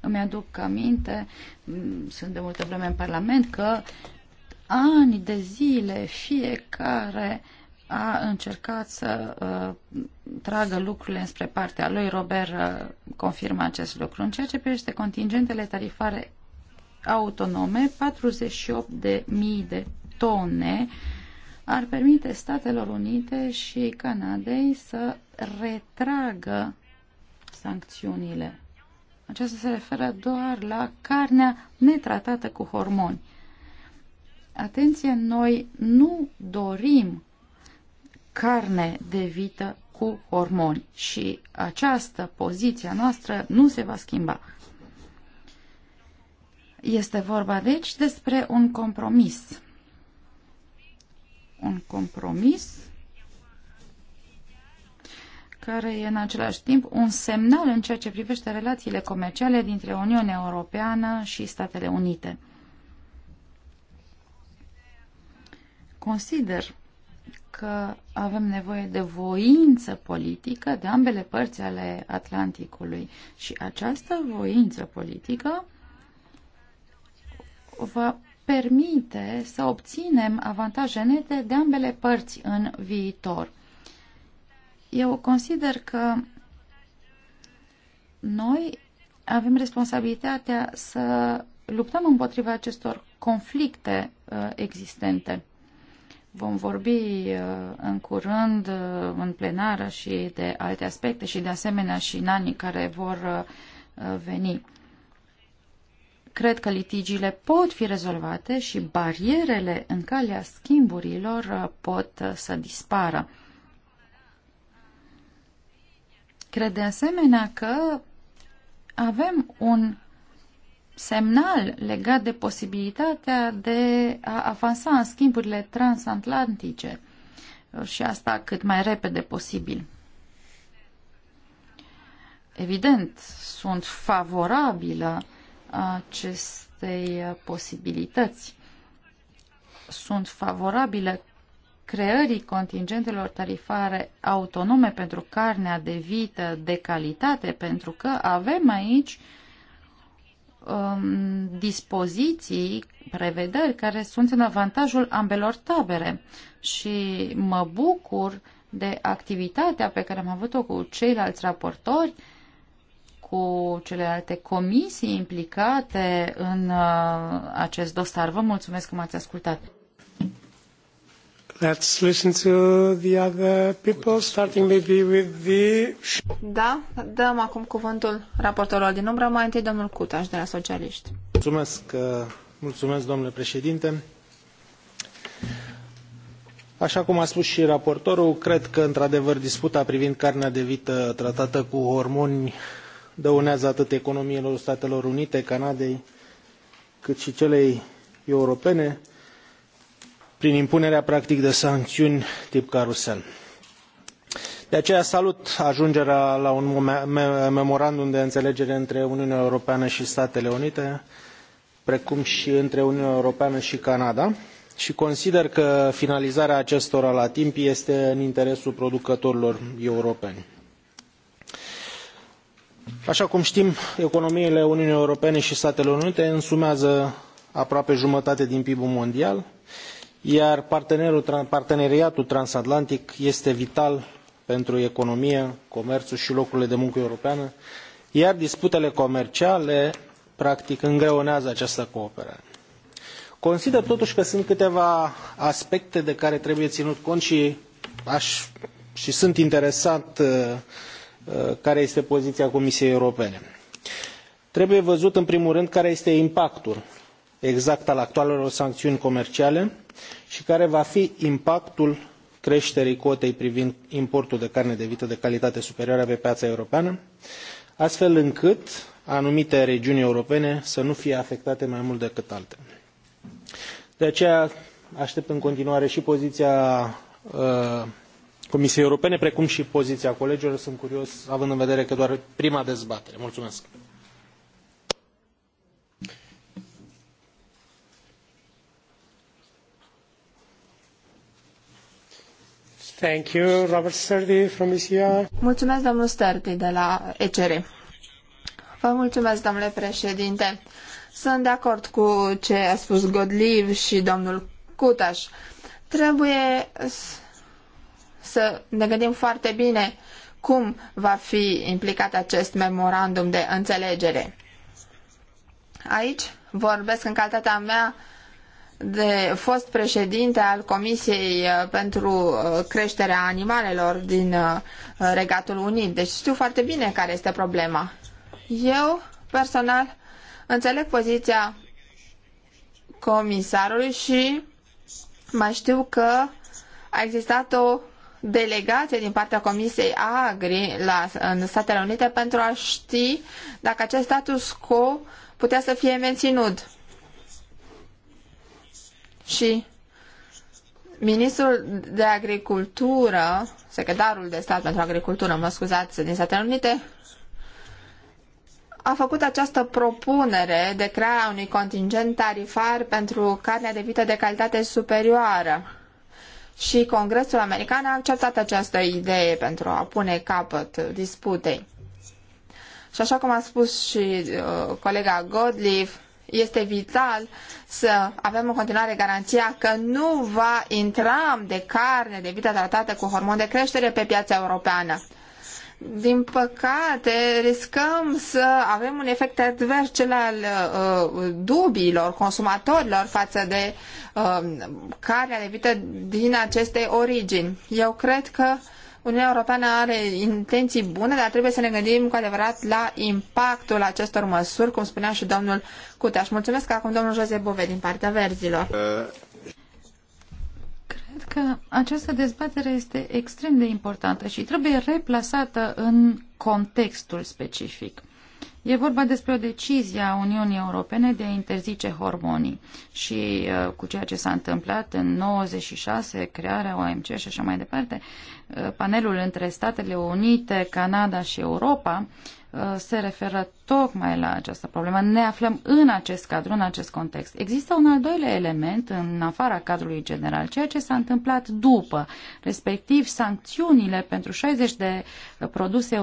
Speaker 4: Îmi aduc aminte, mm, sunt de multă vreme în Parlament, că ani de zile fiecare uh, a încercat să uh, tragă lucrurile înspre partea lui. Robert uh, confirmă acest lucru. În ceea ce privește contingentele tarifare autonome, 48.000 de, de tone ar permite Statelor Unite și Canadei să retragă sancțiunile. Aceasta se referă doar la carnea netratată cu hormoni. Atenție, noi nu dorim carne de vită cu hormoni și această poziție a noastră nu se va schimba. Este vorba deci despre un compromis. Un compromis care e în același timp un semnal în ceea ce privește relațiile comerciale dintre Uniunea Europeană și Statele Unite. Consider că avem nevoie de voință politică de ambele părți ale Atlanticului și această voință politică va permite să obținem avantaje nete de ambele părți în viitor. Eu consider că noi avem responsabilitatea să luptăm împotriva acestor conflicte uh, existente. Vom vorbi uh, în curând uh, în plenară și de alte aspecte și de asemenea și în anii care vor uh, veni. Cred că litigiile pot fi rezolvate și barierele în calea schimburilor pot să dispară. Cred de asemenea că avem un semnal legat de posibilitatea de a avansa în schimburile transatlantice uh, și asta cât mai repede posibil. Evident, sunt favorabilă acestei posibilități. Sunt favorabilă creării contingentelor tarifare autonome pentru carnea de vită de calitate, pentru că avem aici uh, um, dispoziții, prevederi care sunt în avantajul ambelor tabere și mă bucur de activitatea pe care am avut-o cu ceilalți raportori, cu celelalte comisii implicate în uh, acest dosar. Vă mulțumesc că m-ați ascultat.
Speaker 1: Let's listen to the other people, starting maybe with the...
Speaker 2: Da, dăm acum cuvântul raportorilor din umbră, mai întâi domnul Cutaș de la Socialiști.
Speaker 5: Mulțumesc, uh, mulțumesc domnule președinte. Așa cum a spus și raportorul, cred că într-adevăr disputa privind carnea de vită tratată cu hormoni dăunează atât economiilor Statelor Unite, Canadei, cât și celei europene prin impunerea practic de sancțiuni tip carusel. De aceea salut ajungerea la un memorandum de înțelegere între Uniunea Europeană și Statele Unite, precum și între Uniunea Europeană și Canada, și consider că finalizarea acestora la timp este în interesul producătorilor europeni. Așa cum știm, economiile Uniunii Europene și Statele Unite însumează aproape jumătate din PIB-ul mondial, iar parteneriatul transatlantic este vital pentru economie, comerțul și locurile de muncă europene, iar disputele comerciale practic îngreunează această cooperare. Consider totuși că sunt câteva aspecte de care trebuie ținut cont și, aș, și sunt interesat uh, uh, care este poziția Comisiei Europene. Trebuie văzut în primul rând care este impactul exact al actualelor sancțiuni comerciale, și care va fi impactul creșterii cotei privind importul de carne de vită de calitate superioară pe piața europeană, astfel încât anumite regiuni europene să nu fie afectate mai mult decât altele. De aceea aștept în continuare și poziția uh, Comisiei Europene, precum și poziția colegilor. Sunt curios, având în vedere că doar prima dezbatere. Mulțumesc!
Speaker 1: Thank you, Robert Sturdy from ECR.
Speaker 2: Mulțumesc, domnul Sturdy de la ECR. Vă mulțumesc, domnule președinte. Sunt de acord cu ce a spus Godliv și domnul Cutaș. Trebuie să ne gândim foarte bine cum va fi implicat acest memorandum de înțelegere. Aici vorbesc în calitatea mea de fost președinte al Comisiei uh, pentru uh, creșterea animalelor din uh, Regatul Unit. Deci știu foarte bine care este problema. Eu, personal, înțeleg poziția comisarului și mai știu că a existat o delegație din partea Comisiei Agri la, în Statele Unite pentru a ști dacă acest status quo putea să fie menținut și ministrul de agricultură, secretarul de stat pentru agricultură, mă scuzați, din Statele Unite, a făcut această propunere de crearea unui contingent tarifar pentru carnea de vită de calitate superioară. Și Congresul American a acceptat această idee pentru a pune capăt disputei. Și așa cum a spus și uh, colega Godliff, este vital să avem în continuare garanția că nu va intra de carne de vită tratată cu hormon de creștere pe piața europeană. Din păcate, riscăm să avem un efect advers cel al uh, dubiilor consumatorilor față de uh, carnea de vită din aceste origini. Eu cred că uh, Uniunea Europeană are intenții bune, dar trebuie să ne gândim cu adevărat la impactul acestor măsuri, cum spunea și domnul Cutaș. Mulțumesc acum domnul Jose Bove din partea verzilor.
Speaker 4: Cred că această dezbatere este extrem de importantă și trebuie replasată în contextul specific. E vorba despre o decizie a Uniunii Europene de a interzice hormonii și uh, cu ceea ce s-a întâmplat în 96, crearea OMC și așa mai departe, uh, panelul între Statele Unite, Canada și Europa Uh, se referă tocmai la această problemă. Ne aflăm în acest cadru, în acest context. Există un al doilea element în afara cadrului general, ceea ce s-a întâmplat după, respectiv sancțiunile pentru 60 de produse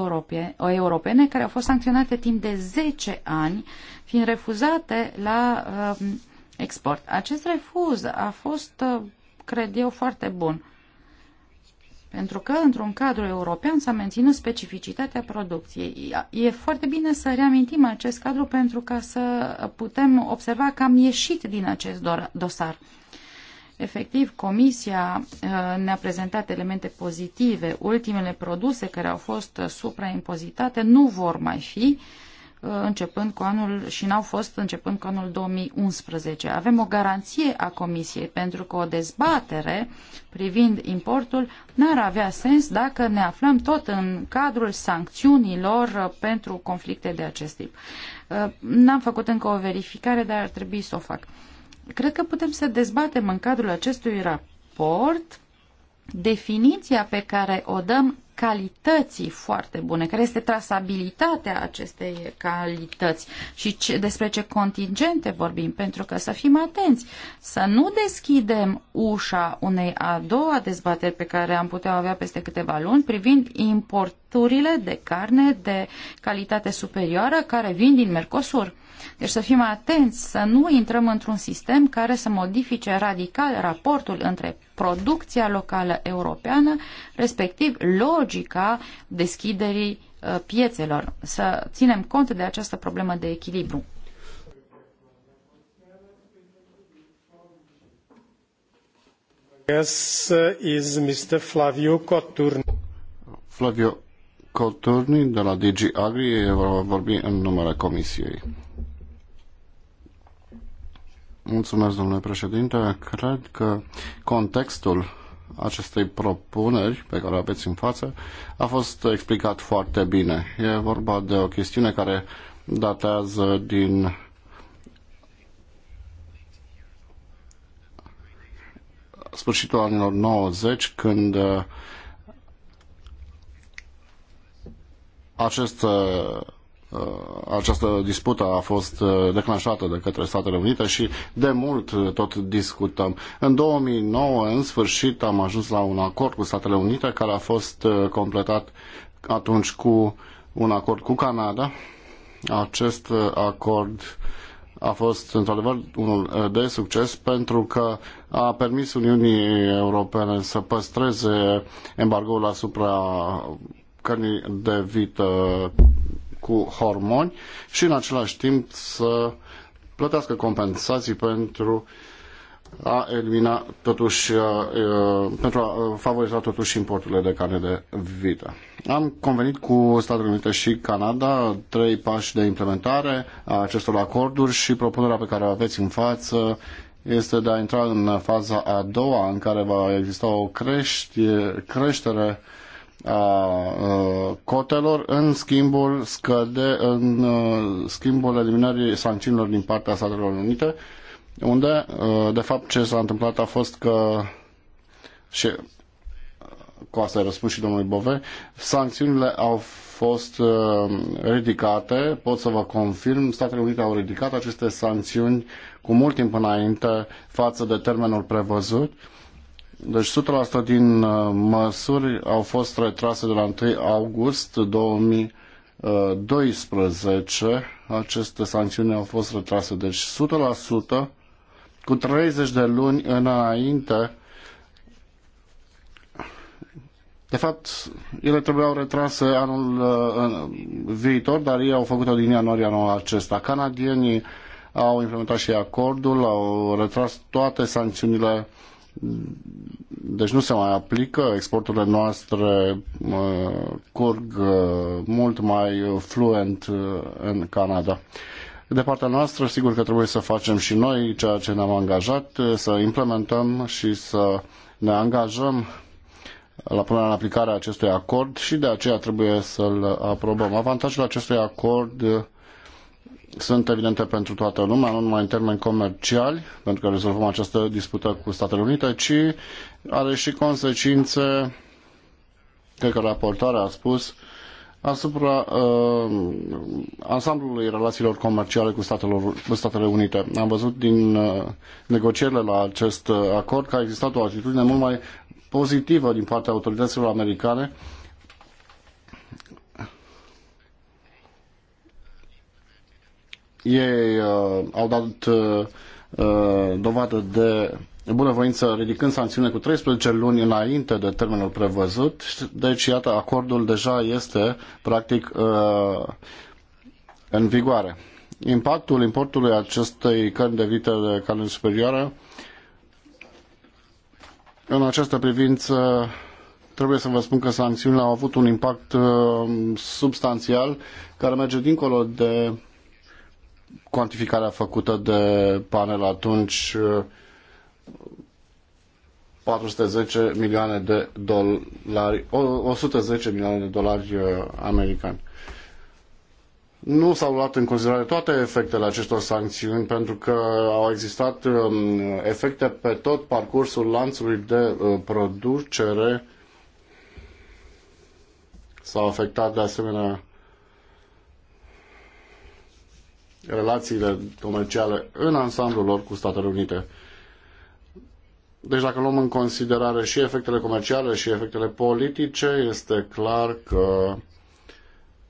Speaker 4: europene care au fost sancționate timp de 10 ani, fiind refuzate la uh, export. Acest refuz a fost, uh, cred eu, foarte bun pentru că într-un cadru european s-a menținut specificitatea producției. E foarte bine să reamintim acest cadru pentru ca să putem observa că am ieșit din acest dosar. Efectiv, Comisia uh, ne-a prezentat elemente pozitive. Ultimele produse care au fost uh, supraimpozitate nu vor mai fi uh, începând cu anul și n-au fost începând cu anul 2011. Avem o garanție a Comisiei pentru că o dezbatere privind importul n-ar avea sens dacă ne aflăm tot în cadrul sancțiunilor pentru conflicte de acest tip. Uh, n-am făcut încă o verificare, dar ar trebui să o fac. Cred că putem să dezbatem în cadrul acestui raport definiția pe care o dăm calității foarte bune, care este trasabilitatea acestei calități și ce, despre ce contingente vorbim, pentru că să fim atenți, să nu deschidem ușa unei a doua dezbateri pe care am putea avea peste câteva luni privind importurile de carne de calitate superioară care vin din Mercosur. Deci să fim atenți să nu intrăm într-un sistem care să modifice radical raportul între producția locală europeană, respectiv logica deschiderii uh, piețelor. Să ținem cont de această
Speaker 1: problemă de echilibru. Yes, uh, is Mr. Flavio Coturni.
Speaker 3: Flavio Coturni de la DG Agri va vorbi în numele Comisiei. Mulțumesc, domnule președinte. Cred că contextul acestei propuneri pe care o aveți în față a fost explicat foarte bine. E vorba de o chestiune care datează din sfârșitul anilor 90, când uh, acest uh, Uh, această dispută a fost uh, declanșată de către Statele Unite și de mult uh, tot discutăm. În 2009, în sfârșit, am ajuns la un acord cu Statele Unite care a fost completat atunci cu un acord cu Canada. Acest acord a fost într-adevăr unul de succes pentru că a permis Uniunii Europene să păstreze embargoul asupra cărnii de vită cu hormoni și în același timp să plătească compensații pentru a elimina totuși, pentru a favoriza totuși importurile de carne de vită. Am convenit cu Statele Unite și Canada trei pași de implementare a acestor acorduri și propunerea pe care o aveți în față este de a intra în faza a doua în care va exista o creștere a cotelor în schimbul scăde, în schimbul eliminării sancțiunilor din partea Statelor Unite, unde de fapt ce s-a întâmplat a fost că și cu asta a răspuns și domnul Bove, sancțiunile au fost ridicate, pot să vă confirm, Statele Unite au ridicat aceste sancțiuni cu mult timp înainte față de termenul prevăzut deci 100% din uh, măsuri au fost retrase de la 1 august 2012. Uh, Aceste sancțiuni au fost retrase. Deci 100% cu 30 de luni înainte. De fapt, ele trebuiau retrase anul uh, viitor, dar ei au făcut-o din ianuarie anul acesta. Canadienii au implementat și acordul, au retras toate sancțiunile deci nu se mai aplică, exporturile noastre uh, curg uh, mult mai fluent uh, în Canada. De partea noastră, sigur că trebuie să facem și noi ceea ce ne-am angajat, să implementăm și să ne angajăm la punerea în aplicare a acestui acord și de aceea trebuie să-l aprobăm. Avantajul acestui acord sunt evidente pentru toată lumea, nu numai în termeni comerciali, pentru că rezolvăm această dispută cu Statele Unite, ci are și consecințe, cred că raportarea a spus, asupra uh, ansamblului relațiilor comerciale cu, statelor, cu Statele Unite. Am văzut din uh, negocierile la acest uh, acord că a existat o atitudine mult mai pozitivă din partea autorităților americane uh, ei uh, au dat uh, uh, dovadă de bunăvoință ridicând sancțiune cu 13 luni înainte de termenul prevăzut. Deci, iată, acordul deja este practic uh, în vigoare. Impactul importului acestei cărni de vită de carne superioară în această privință trebuie să vă spun că sancțiunile au avut un impact uh, substanțial care merge dincolo de Cuantificarea făcută de panel atunci 410 uh, milioane de dolari, 110 milioane de dolari uh, americani. Nu s-au luat în considerare toate efectele acestor sancțiuni pentru că au existat um, efecte pe tot parcursul lanțului de uh, producere. S-au afectat de asemenea relațiile comerciale în ansamblul lor cu Statele Unite. Deci dacă luăm în considerare și efectele comerciale și efectele politice, este clar că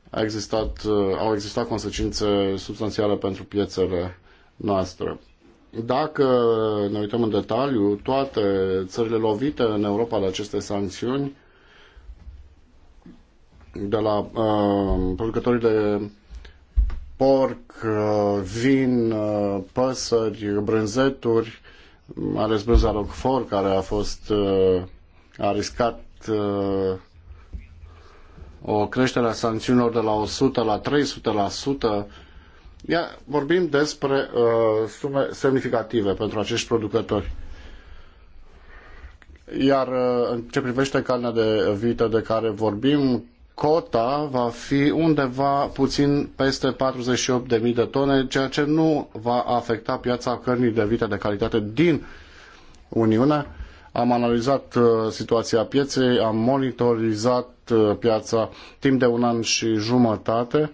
Speaker 3: a existat, au existat consecințe substanțiale pentru piețele noastre. Dacă ne uităm în detaliu, toate țările lovite în Europa de aceste sancțiuni, de la uh, producătorii de porc, uh, vin, uh, păsări, brânzeturi, ales brânza Roquefort, care a fost uh, a riscat o creștere a sancțiunilor de la 100 la 300%. Ia, vorbim despre uh, sume semnificative pentru acești producători. Iar uh, în ce privește carnea de vită de care vorbim, cota va fi undeva puțin peste 48.000 de tone, ceea ce nu va afecta piața cărnii de vită de calitate din Uniune. Am analizat uh, situația pieței, am monitorizat uh, piața timp de un an și jumătate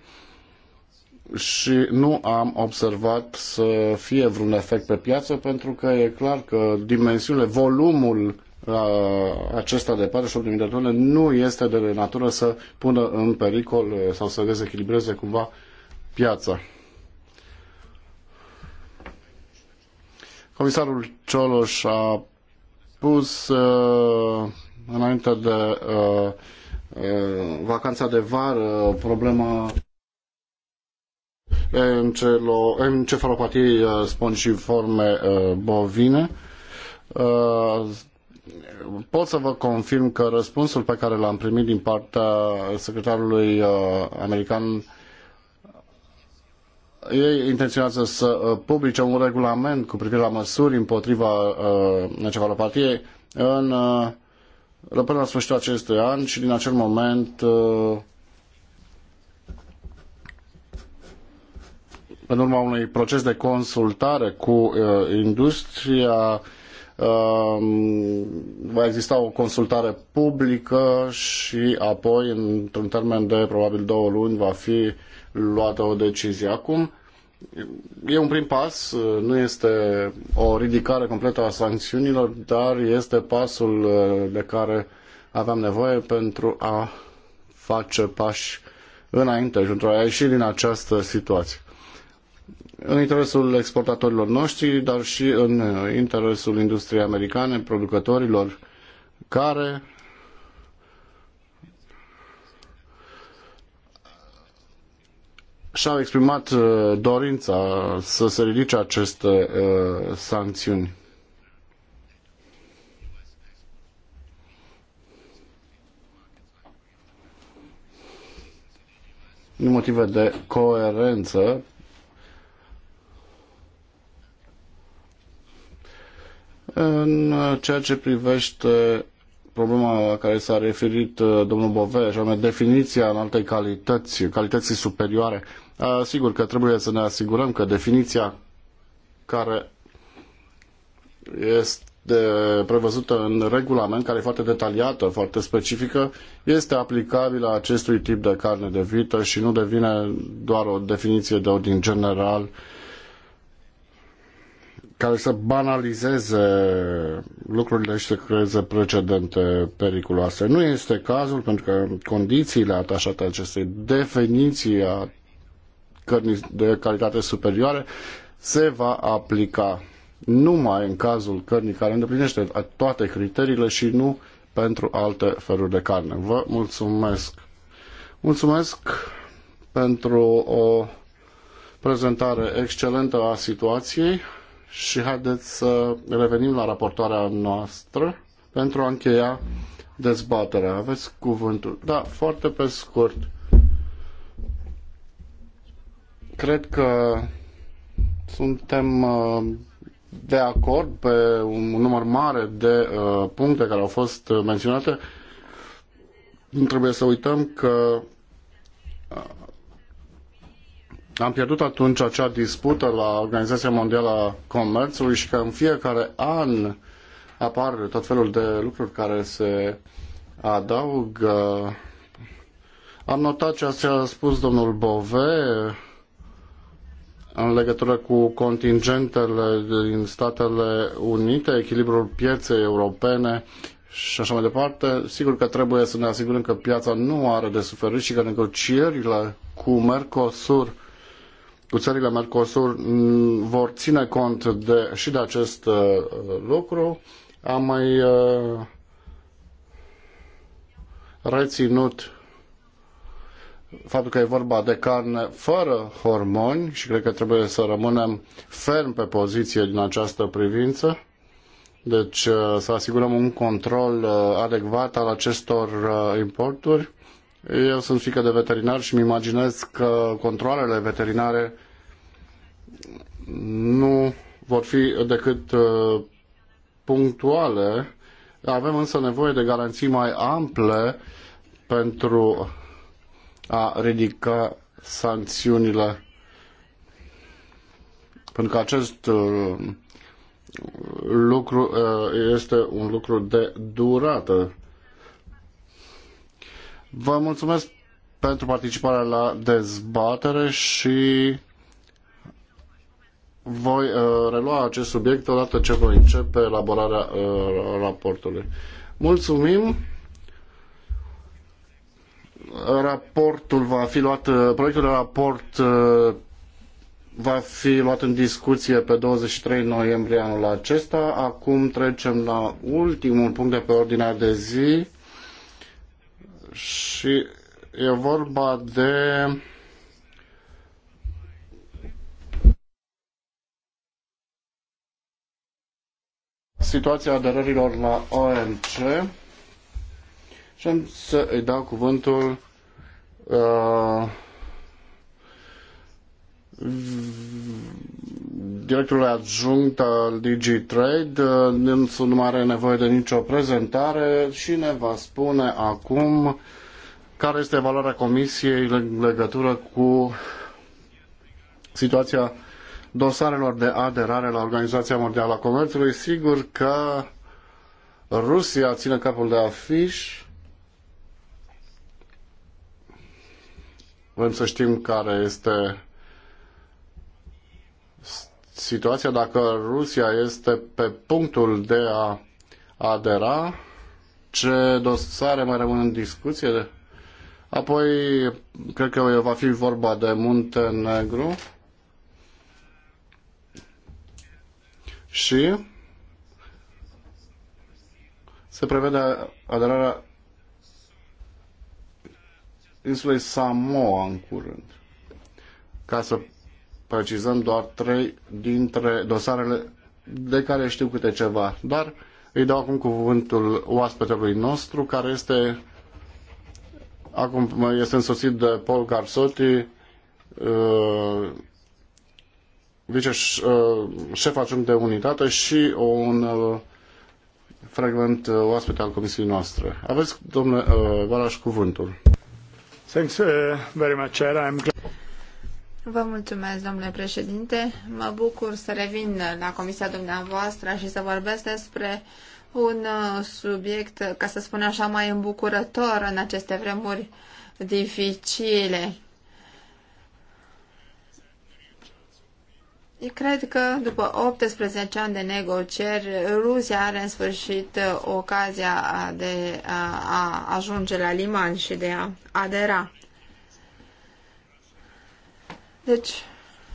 Speaker 3: și nu am observat să fie vreun efect pe piață pentru că e clar că dimensiunile, volumul acesta de 48.000 de tone nu este de natură să pună în pericol eh, sau să dezechilibreze cumva piața. Comisarul Cioloș a pus uh, înainte de uh, uh, vacanța de vară problema encefalopatiei spongiforme bovine pot să vă confirm că răspunsul pe care l-am primit din partea secretarului uh, american ei intenționează să uh, publice un regulament cu privire la măsuri împotriva uh, encefalopatie în, uh, până la sfârșitul acestui an și din acel moment uh, în urma unui proces de consultare cu uh, industria Ehm, va exista o consultare publică și apoi, într-un termen de probabil două luni, va fi luată o decizie. Acum, e un prim pas, nu este o ridicare completă a sancțiunilor, dar este pasul eh, de care aveam nevoie pentru a face pași înainte și pentru a ieși din această situație în interesul exportatorilor noștri, dar și în interesul industriei americane, producătorilor care și-au exprimat uh, dorința să se ridice aceste uh, sancțiuni. Din motive de coerență, În ceea ce privește problema la care s-a referit uh, domnul Bove, și anume definiția în alte calități, calității superioare, uh, sigur că trebuie să ne asigurăm că definiția care este prevăzută în regulament, care e foarte detaliată, foarte specifică, este aplicabilă acestui tip de carne de vită și nu devine doar o definiție de ordin general uh, care să banalizeze lucrurile și să creeze precedente periculoase. Nu este cazul, pentru că condițiile atașate acestei definiții a cărnii de calitate superioare se va aplica numai în cazul cărnii care îndeplinește toate criteriile și nu pentru alte feluri de carne. Vă mulțumesc! Mulțumesc pentru o prezentare excelentă a situației și haideți să revenim la raportoarea noastră pentru a încheia dezbaterea. Aveți cuvântul. Da, foarte pe scurt. Cred că suntem uh, de acord pe un număr mare de uh, puncte care au fost uh, menționate. Nu trebuie să uităm că am pierdut atunci acea dispută la Organizația Mondială a Comerțului și că în fiecare an apar tot felul de lucruri care se adaugă. Am notat ce a spus domnul Bove în legătură cu contingentele din Statele Unite, echilibrul pieței europene și așa mai departe. Sigur că trebuie să ne asigurăm că piața nu are de suferit și că negocierile cu Mercosur cu țările Mercosur mm, vor ține cont de, și de acest uh, lucru. Am mai uh, reținut faptul că e vorba de carne fără hormoni și cred că trebuie să rămânem ferm pe poziție din această privință. Deci uh, să asigurăm un control uh, adecvat al acestor uh, importuri eu sunt fică de veterinar și îmi imaginez că controlele veterinare nu vor fi decât uh, punctuale. Avem însă nevoie de garanții mai ample pentru a ridica sancțiunile. Pentru că acest uh, lucru uh, este un lucru de durată. Vă mulțumesc pentru participarea la dezbatere și voi uh, relua acest subiect odată ce voi începe elaborarea uh, raportului. Mulțumim! Raportul va fi luat, uh, proiectul de raport uh, va fi luat în discuție pe 23 noiembrie anul acesta. Acum trecem la ultimul punct de pe ordinea de zi și e vorba de situația aderărilor la OMC și am să îi dau cuvântul uh, directorul adjunct al DigiTrade, dânsul uh, nu are nevoie de nicio prezentare și ne va spune acum care este valoarea comisiei în legătură cu situația dosarelor de aderare la Organizația Mondială a Comerțului. Sigur că Rusia ține capul de afiș. Vrem să știm care este situația dacă Rusia este pe punctul de a adera, ce dosare mai rămân în discuție. Apoi, cred că va fi vorba de Muntenegru. Și se prevede aderarea insulei Samoa în curând. Ca să precizăm doar trei dintre dosarele de care știu câte ceva, dar îi dau acum cuvântul oaspetelui nostru, care este acum este însoțit de Paul Garsotti, uh, vice uh, șef adjunct de unitate și un uh, frecvent oaspete al comisiei noastre. Aveți, domnule Valaș, cuvântul. Thanks very much, I'm glad...
Speaker 2: Vă mulțumesc, domnule președinte. Mă bucur să revin la comisia dumneavoastră și să vorbesc despre un uh, subiect, ca să spun așa, mai îmbucurător în aceste vremuri dificile. cred că după 18 ani de negocieri, Rusia are în sfârșit uh, ocazia de uh, a ajunge la liman și de a adera. Deci,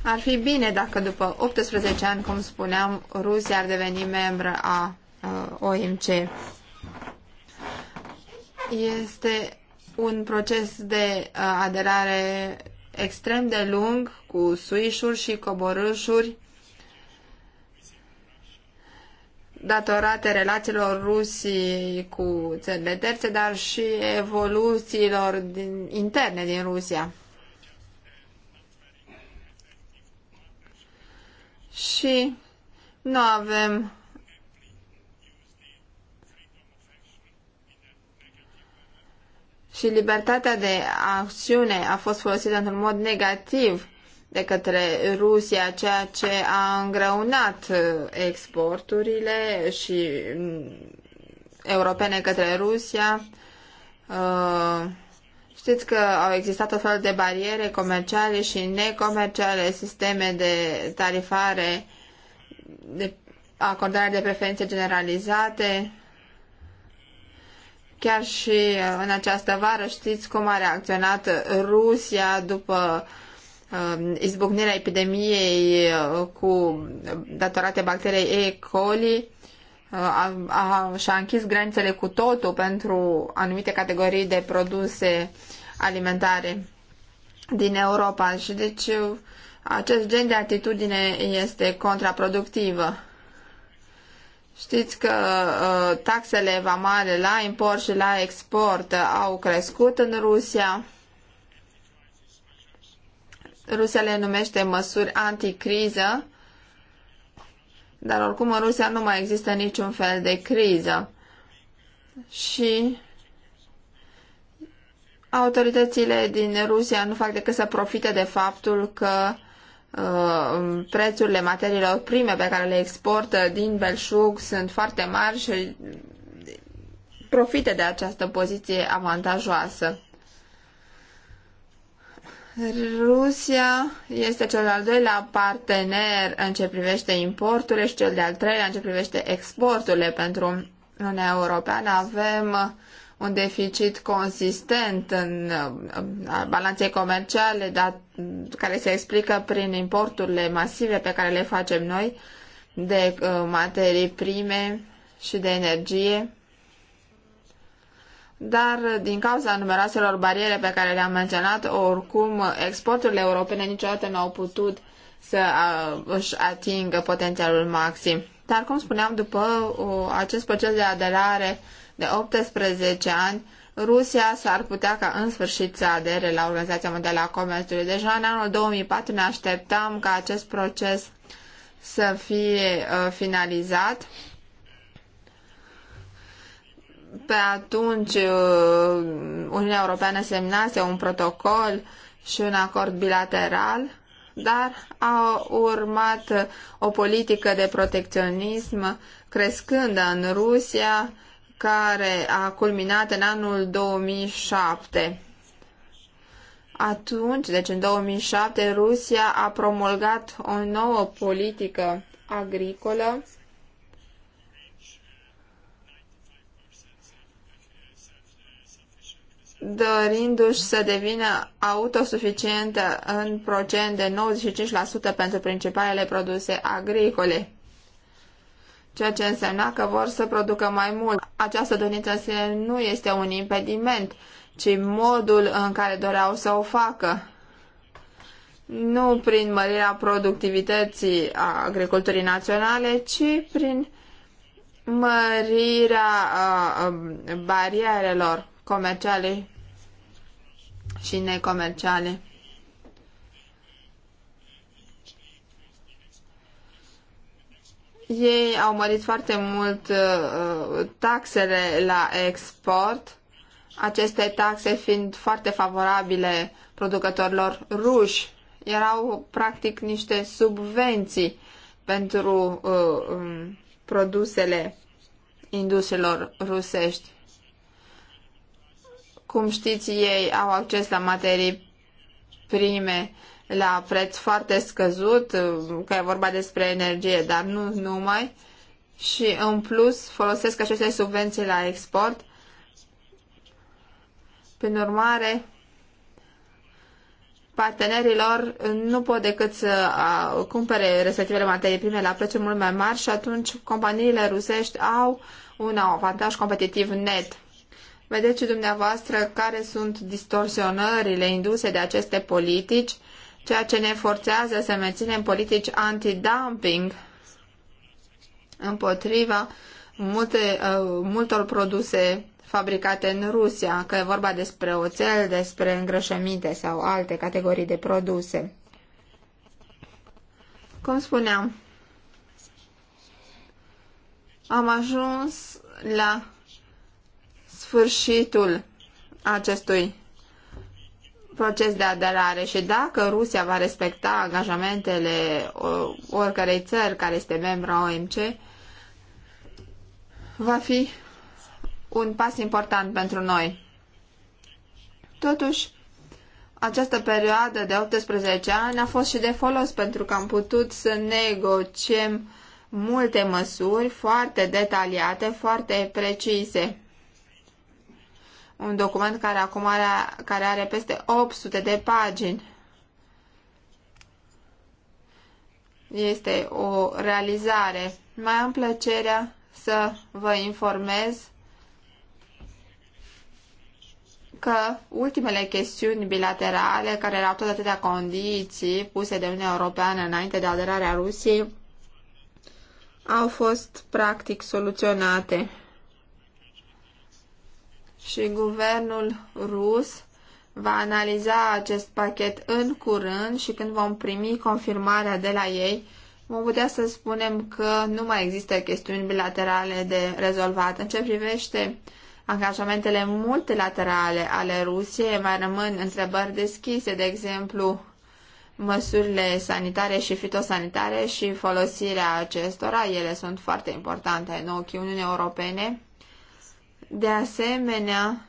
Speaker 2: ar fi bine dacă după 18 ani, cum spuneam, Rusia ar deveni membră a OMC. Este un proces de aderare extrem de lung, cu suișuri și coborâșuri, datorate relațiilor Rusiei cu țările terțe, dar și evoluțiilor din, interne din Rusia. și nu avem și libertatea de acțiune a fost folosită într-un mod negativ de către Rusia, ceea ce a îngreunat uh, exporturile și mm, europene către Rusia. Uh, Știți că au existat o fel de bariere comerciale și necomerciale, sisteme de tarifare, de acordare de preferințe generalizate. Chiar și uh, în această vară știți cum a reacționat Rusia după uh, izbucnirea epidemiei uh, cu datorate bacteriei E. coli a, a, și-a închis granițele cu totul pentru anumite categorii de produse alimentare din Europa și deci acest gen de atitudine este contraproductivă. Știți că uh, taxele vamale la import și la export au crescut în Rusia. Rusia le numește măsuri anticriză dar oricum în Rusia nu mai există niciun fel de criză. Și autoritățile din Rusia nu fac decât să profite de faptul că uh, prețurile materiilor prime pe care le exportă din Belșug sunt foarte mari și profite de această poziție avantajoasă. Rusia este cel al doilea partener în ce privește importurile și cel de-al treilea în ce privește exporturile pentru Uniunea Europeană. Avem un deficit consistent în balanței comerciale, care se explică prin importurile masive pe care le facem noi de uh, materii prime și de energie dar din cauza numeroaselor bariere pe care le-am menționat, oricum exporturile europene niciodată nu au putut să își atingă potențialul maxim. Dar, cum spuneam, după acest proces de aderare de 18 ani, Rusia s-ar putea ca în sfârșit să adere la Organizația Mondială a Comerțului. Deja în anul 2004 ne așteptam ca acest proces să fie uh, finalizat pe atunci uh, Uniunea Europeană semnase un protocol și un acord bilateral, dar a urmat o politică de protecționism crescând în Rusia, care a culminat în anul 2007. Atunci, deci în 2007, Rusia a promulgat o nouă politică agricolă dorindu-și să devină autosuficientă în procent de 95% pentru principalele produse agricole, ceea ce însemna că vor să producă mai mult. Această dorință în sine nu este un impediment, ci modul în care doreau să o facă. Nu prin mărirea productivității a agriculturii naționale, ci prin mărirea a, a, barierelor comerciale și necomerciale. Ei au mărit foarte mult uh, taxele la export, aceste taxe fiind foarte favorabile producătorilor ruși. Erau practic niște subvenții pentru uh, um, produsele industriilor rusești. Cum știți, ei au acces la materii prime la preț foarte scăzut, că e vorba despre energie, dar nu numai. Și în plus folosesc aceste subvenții la export. Prin urmare, partenerilor nu pot decât să cumpere respectivele materii prime la prețuri mult mai mari și atunci companiile rusești au un avantaj competitiv net. Vedeți și dumneavoastră care sunt distorsionările induse de aceste politici, ceea ce ne forțează să menținem politici anti-dumping, împotriva multe, uh, multor produse fabricate în Rusia, că e vorba despre oțel, despre îngrășăminte sau alte categorii de produse. Cum spuneam, am ajuns la sfârșitul acestui proces de aderare și dacă Rusia va respecta angajamentele oricărei țări care este membra OMC, va fi un pas important pentru noi. Totuși, această perioadă de 18 ani a fost și de folos pentru că am putut să negociem multe măsuri foarte detaliate, foarte precise un document care acum are, care are peste 800 de pagini. Este o realizare. Mai am plăcerea să vă informez că ultimele chestiuni bilaterale, care erau tot atâtea condiții puse de Uniunea Europeană înainte de aderarea Rusiei, au fost practic soluționate și guvernul rus va analiza acest pachet în curând și când vom primi confirmarea de la ei, vom putea să spunem că nu mai există chestiuni bilaterale de rezolvat. În ce privește angajamentele multilaterale ale Rusiei, mai rămân întrebări deschise, de exemplu, măsurile sanitare și fitosanitare și folosirea acestora. Ele sunt foarte importante în ochii Uniunii Europene de asemenea,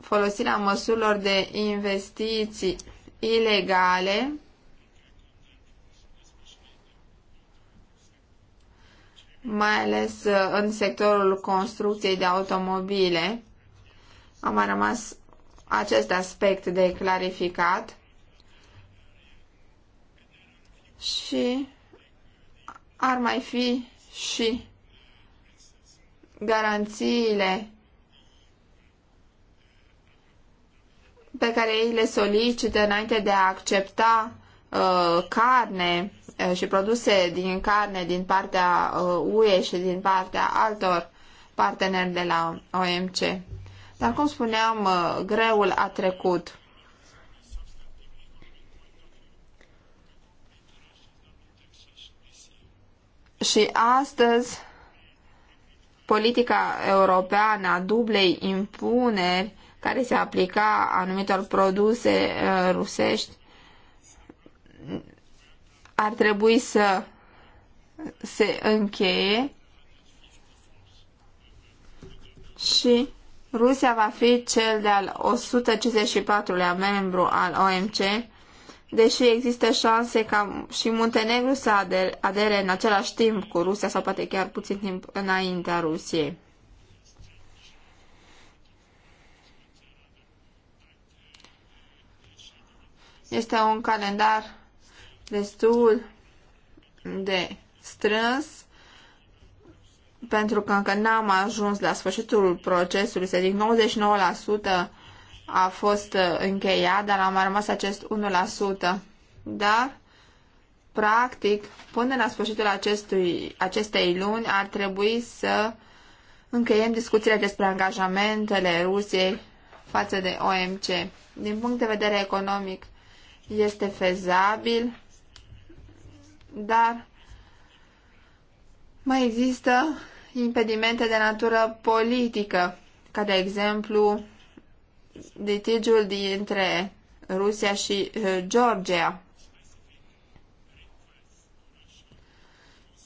Speaker 2: folosirea măsurilor de investiții ilegale mai ales uh, în sectorul construcției de automobile. A mai rămas acest aspect de clarificat și ar mai fi și garanțiile pe care ei le solicită înainte de a accepta uh, carne uh, și produse din carne din partea UE uh, și din partea altor parteneri de la OMC. Dar cum spuneam, uh, greul a trecut. Și astăzi, politica europeană a dublei impuneri care se aplica anumitor produse uh, rusești ar trebui să se încheie și Rusia va fi cel de-al 154-lea membru al OMC deși există șanse ca și Muntenegru să adere în același timp cu Rusia sau poate chiar puțin timp înaintea Rusiei. Este un calendar destul de strâns pentru că încă n-am ajuns la sfârșitul procesului, să zic 99% a fost uh, încheiat, dar am mai rămas acest 1%. Dar, practic, până la sfârșitul acestui, acestei luni ar trebui să încheiem discuțiile despre angajamentele Rusiei față de OMC. Din punct de vedere economic, este fezabil, dar mai există impedimente de natură politică, ca de exemplu litigiul dintre Rusia și uh, Georgia.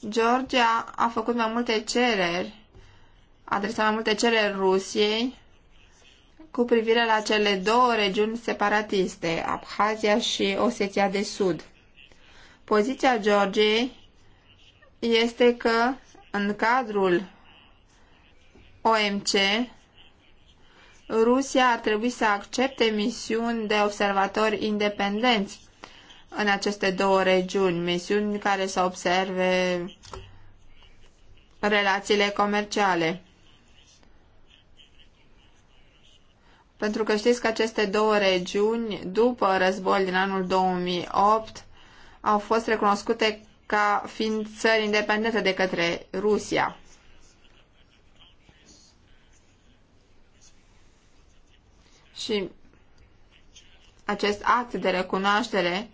Speaker 2: Georgia a făcut mai multe cereri, a adresat mai multe cereri Rusiei cu privire la cele două regiuni separatiste, Abhazia și Osetia de Sud. Poziția Georgiei este că în cadrul OMC Rusia ar trebui să accepte misiuni de observatori independenți în aceste două regiuni, misiuni care să observe relațiile comerciale. Pentru că știți că aceste două regiuni, după războiul din anul 2008, au fost recunoscute ca fiind țări independente de către Rusia. Și acest act de recunoaștere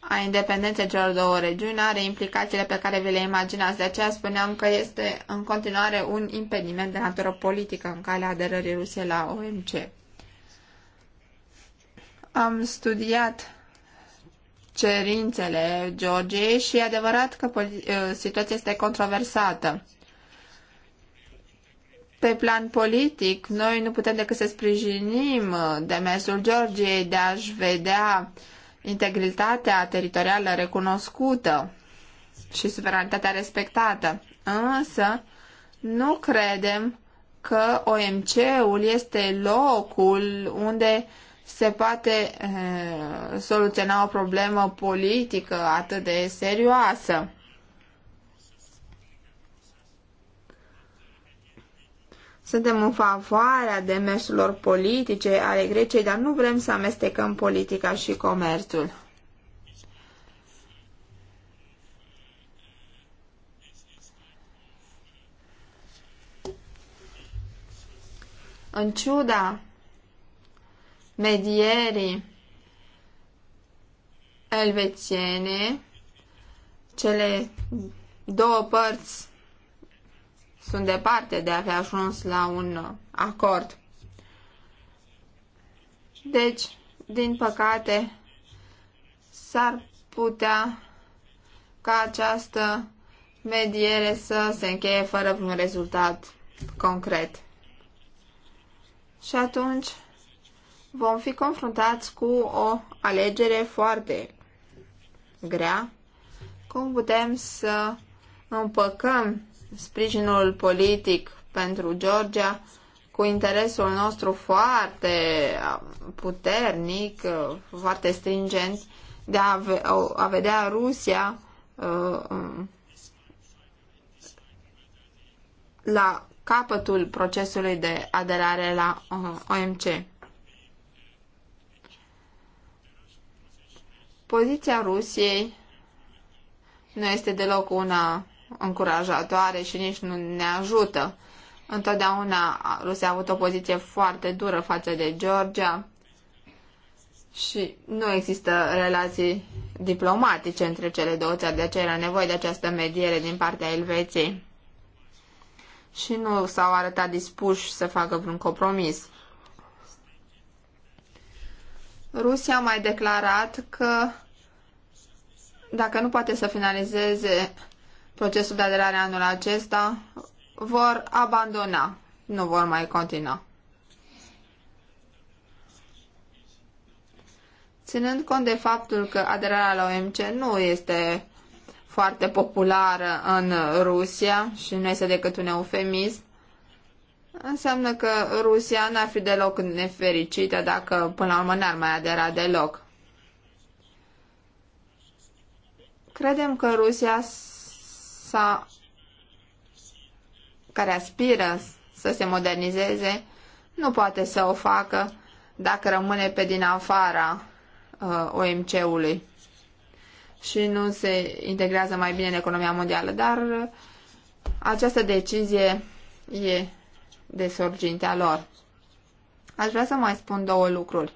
Speaker 2: a independenței celor două regiuni are implicațiile pe care vi le imaginați. De aceea spuneam că este în continuare un impediment de natură politică în calea aderării Rusiei la OMC. Am studiat cerințele Georgiei și e adevărat că uh, situația este controversată. Pe plan politic, noi nu putem decât să sprijinim uh, demersul Georgiei de a-și vedea integritatea teritorială recunoscută și suveranitatea respectată. Însă, nu credem că OMC-ul este locul unde se poate e, uh, soluționa o problemă politică atât de serioasă. Suntem în favoarea demersurilor politice ale Greciei, dar nu vrem să amestecăm politica și comerțul. În ciuda medierii elvețiene, cele două părți sunt departe de a fi ajuns la un uh, acord. Deci, din păcate, s-ar putea ca această mediere să se încheie fără un rezultat concret. Și atunci vom fi confruntați cu o alegere foarte grea. Cum putem să împăcăm sprijinul politic pentru Georgia cu interesul nostru foarte puternic, foarte stringent de a, a vedea Rusia uh, la capătul procesului de aderare la uh, OMC. Poziția Rusiei nu este deloc una încurajatoare și nici nu ne ajută. Întotdeauna Rusia a avut o poziție foarte dură față de Georgia și nu există relații diplomatice între cele două țări, de aceea era nevoie de această mediere din partea Elveției. Și nu s-au arătat dispuși să facă vreun compromis. Rusia a mai declarat că dacă nu poate să finalizeze procesul de aderare anul acesta vor abandona, nu vor mai continua. Ținând cont de faptul că aderarea la OMC nu este foarte populară în Rusia și nu este decât un eufemism, înseamnă că Rusia n-ar fi deloc nefericită dacă până la urmă n-ar mai adera deloc. Credem că Rusia sa, care aspiră să se modernizeze nu poate să o facă dacă rămâne pe din afara uh, OMC-ului și nu se integrează mai bine în economia mondială. Dar uh, această decizie e de sorgintea lor. Aș vrea să mai spun două lucruri.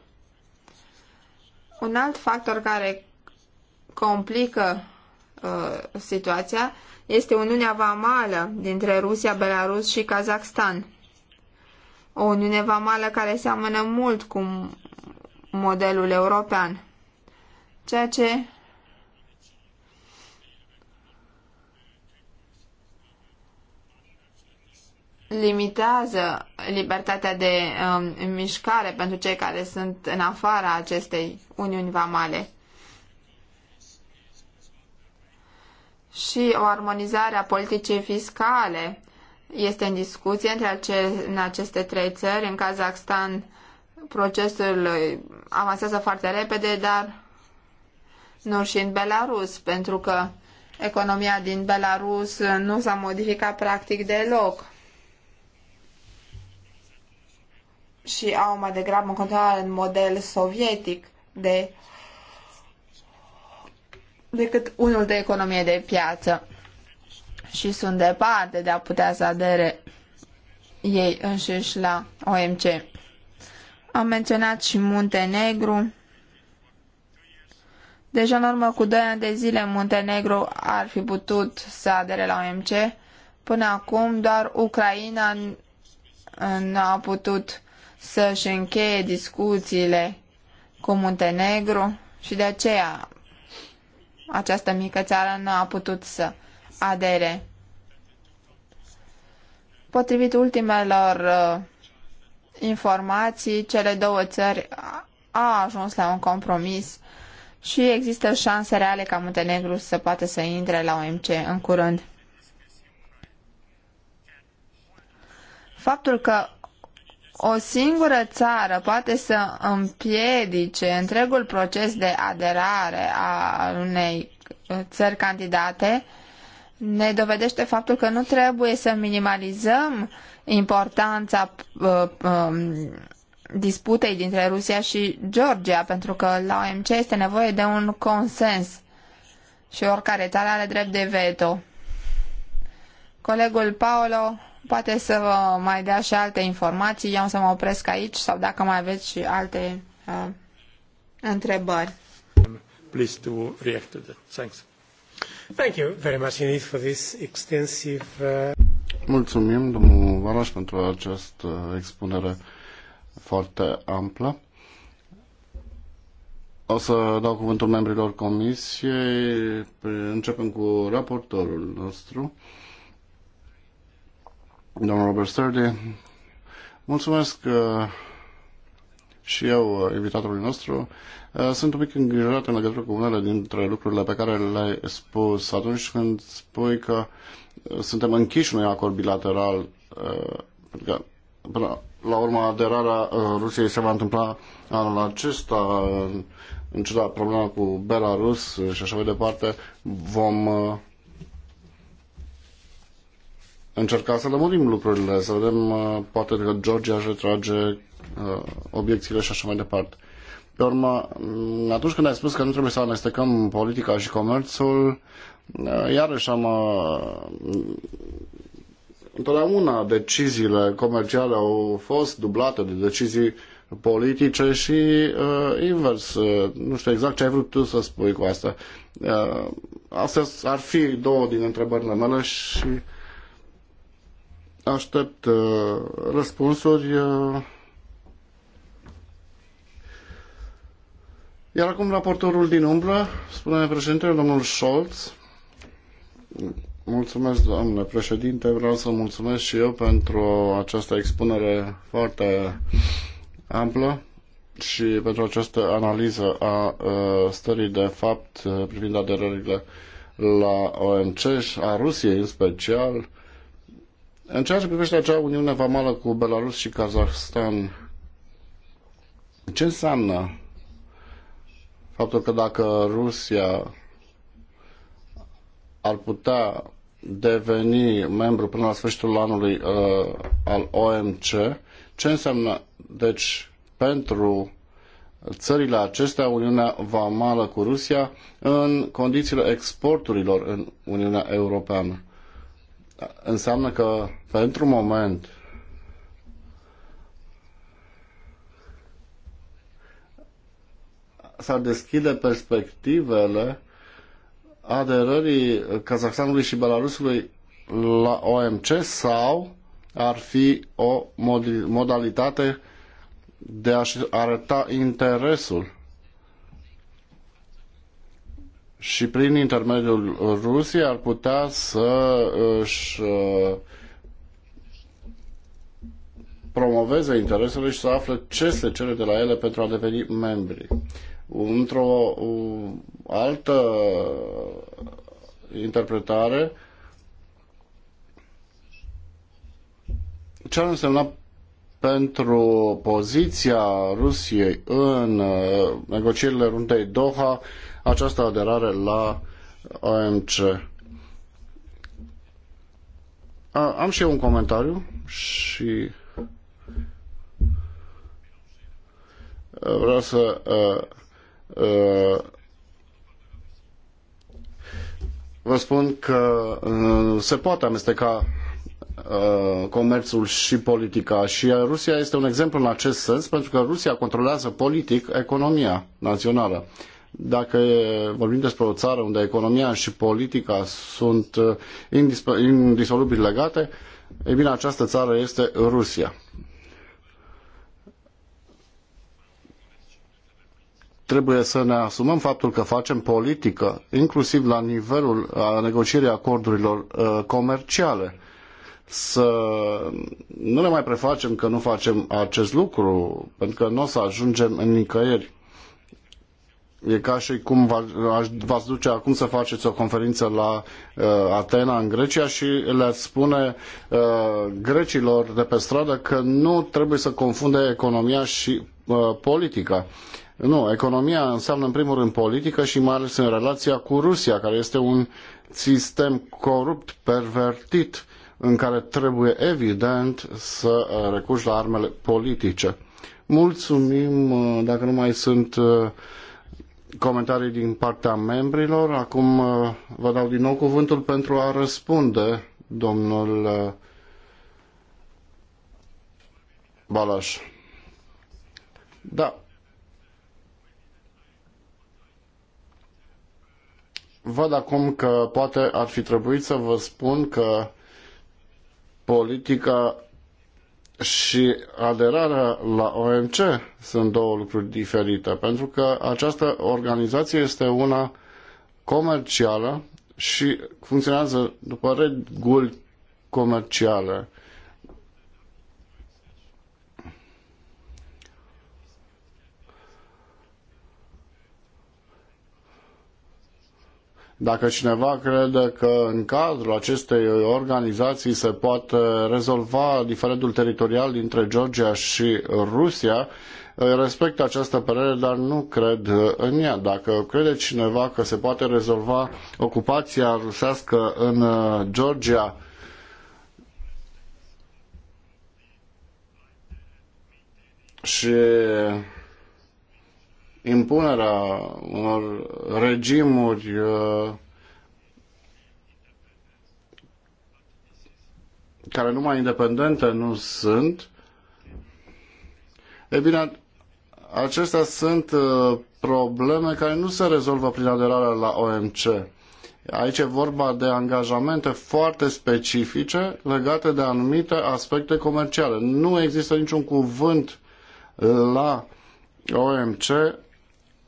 Speaker 2: Un alt factor care complică uh, situația este Uniunea Vamală dintre Rusia, Belarus și Kazakhstan. O Uniune Vamală care seamănă mult cu modelul european. Ceea ce limitează libertatea de um, mișcare pentru cei care sunt în afara acestei uniuni vamale. și o armonizare a politicii fiscale este în discuție între ace în aceste trei țări. În Kazakhstan procesul avansează foarte repede, dar nu și în Belarus, pentru că economia din Belarus nu s-a modificat practic deloc. Și au mai degrabă în continuare un model sovietic de decât unul de economie de piață și sunt departe de a putea să adere ei înșiși la OMC. Am menționat și Muntenegru. Deja în urmă cu 2 ani de zile Muntenegru ar fi putut să adere la OMC. Până acum doar Ucraina nu a putut să-și încheie discuțiile cu Muntenegru și de aceea această mică țară nu a putut să adere. Potrivit ultimelor uh, informații, cele două țări au ajuns la un compromis și există șanse reale ca Muntenegru să poată să intre la OMC în curând. Faptul că o singură țară poate să împiedice întregul proces de aderare a unei uh, țări candidate, ne dovedește faptul că nu trebuie să minimalizăm importanța uh, uh, disputei dintre Rusia și Georgia, pentru că la OMC este nevoie de un consens și oricare țară are drept de veto. Colegul Paolo Poate să vă mai dea și alte informații, eu să mă opresc aici sau dacă mai aveți și alte uh, întrebări.
Speaker 1: Please to react to that. Thanks. Thank you very much indeed for this extensive... Uh...
Speaker 3: Mulțumim, domnul Varaș, pentru această expunere foarte amplă. O să dau cuvântul membrilor comisiei, începem cu raportorul nostru. Domnul Robert Sturdy, mulțumesc uh, și eu uh, invitatului nostru. Uh, sunt un pic îngrijorat în legătură cu unele dintre lucrurile pe care le-ai spus atunci când spui că suntem închiși unui acord bilateral, pentru că până la urma aderarea Rusiei se va întâmpla anul acesta, în ciuda problema cu Belarus și așa mai departe, vom încerca să lămurim lucrurile, să vedem uh, poate că Georgia își retrage uh, obiecțiile și așa mai departe. Pe urmă, mm, atunci când ai spus că nu trebuie să amestecăm politica și comerțul, uh, iarăși am întotdeauna deciziile comerciale au fost dublate de decizii politice și uh, invers. Uh, nu știu exact ce ai vrut tu să spui cu asta. Uh, astea ar fi două din întrebările mele și aștept uh, răspunsuri. Uh. Iar acum raportorul din umbră, spune președintele, domnul Scholz. Mulțumesc, domnule președinte. Vreau să mulțumesc și eu pentru această expunere foarte amplă și pentru această analiză a uh, stării de fapt privind aderările la OMC și a Rusiei în special în ceea ce privește acea uniune vamală cu Belarus și Kazahstan, ce înseamnă faptul că dacă Rusia ar putea deveni membru până la sfârșitul anului uh, al OMC, ce înseamnă, deci, pentru țările acestea, Uniunea Vamală cu Rusia, în condițiile exporturilor în Uniunea Europeană? Înseamnă că pentru moment, s-ar deschide perspectivele aderării Kazahstanului și Belarusului la OMC sau ar fi o modalitate de a-și arăta interesul și prin intermediul Rusiei ar putea să își uh, promoveze interesele și să afle ce se cere de la ele pentru a deveni membri. Într-o altă interpretare, ce ar însemna pentru poziția Rusiei în uh, negocierile rundei Doha această aderare la OMC. Am și eu un comentariu și vreau să uh, uh, vă spun că uh, se poate amesteca comerțul și politica și Rusia este un exemplu în acest sens pentru că Rusia controlează politic economia națională. Dacă vorbim despre o țară unde economia și politica sunt indisolubil legate, e bine, această țară este Rusia. trebuie să ne asumăm faptul că facem politică, inclusiv la nivelul a negocierii acordurilor uh, comerciale. Să nu ne mai prefacem că nu facem acest lucru, pentru că nu o să ajungem în nicăieri. E ca și cum v-ați duce acum să faceți o conferință la uh, Atena, în Grecia, și le-ați spune uh, grecilor de pe stradă că nu trebuie să confunde economia și uh, politica. Nu, economia înseamnă în primul rând politică și mai ales în relația cu Rusia, care este un sistem corupt, pervertit, în care trebuie evident să uh, recurgi la armele politice. Mulțumim, uh, dacă nu mai sunt uh, comentarii din partea membrilor. Acum vă dau din nou cuvântul pentru a răspunde, domnul Balaș. Da, Văd acum că poate ar fi trebuit să vă spun că politica și aderarea la OMC sunt două lucruri diferite, pentru că această organizație este una comercială și funcționează după reguli comerciale. Dacă cineva crede că în cadrul acestei organizații se poate rezolva diferendul teritorial dintre Georgia și Rusia, respect această părere, dar nu cred în ea. Dacă crede cineva că se poate rezolva ocupația rusească în Georgia, și impunerea unor regimuri uh, care numai independente nu sunt, e bine, acestea sunt uh, probleme care nu se rezolvă prin aderarea la OMC. Aici e vorba de angajamente foarte specifice legate de anumite aspecte comerciale. Nu există niciun cuvânt uh, la OMC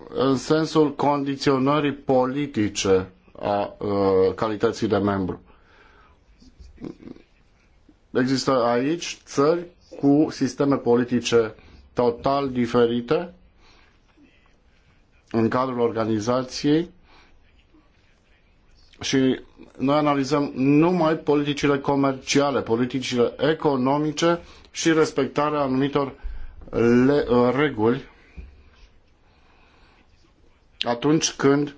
Speaker 3: în sensul condiționării politice a uh, calității de membru. Există aici țări cu sisteme politice total diferite în cadrul organizației și noi analizăm numai politicile comerciale, politicile economice și respectarea anumitor uh, reguli atunci când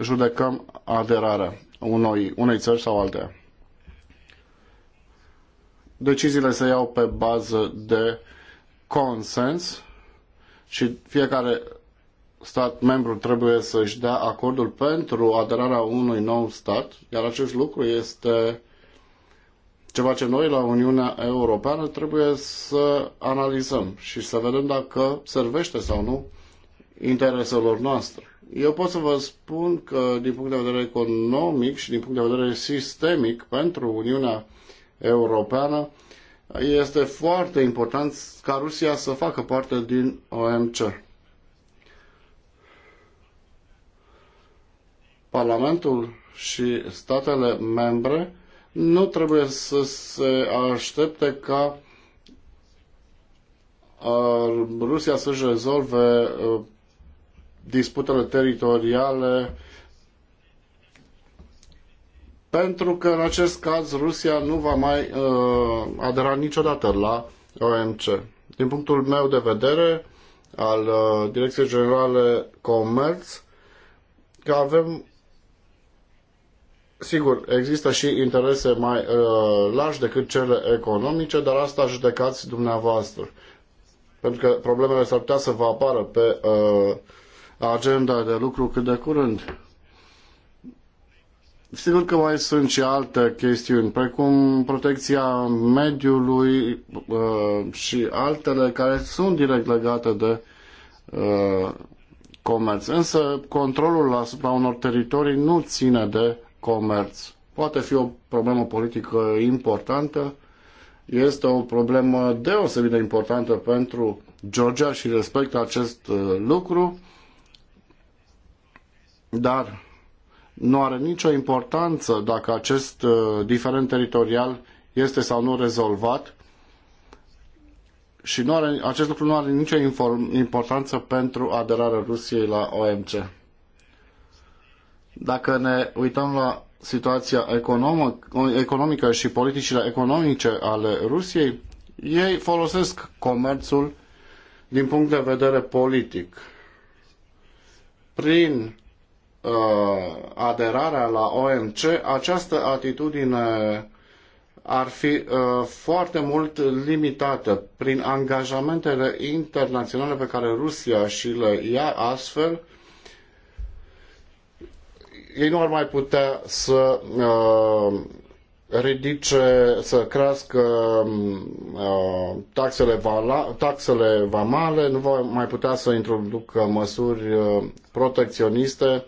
Speaker 3: judecăm aderarea unui, unei țări sau alteia. Deciziile se iau pe bază de consens și fiecare stat membru trebuie să-și dea acordul pentru aderarea unui nou stat, iar acest lucru este ceva ce noi la Uniunea Europeană trebuie să analizăm și să vedem dacă servește sau nu intereselor noastre. Eu pot să vă spun că din punct de vedere economic și din punct de vedere sistemic pentru Uniunea Europeană este foarte important ca Rusia să facă parte din OMC. Parlamentul și statele membre nu trebuie să se aștepte ca uh, Rusia să-și rezolve uh, disputele teritoriale, pentru că în acest caz Rusia nu va mai uh, adera niciodată la OMC. Din punctul meu de vedere, al uh, Direcției Generale Comerț, că avem Sigur, există și interese mai uh, lași decât cele economice, dar asta judecați dumneavoastră. Pentru că problemele s-ar putea să vă apară pe uh, agenda de lucru cât de curând. Sigur că mai sunt și alte chestiuni, precum protecția mediului uh, și altele care sunt direct legate de uh, comerț. Însă controlul asupra unor teritorii nu ține de comerț. Poate fi o problemă politică importantă, este o problemă deosebit de importantă pentru Georgia și respect acest uh, lucru dar nu are nicio importanță dacă acest uh, diferent teritorial este sau nu rezolvat și nu are, acest lucru nu are nicio inform, importanță pentru aderarea Rusiei la OMC. Dacă ne uităm la situația economic, economică și politicile economice ale Rusiei, ei folosesc comerțul din punct de vedere politic. Prin Uh, aderarea la OMC, această atitudine ar fi uh, foarte mult limitată prin angajamentele internaționale pe care Rusia și le ia astfel ei nu ar mai putea să uh, ridice, să crească um, uh, taxele, vala, taxele vamale, nu va mai putea să introducă măsuri uh, protecționiste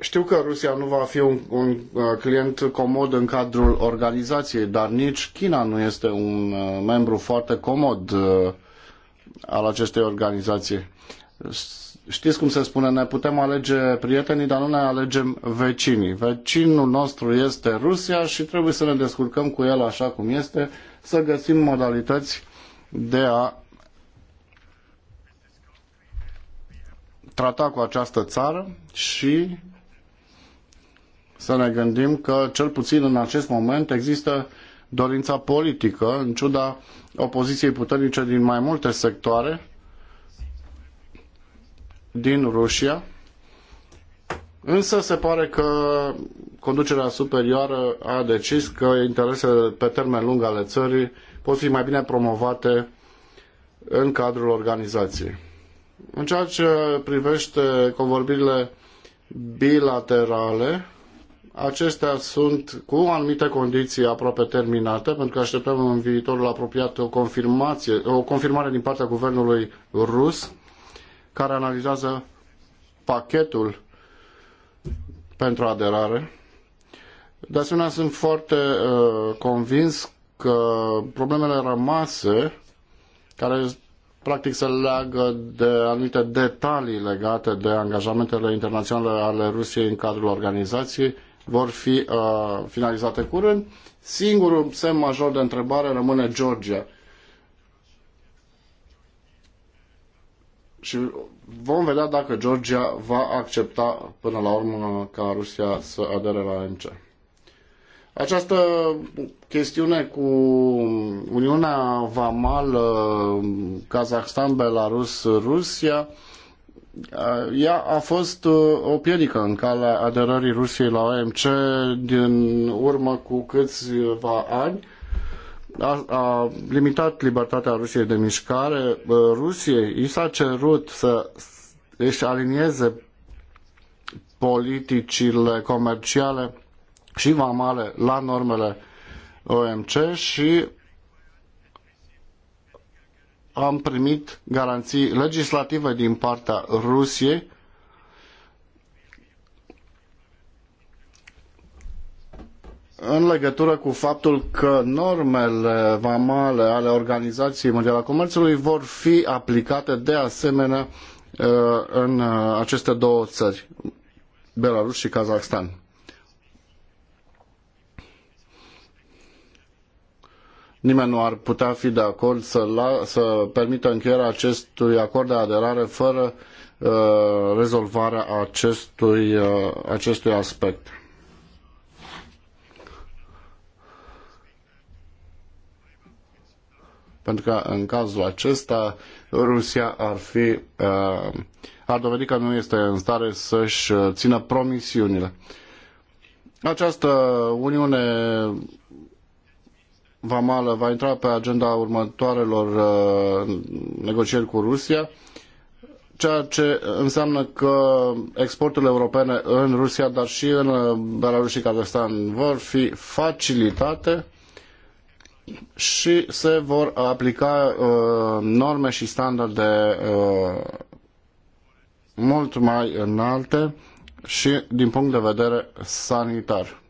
Speaker 3: Știu că Rusia nu va fi un, un uh, client comod în cadrul organizației, dar nici China nu este un uh, membru foarte comod uh, al acestei organizații. Știți cum se spune, ne putem alege prietenii, dar nu ne alegem vecinii. Vecinul nostru este Rusia și trebuie să ne descurcăm cu el așa cum este, să găsim modalități de a trata cu această țară și să ne gândim că, cel puțin în acest moment, există dorința politică, în ciuda opoziției puternice din mai multe sectoare din Rusia. Însă se pare că conducerea superioară a decis că interesele pe termen lung ale țării pot fi mai bine promovate în cadrul organizației. În ceea ce privește convorbirile bilaterale, Acestea sunt cu anumite condiții aproape terminate, pentru că așteptăm în viitorul apropiat o, confirmație, o confirmare din partea guvernului rus, care analizează pachetul pentru aderare. De asemenea, sunt foarte uh, convins că problemele rămase, care practic se leagă de anumite detalii legate de angajamentele internaționale ale Rusiei în cadrul organizației, vor fi uh, finalizate curând. Singurul semn major de întrebare rămâne Georgia. Și vom vedea dacă Georgia va accepta până la urmă ca Rusia să adere la MC. Această chestiune cu Uniunea Vamală, Kazakhstan, Belarus, Rusia, Uh, ea a fost uh, o piedică în calea aderării Rusiei la OMC din urmă cu câțiva ani. A, a limitat libertatea Rusiei de mișcare. Uh, Rusiei i s-a cerut să își alinieze politicile comerciale și vamale la normele OMC și am primit garanții legislative din partea Rusiei în legătură cu faptul că normele vamale ale Organizației Mondiale a Comerțului vor fi aplicate de asemenea uh, în uh, aceste două țări, Belarus și Kazakhstan. Nimeni nu ar putea fi de acord să, la, să permită încheierea acestui acord de aderare fără uh, rezolvarea acestui, uh, acestui aspect. pentru că în cazul acesta Rusia ar fi uh, ar dovedi că nu este în stare să-și uh, țină promisiunile. Această Uniune vamală va intra pe agenda următoarelor uh, negocieri cu Rusia, ceea ce înseamnă că exporturile europene în Rusia, dar și în uh, Belarus și Kazakhstan vor fi facilitate și se vor aplica uh, norme și standarde uh, mult mai înalte și din punct de vedere sanitar.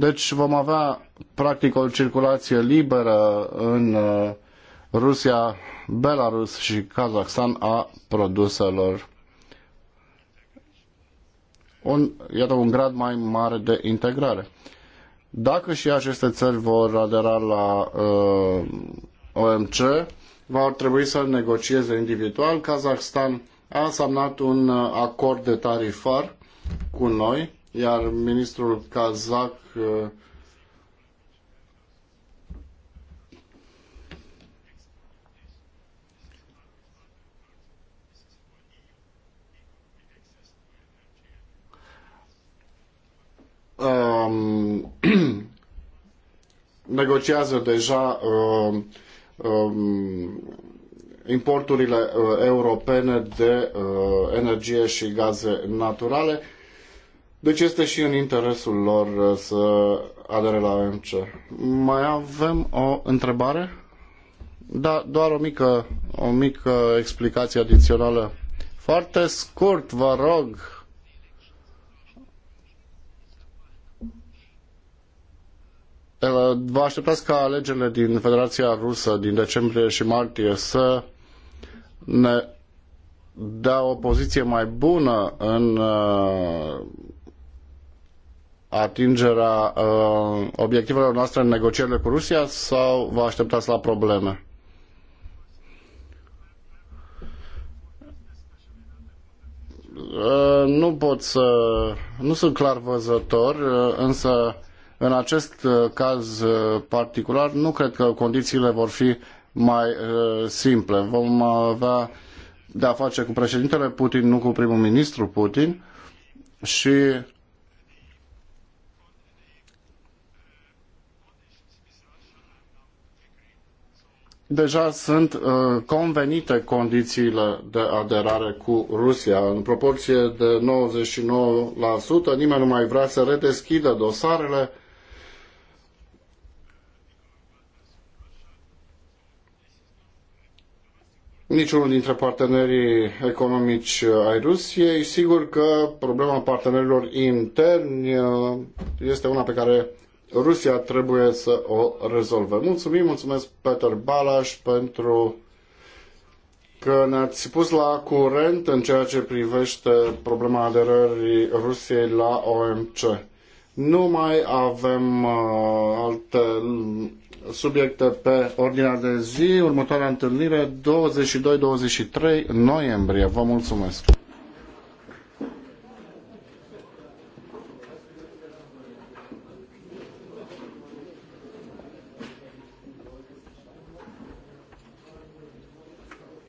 Speaker 3: Deci vom avea practic o circulație liberă în uh, Rusia, Belarus și Kazakhstan a produselor. Un, iată, un grad mai mare de integrare. Dacă și aceste țări vor adera la uh, OMC, va trebui să negocieze individual. Kazakhstan a semnat un uh, acord de tarifar cu noi iar ministrul kazac uh, um, negociază deja uh, um, importurile uh, europene de uh, energie și gaze naturale. Deci este și în interesul lor uh, să adere la OMC. Mai avem o întrebare? Da, doar o mică, o mică explicație adițională. Foarte scurt, vă rog. Vă așteptați ca alegerile din Federația Rusă din decembrie și martie să ne dea o poziție mai bună în uh, atingerea uh, obiectivelor noastre în negocierile cu Rusia sau vă așteptați la probleme? Uh, nu pot să. Nu sunt clar văzător, uh, însă în acest uh, caz uh, particular nu cred că condițiile vor fi mai uh, simple. Vom avea de a face cu președintele Putin, nu cu primul ministru Putin și deja sunt uh, convenite condițiile de aderare cu Rusia în proporție de 99%. Nimeni nu mai vrea să redeschidă dosarele. Niciunul dintre partenerii economici ai Rusiei. Sigur că problema partenerilor interni uh, este una pe care Rusia trebuie să o rezolve. Mulțumim, mulțumesc Peter Balas pentru că ne-ați pus la curent în ceea ce privește problema aderării Rusiei la OMC. Nu mai avem uh, alte subiecte pe ordinea de zi. Următoarea întâlnire 22-23 noiembrie. Vă mulțumesc!